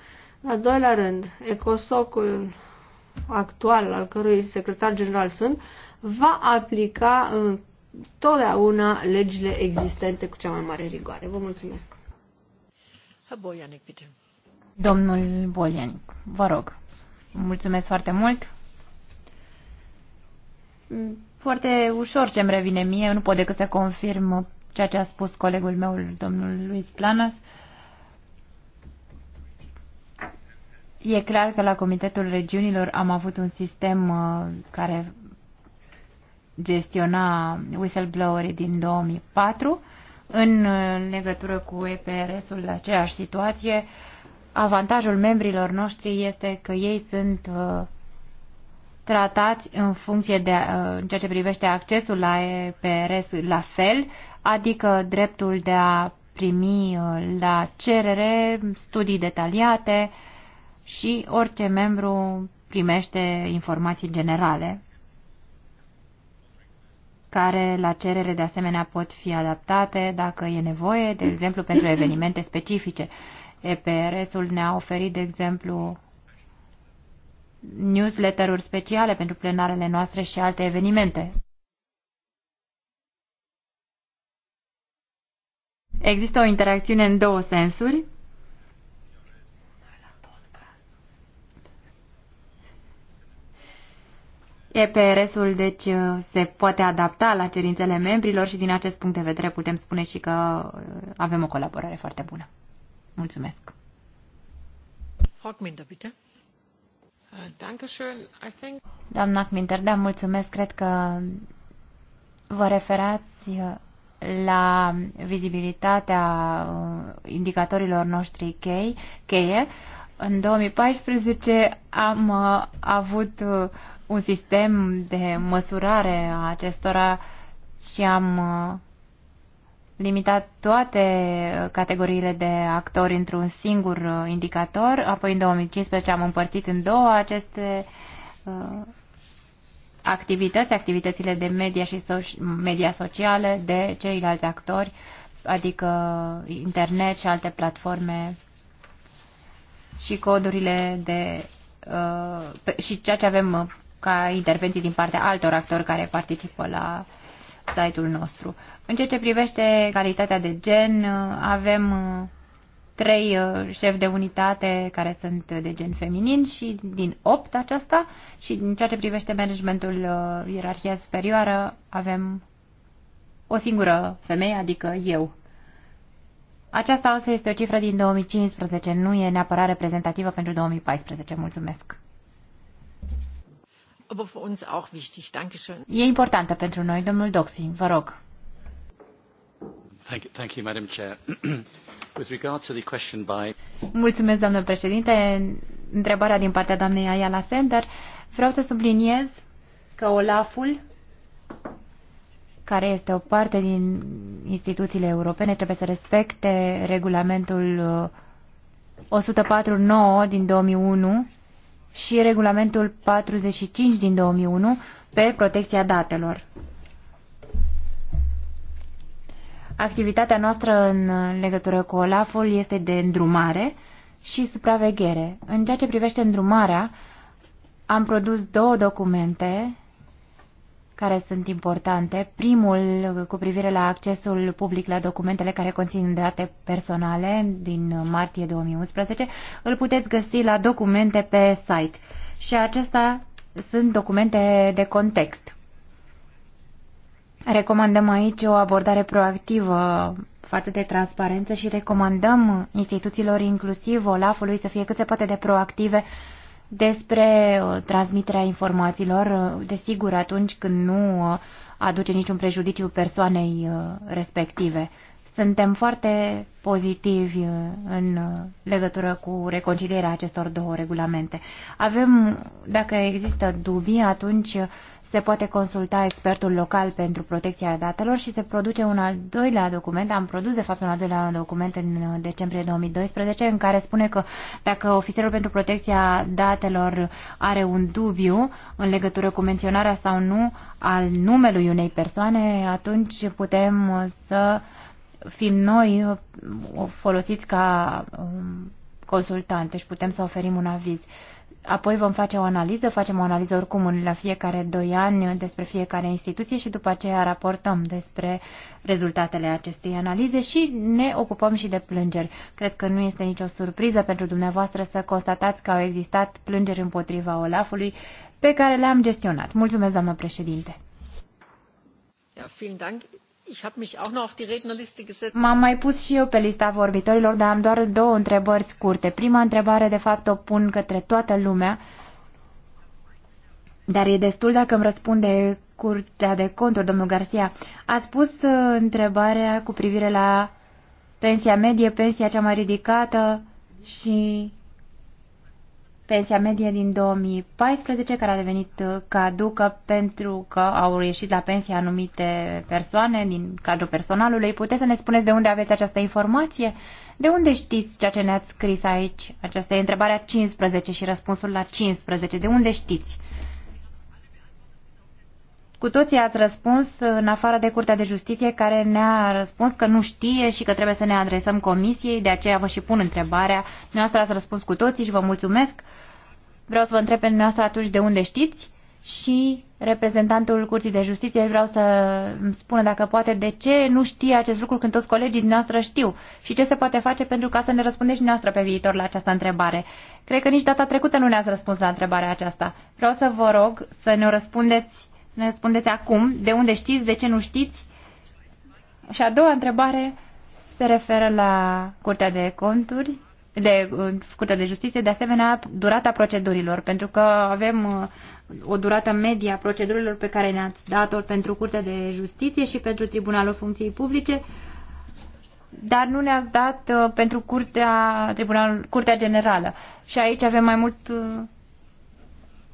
La doilea rând, EcoSocul actual, al cărui secretar general sunt, va aplica totdeauna legile existente cu cea mai mare rigoare. Vă mulțumesc. Boianic, Domnul Boianic, vă rog. Mulțumesc foarte mult foarte ușor ce îmi revine mie, nu pot decât să confirm ceea ce a spus colegul meu, domnul Luis Planas. E clar că la Comitetul Regiunilor am avut un sistem uh, care gestiona whistleblowerii din 2004 în uh, legătură cu EPRS-ul la aceeași situație. Avantajul membrilor noștri este că ei sunt uh, tratați în funcție de, uh, în ceea ce privește accesul la EPRS la fel, adică dreptul de a primi uh, la cerere studii detaliate și orice membru primește informații generale care la cerere de asemenea pot fi adaptate dacă e nevoie, de exemplu pentru evenimente specifice. EPRS-ul ne-a oferit, de exemplu, newsletter-uri speciale pentru plenarele noastre și alte evenimente. Există o interacțiune în două sensuri. EPRS-ul, deci, se poate adapta la cerințele membrilor și din acest punct de vedere putem spune și că avem o colaborare foarte bună. Mulțumesc! Frau Gminder, bitte. Doamna Cminter, da, mulțumesc. Cred că vă referați uh, la vizibilitatea uh, indicatorilor noștri chei, cheie. În 2014 am uh, avut un sistem de măsurare a acestora și am limitat toate uh, categoriile de actori într-un singur uh, indicator, apoi în 2015 am împărțit în două aceste uh, activități, activitățile de media și so- media sociale de ceilalți actori, adică internet și alte platforme și codurile de uh, și ceea ce avem uh, ca intervenții din partea altor actori care participă la uh, site-ul nostru. În ceea ce privește calitatea de gen, avem uh, trei uh, șefi de unitate care sunt de gen feminin și din opt aceasta și în ceea ce privește managementul uh, ierarhia superioară avem o singură femeie, adică eu. Aceasta însă este o cifră din 2015, nu e neapărat reprezentativă pentru 2014. Mulțumesc! aber für uns auch wichtig. Dankeschön. E importantă pentru noi, domnul Doxi, vă rog. Thank you, thank you, Madam Chair. With regard to the question by... Mulțumesc, doamnă președinte. Întrebarea din partea doamnei Ayala Sender. Vreau să subliniez că Olaful care este o parte din instituțiile europene, trebuie să respecte regulamentul 149 uh, din 2001 și regulamentul 45 din 2001 pe protecția datelor. Activitatea noastră în legătură cu OLAF-ul este de îndrumare și supraveghere. În ceea ce privește îndrumarea, am produs două documente care sunt importante. Primul cu privire la accesul public la documentele care conțin date personale din martie 2011 îl puteți găsi la documente pe site și acestea sunt documente de context. Recomandăm aici o abordare proactivă față de transparență și recomandăm instituțiilor, inclusiv Olafului, să fie cât se poate de proactive despre uh, transmiterea informațiilor, uh, desigur, atunci când nu uh, aduce niciun prejudiciu persoanei respective. Suntem foarte pozitivi în legătură cu reconcilierea acestor două regulamente. Avem, dacă există dubii, atunci se poate consulta expertul local pentru protecția datelor și se produce un al doilea document, am produs de fapt un al doilea document în uh, decembrie 2012, în care spune că dacă ofițerul pentru protecția datelor are un dubiu în legătură cu menționarea sau nu al numelui unei persoane, atunci putem uh, să fim noi uh, folosiți ca um, consultante și deci putem să oferim un aviz. Apoi vom face o analiză, facem o analiză oricum la fiecare doi ani despre fiecare instituție și după aceea raportăm despre rezultatele acestei analize și ne ocupăm și de plângeri. Cred că nu este nicio surpriză pentru dumneavoastră să constatați că au existat plângeri împotriva Olafului pe care le-am gestionat. Mulțumesc, doamnă președinte! M-am mai pus și eu pe lista vorbitorilor, dar am doar două întrebări scurte. Prima întrebare, de fapt, o pun către toată lumea, dar e destul dacă îmi răspunde Curtea de Conturi, domnul Garcia. A spus uh, întrebarea cu privire la pensia medie, pensia cea mai ridicată și pensia medie din 2014, care a devenit uh, caducă pentru că au ieșit la pensie anumite persoane din cadrul personalului. Puteți să ne spuneți de unde aveți această informație? De unde știți ceea ce ne-ați scris aici? Aceasta e întrebarea 15 și răspunsul la 15. De unde știți? Cu toții ați răspuns, în afară de Curtea de Justiție, care ne-a răspuns că nu știe și că trebuie să ne adresăm comisiei, de aceea vă și pun întrebarea. Noastră ați răspuns cu toții și vă mulțumesc. Vreau să vă întreb pe dumneavoastră atunci de unde știți și reprezentantul Curții de Justiție vreau să îmi spună dacă poate de ce nu știe acest lucru când toți colegii dumneavoastră știu și ce se poate face pentru ca să ne răspundeți dumneavoastră pe viitor la această întrebare. Cred că nici data trecută nu ne-ați răspuns la întrebarea aceasta. Vreau să vă rog să ne răspundeți ne răspundeți acum de unde știți, de ce nu știți. Și a doua întrebare se referă la Curtea de Conturi, de uh, Curtea de Justiție, de asemenea durata procedurilor, pentru că avem uh, o durată medie a procedurilor pe care ne-ați dat-o pentru Curtea de Justiție și pentru Tribunalul Funcției Publice, dar nu ne-ați dat uh, pentru Curtea, Tribunal, Curtea Generală. Și aici avem mai mult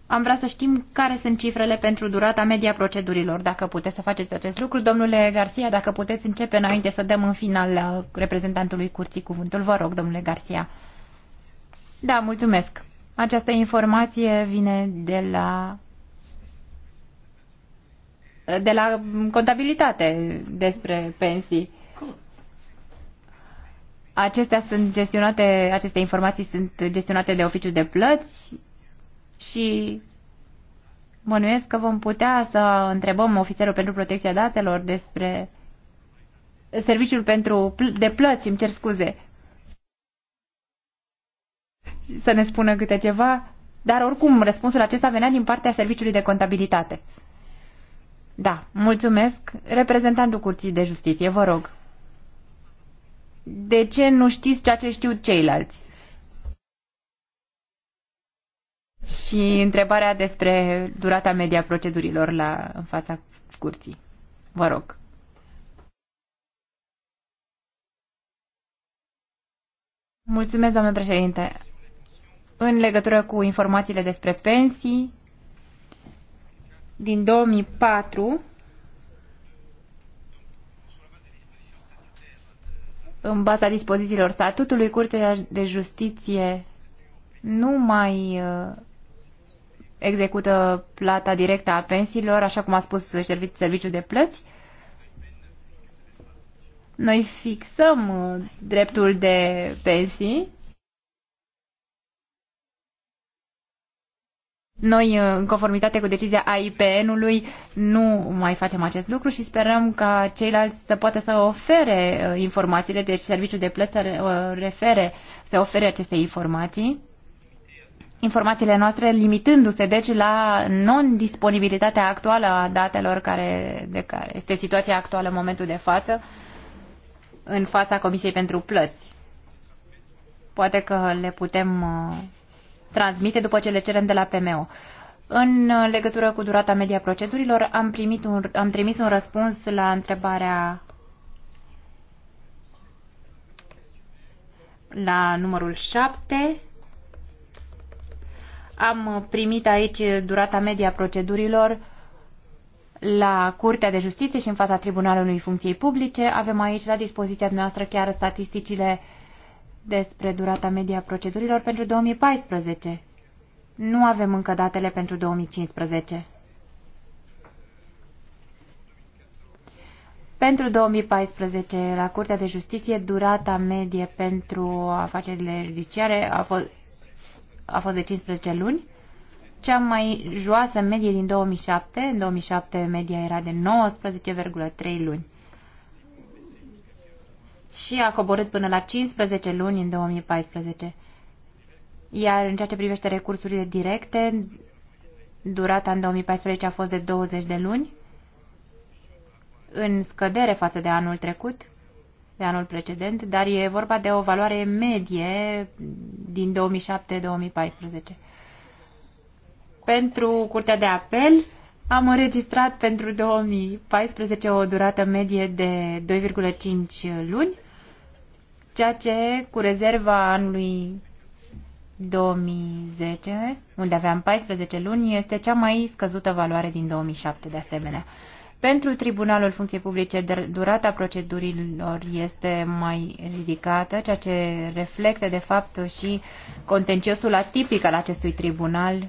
am vrea să știm care sunt cifrele pentru durata media procedurilor, dacă puteți să faceți acest lucru. Domnule Garcia, dacă puteți începe înainte să dăm în final uh, reprezentantului curții cuvântul. Vă rog, domnule Garcia. Da, mulțumesc. Această informație vine de la de la contabilitate despre pensii. Acestea sunt gestionate, aceste informații sunt gestionate de oficiul de plăți și bănuiesc că vom putea să întrebăm ofițerul pentru protecția datelor despre serviciul pentru pl- de plăți, îmi cer scuze, să ne spună câte ceva, dar oricum răspunsul acesta venea din partea serviciului de contabilitate. Da, mulțumesc. Reprezentantul Curții de Justiție, vă rog. De ce nu știți ceea ce știu ceilalți? Și întrebarea despre durata media procedurilor la, în fața curții. Vă rog. Mulțumesc, doamnă președinte. În legătură cu informațiile despre pensii, din 2004, în baza dispozițiilor statutului, Curtea de Justiție nu mai uh, execută plata directă a pensiilor, așa cum a spus serviciul de plăți. Noi fixăm uh, dreptul de pensii. Noi, uh, în conformitate cu decizia AIPN-ului, nu mai facem acest lucru și sperăm ca ceilalți să poată să ofere uh, informațiile, deci serviciul de plăți să refere, să ofere aceste informații informațiile noastre, limitându-se deci la non-disponibilitatea actuală a datelor care, de care este situația actuală în momentul de față în fața Comisiei pentru Plăți. Poate că le putem uh, transmite după ce le cerem de la PMO. În uh, legătură cu durata media procedurilor, am, primit un, am trimis un răspuns la întrebarea la numărul 7 am primit aici durata media procedurilor la Curtea de Justiție și în fața Tribunalului Funcției Publice. Avem aici la dispoziția noastră chiar statisticile despre durata media procedurilor pentru 2014. Nu avem încă datele pentru 2015. Pentru 2014, la Curtea de Justiție, durata medie pentru afacerile judiciare a fost a fost de 15 luni. Cea mai joasă medie din 2007, în 2007 media era de 19,3 luni și a coborât până la 15 luni în 2014. Iar în ceea ce privește recursurile directe, durata în 2014 a fost de 20 de luni, în scădere față de anul trecut, de anul precedent, dar e vorba de o valoare medie din 2007-2014. Pentru Curtea de Apel am înregistrat pentru 2014 o durată medie de 2,5 luni, ceea ce cu rezerva anului 2010, unde aveam 14 luni, este cea mai scăzută valoare din 2007 de asemenea. Pentru Tribunalul Funcției Publice, durata procedurilor este mai ridicată, ceea ce reflectă, de fapt, și contenciosul atipic al acestui tribunal,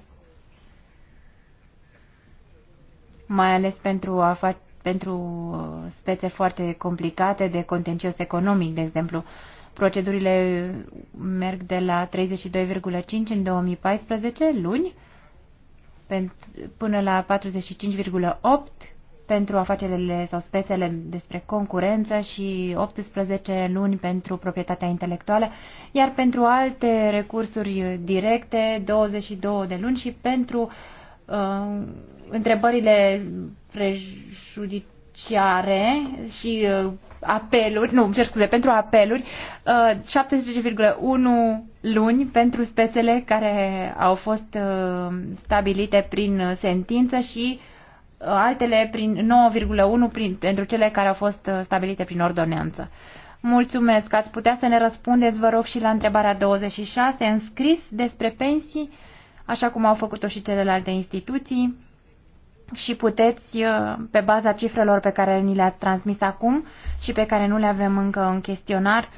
mai ales pentru, a fa- pentru uh, spețe foarte complicate de contencios economic, de exemplu. Procedurile merg de la 32,5 în 2014, luni, până la 45,8 pentru afacerile sau spețele despre concurență și 18 luni pentru proprietatea intelectuală, iar pentru alte recursuri directe 22 de luni și pentru uh, întrebările prejudiciare și uh, apeluri, nu, cer scuze, pentru apeluri, uh, 17,1 luni pentru spețele care au fost uh, stabilite prin sentință și altele prin 9,1 prin, pentru cele care au fost uh, stabilite prin ordonanță. Mulțumesc. Ați putea să ne răspundeți, vă rog, și la întrebarea 26, înscris despre pensii, așa cum au făcut-o și celelalte instituții și puteți, uh, pe baza cifrelor pe care ni le-ați transmis acum și pe care nu le avem încă în chestionar,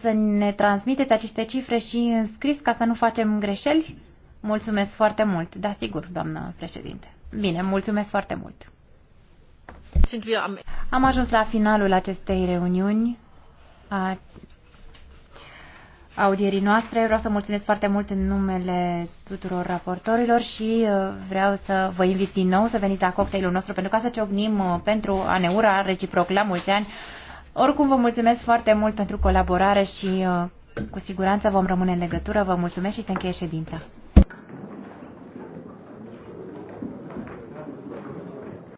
să ne transmiteți aceste cifre și înscris ca să nu facem greșeli? Mulțumesc foarte mult. Da, sigur, doamnă președinte. Bine, mulțumesc foarte mult. Am ajuns la finalul acestei reuniuni a audierii noastre. Vreau să mulțumesc foarte mult în numele tuturor raportorilor și uh, vreau să vă invit din nou să veniți la cocktailul nostru pentru ca să ciocnim uh, pentru a ne ura reciproc la mulți ani. Oricum vă mulțumesc foarte mult pentru colaborare și uh, cu siguranță vom rămâne în legătură. Vă mulțumesc și se încheie ședința.